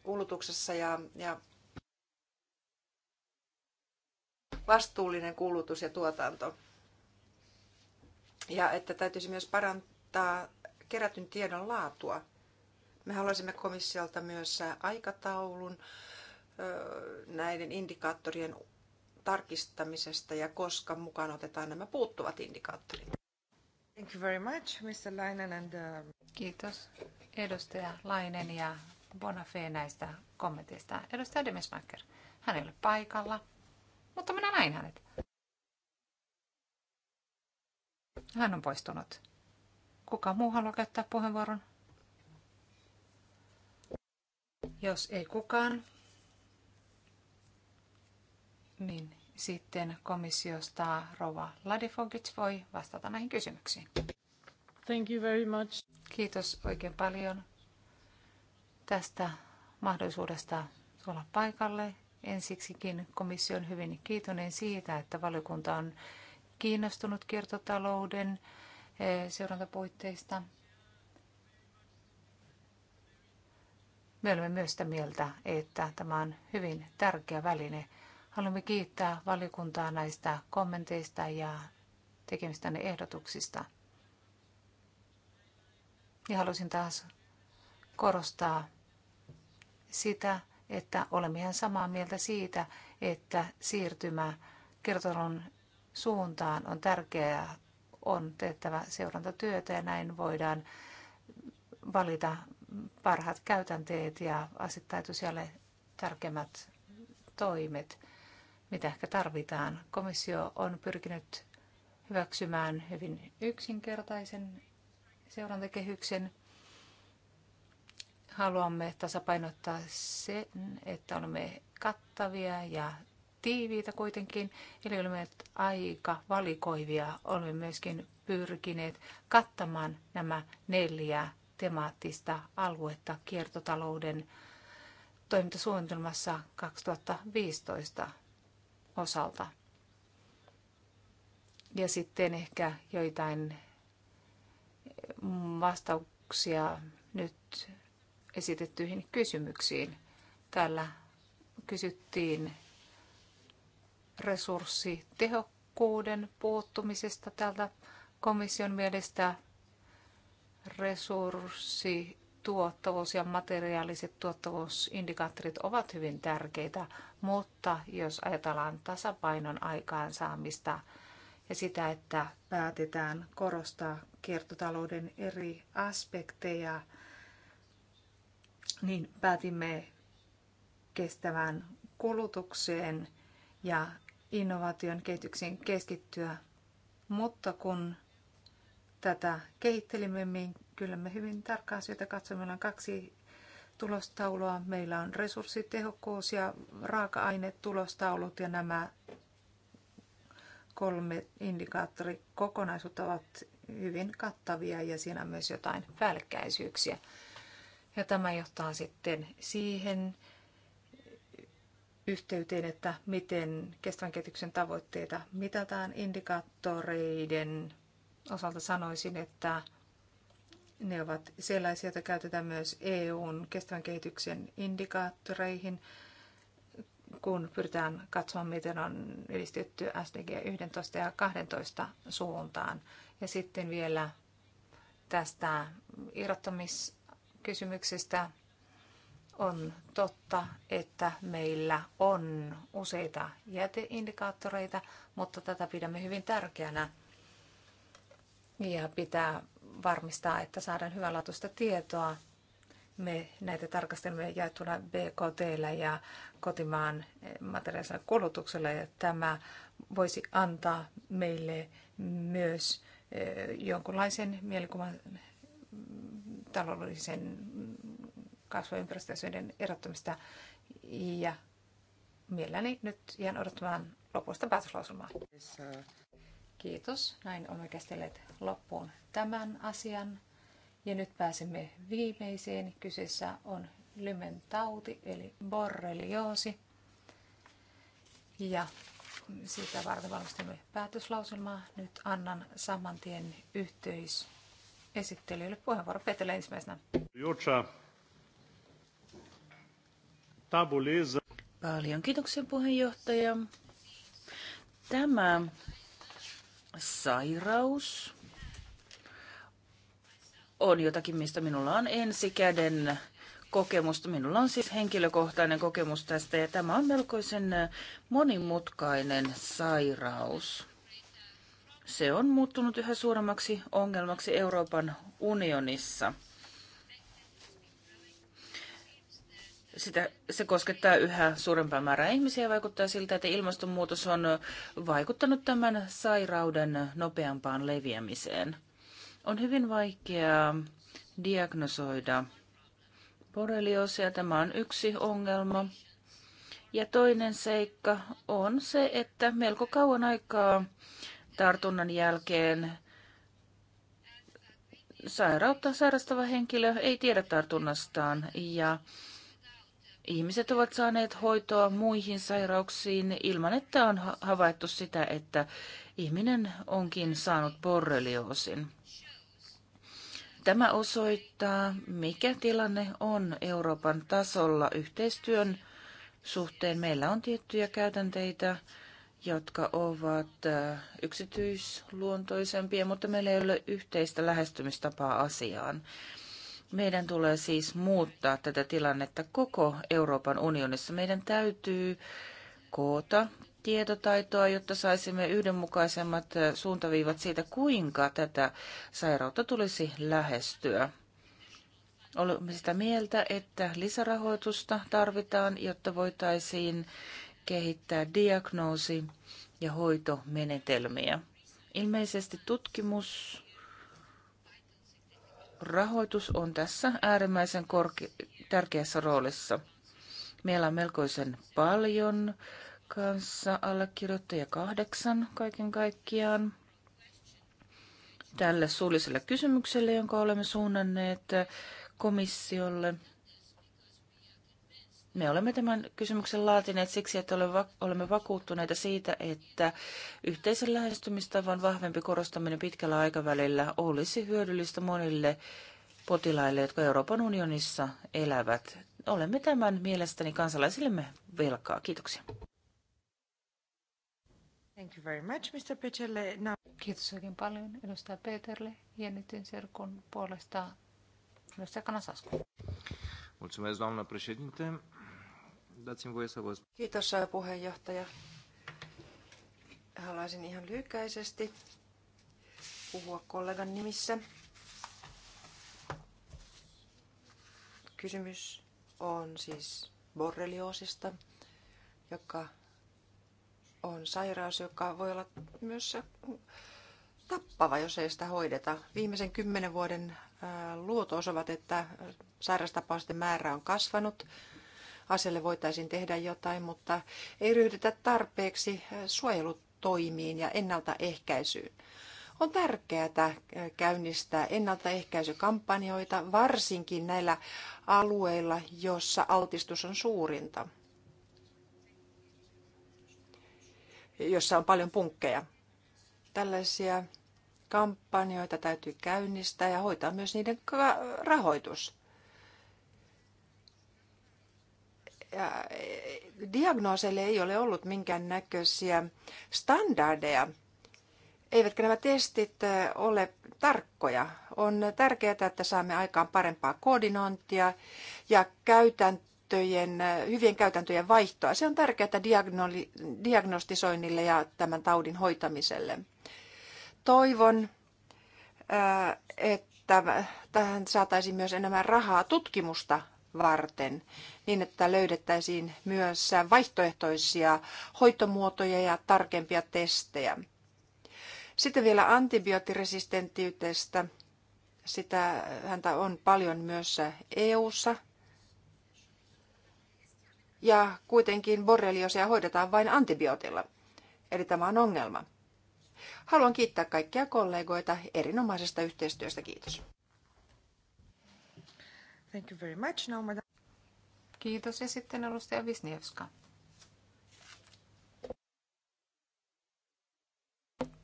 kulutuksessa ähm, ja, ja vastuullinen kulutus ja tuotanto. Ja että täytyisi myös parantaa kerätyn tiedon laatua. Me haluaisimme komissiolta myös aikataulun näiden indikaattorien tarkistamisesta ja koska mukaan otetaan nämä puuttuvat indikaattorit. Thank you very much, Mr. Lainen and, uh... Kiitos edustaja Lainen ja Bonafé näistä kommenteista. Edustaja Demesmaker, hän ei ole paikalla, mutta minä näin hänet. Hän on poistunut. Kuka muu haluaa käyttää puheenvuoron? Jos ei kukaan, niin sitten komissiosta Rova Ladifogic voi vastata näihin kysymyksiin. Thank you very much. Kiitos oikein paljon tästä mahdollisuudesta tulla paikalle. Ensiksikin komissio on hyvin kiitollinen siitä, että valiokunta on kiinnostunut kiertotalouden eh, seurantapuitteista. Me olemme myös sitä mieltä, että tämä on hyvin tärkeä väline – Haluamme kiittää valiokuntaa näistä kommenteista ja tekemistänne ehdotuksista. Ja halusin taas korostaa sitä, että olemme ihan samaa mieltä siitä, että siirtymä kertoron suuntaan on tärkeää, on tehtävä seurantatyötä ja näin voidaan valita parhaat käytänteet ja asettaa etusijalle tärkeimmät toimet mitä ehkä tarvitaan. Komissio on pyrkinyt hyväksymään hyvin yksinkertaisen seurantakehyksen. Haluamme tasapainottaa sen, että olemme kattavia ja tiiviitä kuitenkin, eli olemme aika valikoivia. Olemme myöskin pyrkineet kattamaan nämä neljä temaattista aluetta kiertotalouden toimintasuunnitelmassa 2015 osalta. Ja sitten ehkä joitain vastauksia nyt esitettyihin kysymyksiin. Täällä kysyttiin resurssitehokkuuden puuttumisesta täältä komission mielestä resurssituottavuus ja materiaaliset tuottavuusindikaattorit ovat hyvin tärkeitä mutta jos ajatellaan tasapainon aikaansaamista ja sitä, että päätetään korostaa kiertotalouden eri aspekteja, niin päätimme kestävään kulutukseen ja innovaation kehitykseen keskittyä. Mutta kun tätä kehittelimme, niin kyllä me hyvin tarkkaan syötä katsomme. Meillä on kaksi tulostaulua. Meillä on resurssitehokkuus ja raaka-ainetulostaulut ja nämä kolme indikaattorikokonaisuutta ovat hyvin kattavia ja siinä on myös jotain päällekkäisyyksiä. Ja tämä johtaa sitten siihen yhteyteen, että miten kestävän kehityksen tavoitteita mitataan indikaattoreiden osalta sanoisin, että ne ovat sellaisia, joita käytetään myös EUn kestävän kehityksen indikaattoreihin, kun pyritään katsomaan, miten on edistytty SDG 11 ja 12 suuntaan. Ja sitten vielä tästä irrottamiskysymyksestä on totta, että meillä on useita jäteindikaattoreita, mutta tätä pidämme hyvin tärkeänä. Ja pitää varmistaa, että saadaan hyvänlaatuista tietoa. Me näitä tarkastelemme jaettuna BKT ja kotimaan eh, materiaalisella kulutuksella ja tämä voisi antaa meille myös eh, jonkunlaisen mielikuvan mm, taloudellisen mm, kasvuympäristöisyyden erottamista ja mielelläni nyt jään odottamaan lopuista päätöslausumaa. Kiitos. Näin olemme käsitelleet loppuun tämän asian. Ja nyt pääsemme viimeiseen. Kyseessä on lymen tauti eli borrelioosi. Ja siitä varten valmistamme päätöslauselmaa. Nyt annan saman tien yhteys esittelijöille puheenvuoro Petelle ensimmäisenä. Paljon kiitoksia puheenjohtaja. Tämä sairaus on jotakin, mistä minulla on ensikäden kokemusta. Minulla on siis henkilökohtainen kokemus tästä ja tämä on melkoisen monimutkainen sairaus. Se on muuttunut yhä suuremmaksi ongelmaksi Euroopan unionissa – sitä, se koskettaa yhä suurempaa määrää ihmisiä ja vaikuttaa siltä, että ilmastonmuutos on vaikuttanut tämän sairauden nopeampaan leviämiseen. On hyvin vaikeaa diagnosoida borrelioosia. Tämä on yksi ongelma. Ja toinen seikka on se, että melko kauan aikaa tartunnan jälkeen sairautta sairastava henkilö ei tiedä tartunnastaan ja ihmiset ovat saaneet hoitoa muihin sairauksiin ilman, että on havaittu sitä, että ihminen onkin saanut borrelioosin. Tämä osoittaa, mikä tilanne on Euroopan tasolla yhteistyön suhteen. Meillä on tiettyjä käytänteitä, jotka ovat äh, yksityisluontoisempia, mutta meillä ei ole yhteistä lähestymistapaa asiaan. Meidän tulee siis muuttaa tätä tilannetta koko Euroopan unionissa. Meidän täytyy koota tietotaitoa, jotta saisimme yhdenmukaisemmat suuntaviivat siitä, kuinka tätä sairautta tulisi lähestyä. Olemme sitä mieltä, että lisärahoitusta tarvitaan, jotta voitaisiin kehittää diagnoosi- ja hoitomenetelmiä. Ilmeisesti tutkimus rahoitus on tässä äärimmäisen korke- tärkeässä roolissa. Meillä on melkoisen paljon kanssa allekirjoittajia kahdeksan kaiken kaikkiaan tälle suulliselle kysymykselle, jonka olemme suunnanneet komissiolle – me olemme tämän kysymyksen laatineet siksi, että olemme vakuuttuneita siitä, että yhteisen lähestymistavan vahvempi korostaminen pitkällä aikavälillä olisi hyödyllistä monille potilaille, jotka Euroopan unionissa elävät. Olemme tämän mielestäni kansalaisillemme velkaa. Kiitoksia. Thank you very much, Mr. Peterle. Now... Kiitos oikein paljon edustaja Peterle ja nyt serkun puolesta Sekana Kanasasku. Mulțumesc, doamnă președinte dați-mi Kiitos puheenjohtaja. Haluaisin ihan lyhykäisesti puhua kollegan nimissä. Kysymys on siis borrelioosista, joka on sairaus, joka voi olla myös tappava, jos ei sitä hoideta. Viimeisen kymmenen vuoden luoto ovat, että sairastapausten määrä on kasvanut asialle voitaisiin tehdä jotain, mutta ei ryhdytä tarpeeksi suojelutoimiin ja ennaltaehkäisyyn. On tärkeää käynnistää ennaltaehkäisykampanjoita, varsinkin näillä alueilla, joissa altistus on suurinta, jossa on paljon punkkeja. Tällaisia kampanjoita täytyy käynnistää ja hoitaa myös niiden rahoitus. diagnooseille ei ole ollut minkään näköisiä standardeja, eivätkä nämä testit ole tarkkoja. On tärkeää, että saamme aikaan parempaa koordinointia ja käytäntöjen, hyvien käytäntöjen vaihtoa. Se on tärkeää diagnostisoinnille ja tämän taudin hoitamiselle. Toivon, että tähän saataisiin myös enemmän rahaa tutkimusta varten, niin että löydettäisiin myös vaihtoehtoisia hoitomuotoja ja tarkempia testejä. Sitten vielä antibioottiresistenttiyteestä. Sitä häntä on paljon myös EU:ssa. Ja kuitenkin borreliosia hoidetaan vain antibiootilla. Eli tämä on ongelma. Haluan kiittää kaikkia kollegoita erinomaisesta yhteistyöstä. Kiitos. Thank you very much. Now, madam. Kiitos. Ja sitten edustaja Wisniewska.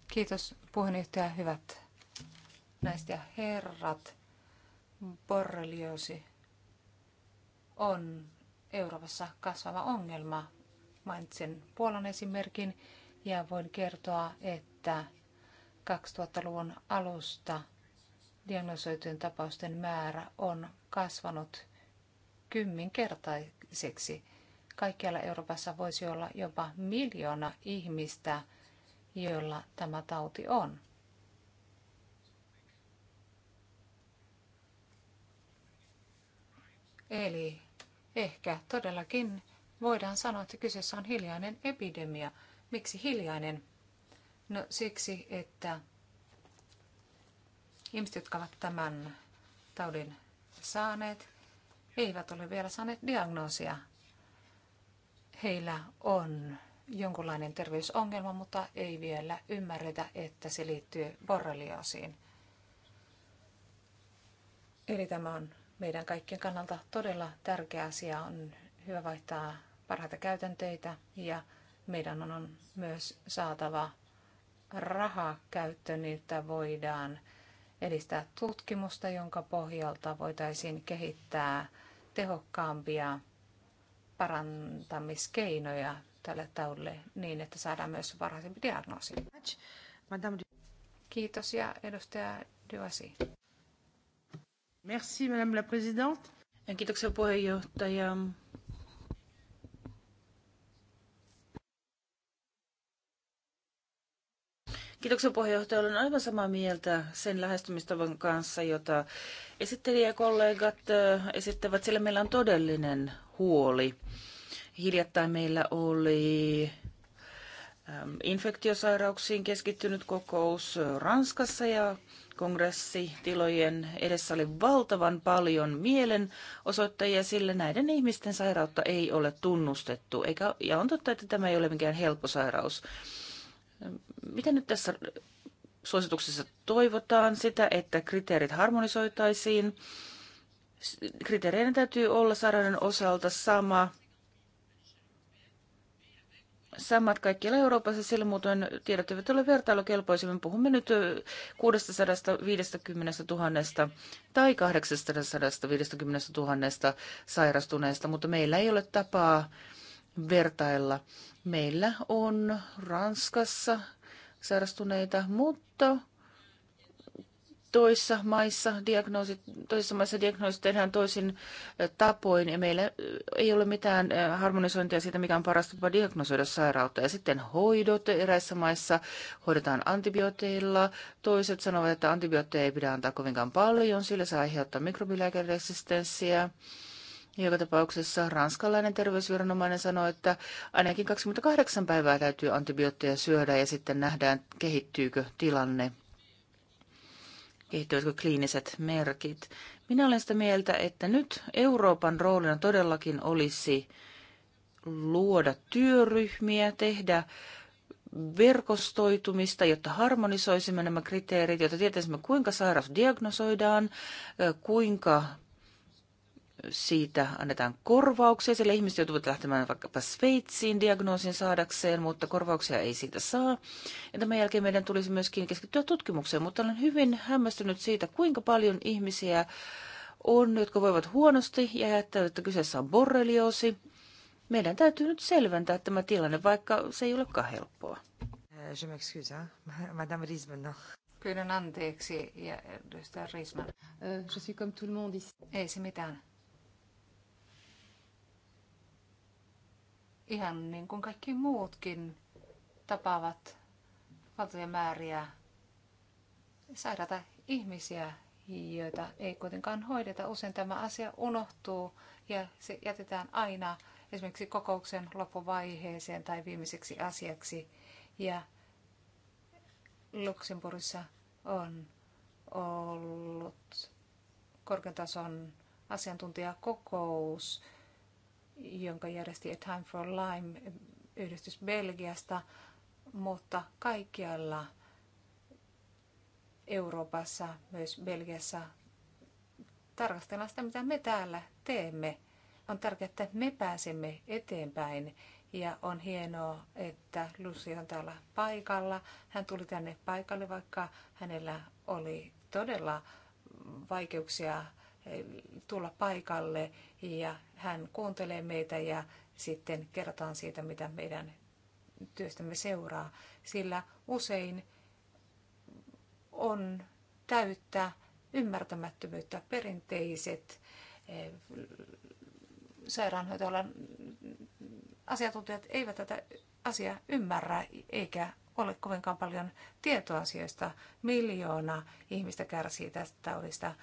Kiitos puheenjohtaja. Hyvät naiset ja herrat. Borrelioosi on Euroopassa kasvava ongelma. Mainitsen Puolan esimerkin ja voin kertoa, että 2000-luvun alusta diagnosoitujen tapausten määrä on kasvanut kymmenkertaiseksi. Kaikkialla Euroopassa voisi olla jopa miljoona ihmistä, joilla tämä tauti on. Eli ehkä todellakin voidaan sanoa, että kyseessä on hiljainen epidemia. Miksi hiljainen? No siksi, että ihmiset, jotka ovat tämän taudin saaneet, eivät ole vielä saaneet diagnoosia. Heillä on jonkunlainen terveysongelma, mutta ei vielä ymmärretä, että se liittyy borreliosiin. Eli tämä on meidän kaikkien kannalta todella tärkeä asia. On hyvä vaihtaa parhaita käytänteitä ja meidän on myös saatava rahaa käyttöön, niin että voidaan edistää tutkimusta, jonka pohjalta voitaisiin kehittää tehokkaampia parantamiskeinoja tälle taudille niin, että saadaan myös varhaisempi diagnoosi. Kiitos ja edustaja Dyvasi. Merci, madame la présidente. Kiitoksia puheenjohtaja. Kiitoksen puheenjohtaja. Olen aivan samaa mieltä sen lähestymistavan kanssa, jota esittelijäkollegat äh, esittävät, sillä meillä on todellinen huoli. Hiljattain meillä oli ähm, infektiosairauksiin keskittynyt kokous Ranskassa ja kongressitilojen edessä oli valtavan paljon mielenosoittajia, sillä näiden ihmisten sairautta ei ole tunnustettu. Eikä, ja on totta, että tämä ei ole mikään helppo sairaus. Mitä nyt tässä suosituksessa toivotaan? Sitä, että kriteerit harmonisoitaisiin. Kriteereiden täytyy olla sairauden osalta sama, samat kaikkialla Euroopassa, sillä muuten tiedot eivät ole vertailukelpoisia. Me puhumme nyt 650 000 tai 850 000 sairastuneesta, mutta meillä ei ole tapaa vertailla. Meillä on Ranskassa sairastuneita, mutta toissa maissa diagnoosit, toisissa maissa diagnoosit tehdään toisin eh, tapoin ja meillä eh, ei ole mitään eh, harmonisointia siitä, mikä on paras tapa diagnosoida sairautta. Ja sitten hoidot eräissä maissa hoidetaan antibiooteilla. Toiset sanovat, että antibiootteja ei pidä antaa kovinkaan paljon, sillä se aiheuttaa mikrobilääkeresistenssiä. Joka tapauksessa ranskalainen terveysviranomainen sanoi, että ainakin 28 päivää täytyy antibiootteja syödä ja sitten nähdään, kehittyykö tilanne, kehittyvätkö kliiniset merkit. Minä olen sitä mieltä, että nyt Euroopan roolina todellakin olisi luoda työryhmiä, tehdä verkostoitumista, jotta harmonisoisimme nämä kriteerit, jotta tietäisimme kuinka sairaus diagnosoidaan, kuinka siitä annetaan korvauksia. Siellä ihmiset joutuvat lähtemään vaikkapa Sveitsiin diagnoosin saadakseen, mutta korvauksia ei siitä saa. Ja tämän jälkeen meidän tulisi myöskin keskittyä tutkimukseen, mutta olen hyvin hämmästynyt siitä, kuinka paljon ihmisiä on, jotka voivat huonosti ja ajattelevat, että kyseessä on borrelioosi. Meidän täytyy nyt selventää tämä tilanne, vaikka se ei olekaan helppoa. Eh, je m'excuse, Madame Risman. Pyydän anteeksi, ja edustaja Risman. Eh, je suis comme tout le monde ici. Ei se mitään ihan niin kuin kaikki muutkin tapaavat valtavia määriä sairaata ihmisiä, joita ei kuitenkaan hoideta. Usein tämä asia unohtuu ja se jätetään aina esimerkiksi kokouksen loppuvaiheeseen tai viimeiseksi asiaksi. Ja Luxemburgissa on ollut korkean tason asiantuntijakokous, jonka järjesti A Time for Lime yhdistys Belgiasta, mutta kaikkialla Euroopassa, myös Belgiassa, tarkastellaan sitä, mitä me täällä teemme. On tärkeää, että me pääsemme eteenpäin ja on hienoa, että Lucy on täällä paikalla. Hän tuli tänne paikalle, vaikka hänellä oli todella vaikeuksia Eh, tulla paikalle ja hän kuuntelee meitä ja sitten kerrotaan siitä, mitä meidän työstämme seuraa. Sillä usein on täyttä ymmärtämättömyyttä perinteiset eh, sairaanhoitoalan asiantuntijat eivät tätä asiaa ymmärrä eikä ole kovinkaan paljon tietoasioista. Miljoona ihmistä kärsii tästä taudista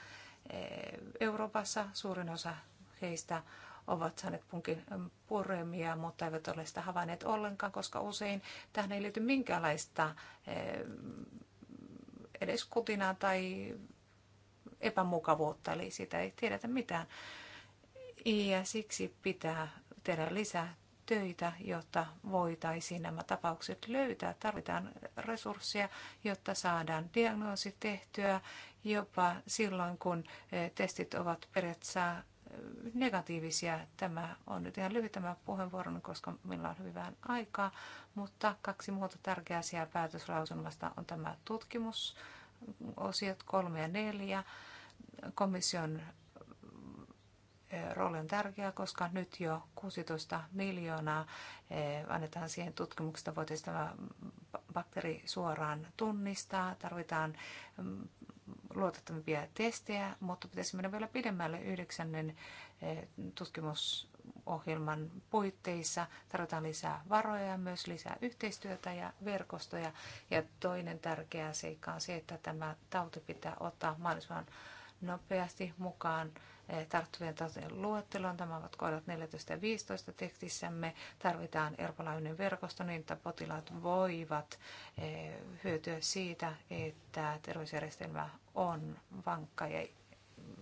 Eh, Euroopassa. Suurin osa heistä ovat saaneet punkin mm, puremia, mutta eivät ole sitä havainneet ollenkaan, koska usein tähän ei liity minkäänlaista eh, edes kutinaa tai epämukavuutta, eli siitä ei tiedetä mitään. Ja siksi pitää tehdä lisää töitä, jotta voitaisiin nämä tapaukset löytää. Tarvitaan resursseja, jotta saadaan diagnoosi tehtyä jopa silloin, kun e, testit ovat periaatteessa e, negatiivisia. Tämä on nyt ihan lyhyt tämä puheenvuoro, koska meillä on hyvin vähän aikaa, mutta kaksi muuta tärkeää asiaa päätöslausunnasta on tämä tutkimus, osiot kolme ja neljä komission rooli on tärkeä, koska nyt jo 16 miljoonaa annetaan siihen tutkimuksesta, voitaisiin tämä bakteeri suoraan tunnistaa. Tarvitaan mm, luotettavimpia testejä, mutta pitäisi mennä vielä pidemmälle yhdeksännen tutkimusohjelman puitteissa. Tarvitaan lisää varoja ja myös lisää yhteistyötä ja verkostoja. Ja toinen tärkeä seikka on se, että tämä tauti pitää ottaa mahdollisimman nopeasti mukaan tarttuvien tautojen luetteloon. Tämä ovat kohdat 14 ja 15 tekstissämme. Tarvitaan eurooppalainen verkosto niin, että potilaat voivat eh, hyötyä siitä, että terveysjärjestelmä on vankka ja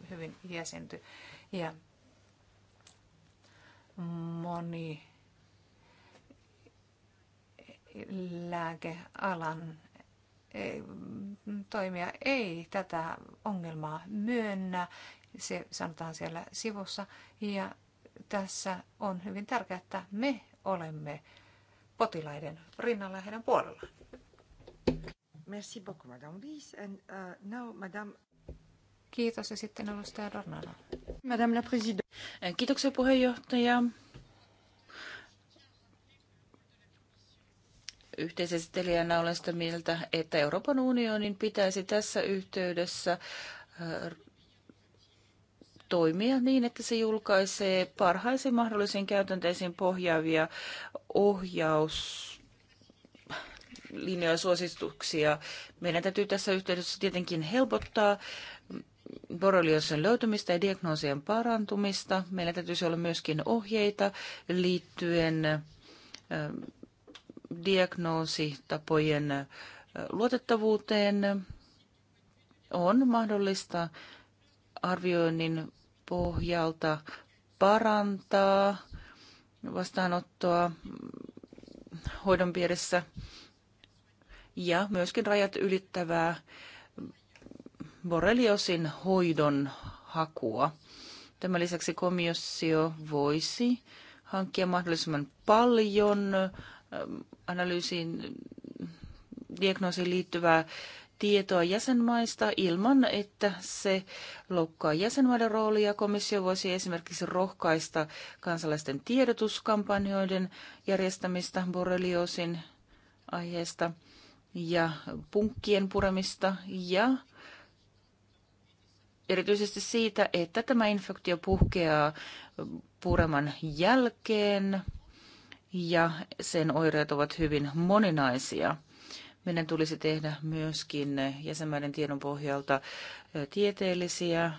hyvin jäsenty. Ja moni lääkealan eh, toimija ei tätä ongelmaa myönnä se sanotaan siellä sivussa. Ja tässä on hyvin tärkeää, että me olemme potilaiden rinnalla ja heidän puolellaan. Merci beaucoup, Madame Lise. And uh, now, Madame Kiitos ja sitten edustaja Dornano. Madame la Présidente. Kiitoksia puheenjohtaja. Yhteisesittelijänä olen sitä mieltä, että Euroopan unionin pitäisi tässä yhteydessä toimia niin, että se julkaisee parhaisiin mahdollisiin käytänteisiin pohjaavia ohjaus linjoja suosituksia. Meidän täytyy tässä yhteydessä tietenkin helpottaa borreliosin löytymistä ja diagnoosien parantumista. Meillä täytyisi olla myöskin ohjeita liittyen diagnoositapojen luotettavuuteen. On mahdollista arvioinnin pohjalta parantaa vastaanottoa hoidon piirissä ja myöskin rajat ylittävää borreliosin hoidon hakua. Tämän lisäksi komissio voisi hankkia mahdollisimman paljon ähm, analyysiin, diagnoosiin liittyvää tietoa jäsenmaista ilman, että se loukkaa jäsenmaiden roolia. Komissio voisi esimerkiksi rohkaista kansalaisten tiedotuskampanjoiden järjestämistä borrelioosin aiheesta ja punkkien puramista ja erityisesti siitä, että tämä infektio puhkeaa pureman jälkeen ja sen oireet ovat hyvin moninaisia. Meidän tulisi tehdä myöskin jäsenmaiden tiedon pohjalta tieteellisiä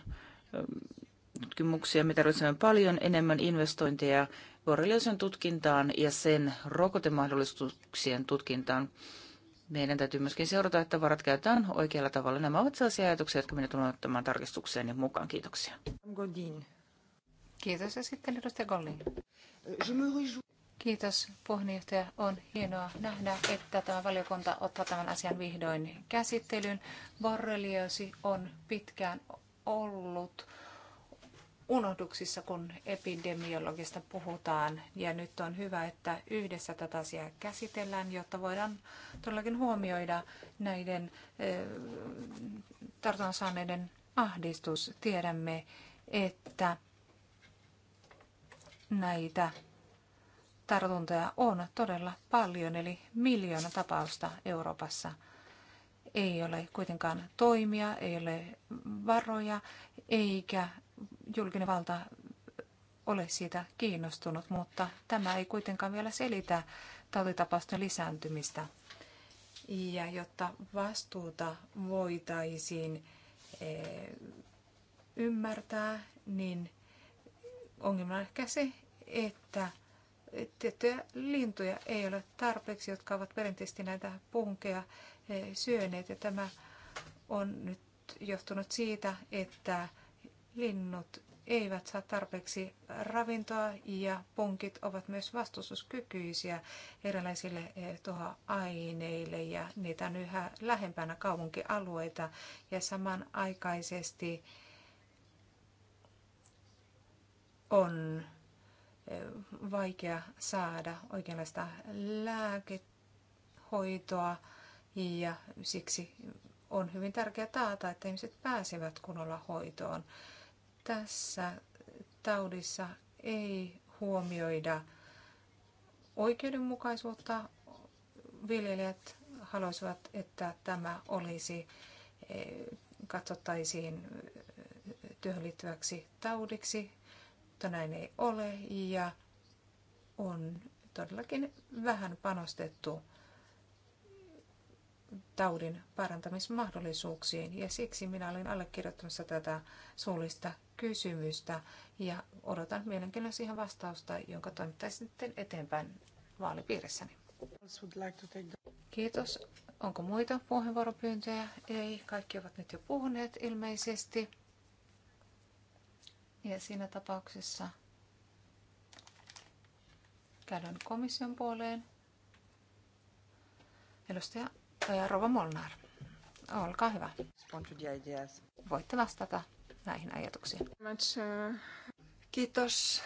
tutkimuksia. Me tarvitsemme paljon enemmän investointeja borreliosin tutkintaan ja sen rokotemahdollisuuksien tutkintaan. Meidän täytyy myöskin seurata, että varat käytetään oikealla tavalla. Nämä ovat sellaisia ajatuksia, jotka minä tulen ottamaan tarkistukseen ja mukaan. Kiitoksia. Godin. Kiitos ja sitten edustaja Gollin. Kiitos puheenjohtaja. On hienoa nähdä, että tämä valiokunta ottaa tämän asian vihdoin käsittelyyn. Borreliosi on pitkään ollut unohduksissa, kun epidemiologista puhutaan. Ja nyt on hyvä, että yhdessä tätä asiaa käsitellään, jotta voidaan todellakin huomioida näiden tartunnan saaneiden ahdistus. Tiedämme, että näitä tartuntoja on todella paljon, eli miljoona tapausta Euroopassa. Ei ole kuitenkaan toimia, ei ole varoja, eikä julkinen valta ole siitä kiinnostunut, mutta tämä ei kuitenkaan vielä selitä tautitapausten lisääntymistä. Ja jotta vastuuta voitaisiin eh, ymmärtää, niin ongelma on ehkä se, että tiettyjä lintuja ei ole tarpeeksi, jotka ovat perinteisesti näitä punkeja eh, syöneet. Ja tämä on nyt johtunut siitä, että linnut eivät saa tarpeeksi ravintoa ja punkit ovat myös vastustuskykyisiä erilaisille eh, tuhoaineille ja niitä on yhä lähempänä kaupunkialueita ja samanaikaisesti on vaikea saada oikeanlaista lääkehoitoa ja siksi on hyvin tärkeää taata, että ihmiset pääsevät kunnolla hoitoon. Tässä taudissa ei huomioida oikeudenmukaisuutta. Viljelijät haluaisivat, että tämä olisi, katsottaisiin työhön liittyväksi taudiksi mutta näin ei ole ja on todellakin vähän panostettu taudin parantamismahdollisuuksiin ja siksi minä olin allekirjoittamassa tätä suullista kysymystä ja odotan mielenkiinnolla siihen vastausta, jonka toimittaisin sitten eteenpäin vaalipiirissäni. Kiitos. Onko muita puheenvuoropyyntöjä? Ei, kaikki ovat nyt jo puhuneet ilmeisesti. Ja siinä tapauksessa käydään komission puoleen. Edustaja äh, Rova Molnar, olkaa hyvä. Voitte vastata näihin ajatuksiin. Kiitos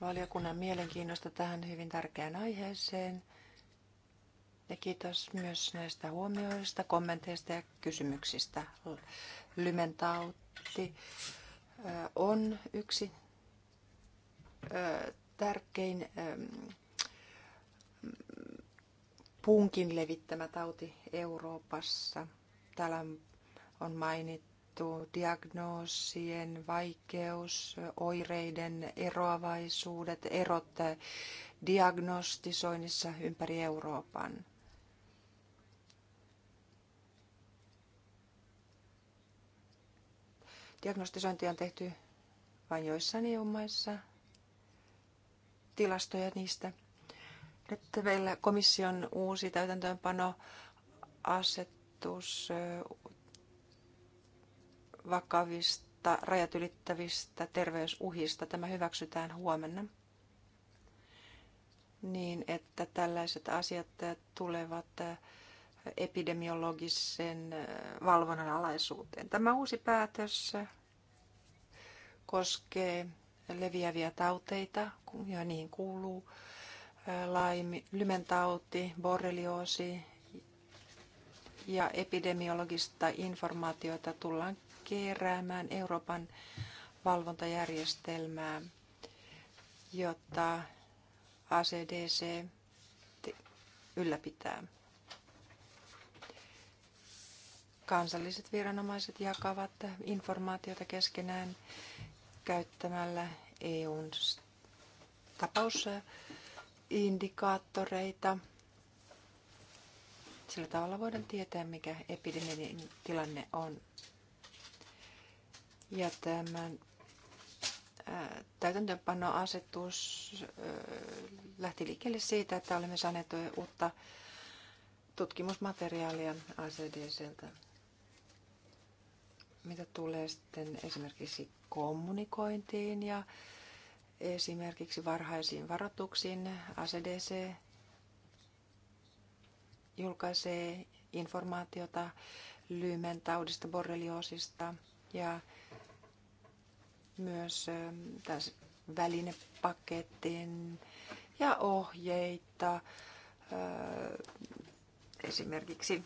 valiokunnan mielenkiinnosta tähän hyvin tärkeään aiheeseen. Ja kiitos myös näistä huomioista, kommenteista ja kysymyksistä. Lymentautti on yksi tärkein puunkin levittämä tauti Euroopassa. Täällä on mainittu diagnoosien vaikeus, oireiden eroavaisuudet, erot diagnostisoinnissa ympäri Euroopan. Diagnostisointia on tehty vain joissain EU-maissa, tilastoja niistä. Nyt meillä komission uusi täytäntöönpano asetus vakavista rajat ylittävistä terveysuhista. Tämä hyväksytään huomenna niin, että tällaiset asiat tulevat epidemiologisen valvonnan alaisuuteen. Tämä uusi päätös koskee leviäviä tauteita, ja niihin kuuluu laimi, lymentauti, borrelioosi ja epidemiologista informaatiota tullaan keräämään Euroopan valvontajärjestelmää, jotta ACDC ylläpitää. Kansalliset viranomaiset jakavat informaatiota keskenään käyttämällä EUn tapausindikaattoreita. Sillä tavalla voidaan tietää, mikä epidemian tilanne on. Ja tämän äh, täytäntöönpanoasetus äh, lähti liikkeelle siitä, että olemme saaneet uutta tutkimusmateriaalia ACDCltä mitä tulee sitten esimerkiksi kommunikointiin ja esimerkiksi varhaisiin varoituksiin, ACDC julkaisee informaatiota lyymen taudista, borrelioosista ja myös ähm, tässä välinepakettiin ja ohjeita äh, esimerkiksi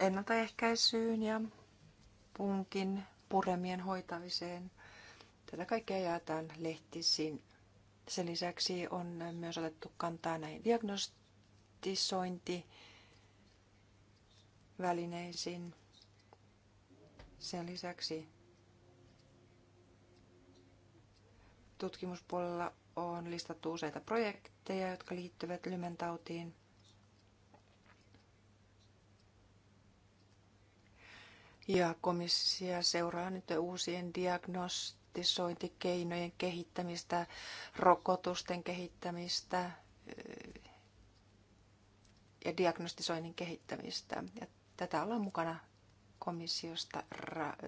ennaltaehkäisyyn ja punkin puremien hoitamiseen. Tätä kaikkea jaetaan lehtisiin. Sen lisäksi on myös otettu kantaa näihin diagnostisointivälineisiin. Sen lisäksi tutkimuspuolella on listattu useita projekteja, jotka liittyvät lymentautiin – Ja komissio seuraa nyt uusien diagnostisointikeinojen kehittämistä, rokotusten kehittämistä eh, ja diagnostisoinnin kehittämistä. Ja tätä ollaan mukana komissiosta,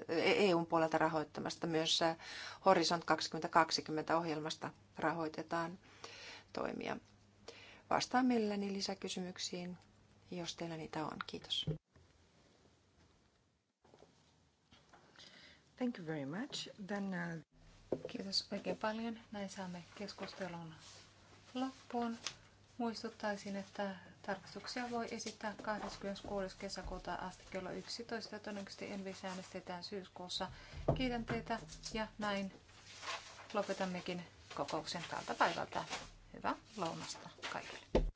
EUn eh, e puolelta rahoittamasta. Myös eh, Horizon 2020 ohjelmasta rahoitetaan toimia. Vastaan mielelläni lisäkysymyksiin, jos teillä niitä on. Kiitos. Thank you very much. Then, uh... Kiitos oikein paljon. Näin saamme keskustelun loppuun. Muistuttaisin, että tarkastuksia voi esittää 26. kesäkuuta asti kello 11 todennäköisesti Envis äänestetään syyskuussa. Kiitän teitä ja näin lopetammekin kokouksen tältä päivältä. Hyvää lounasta kaikille.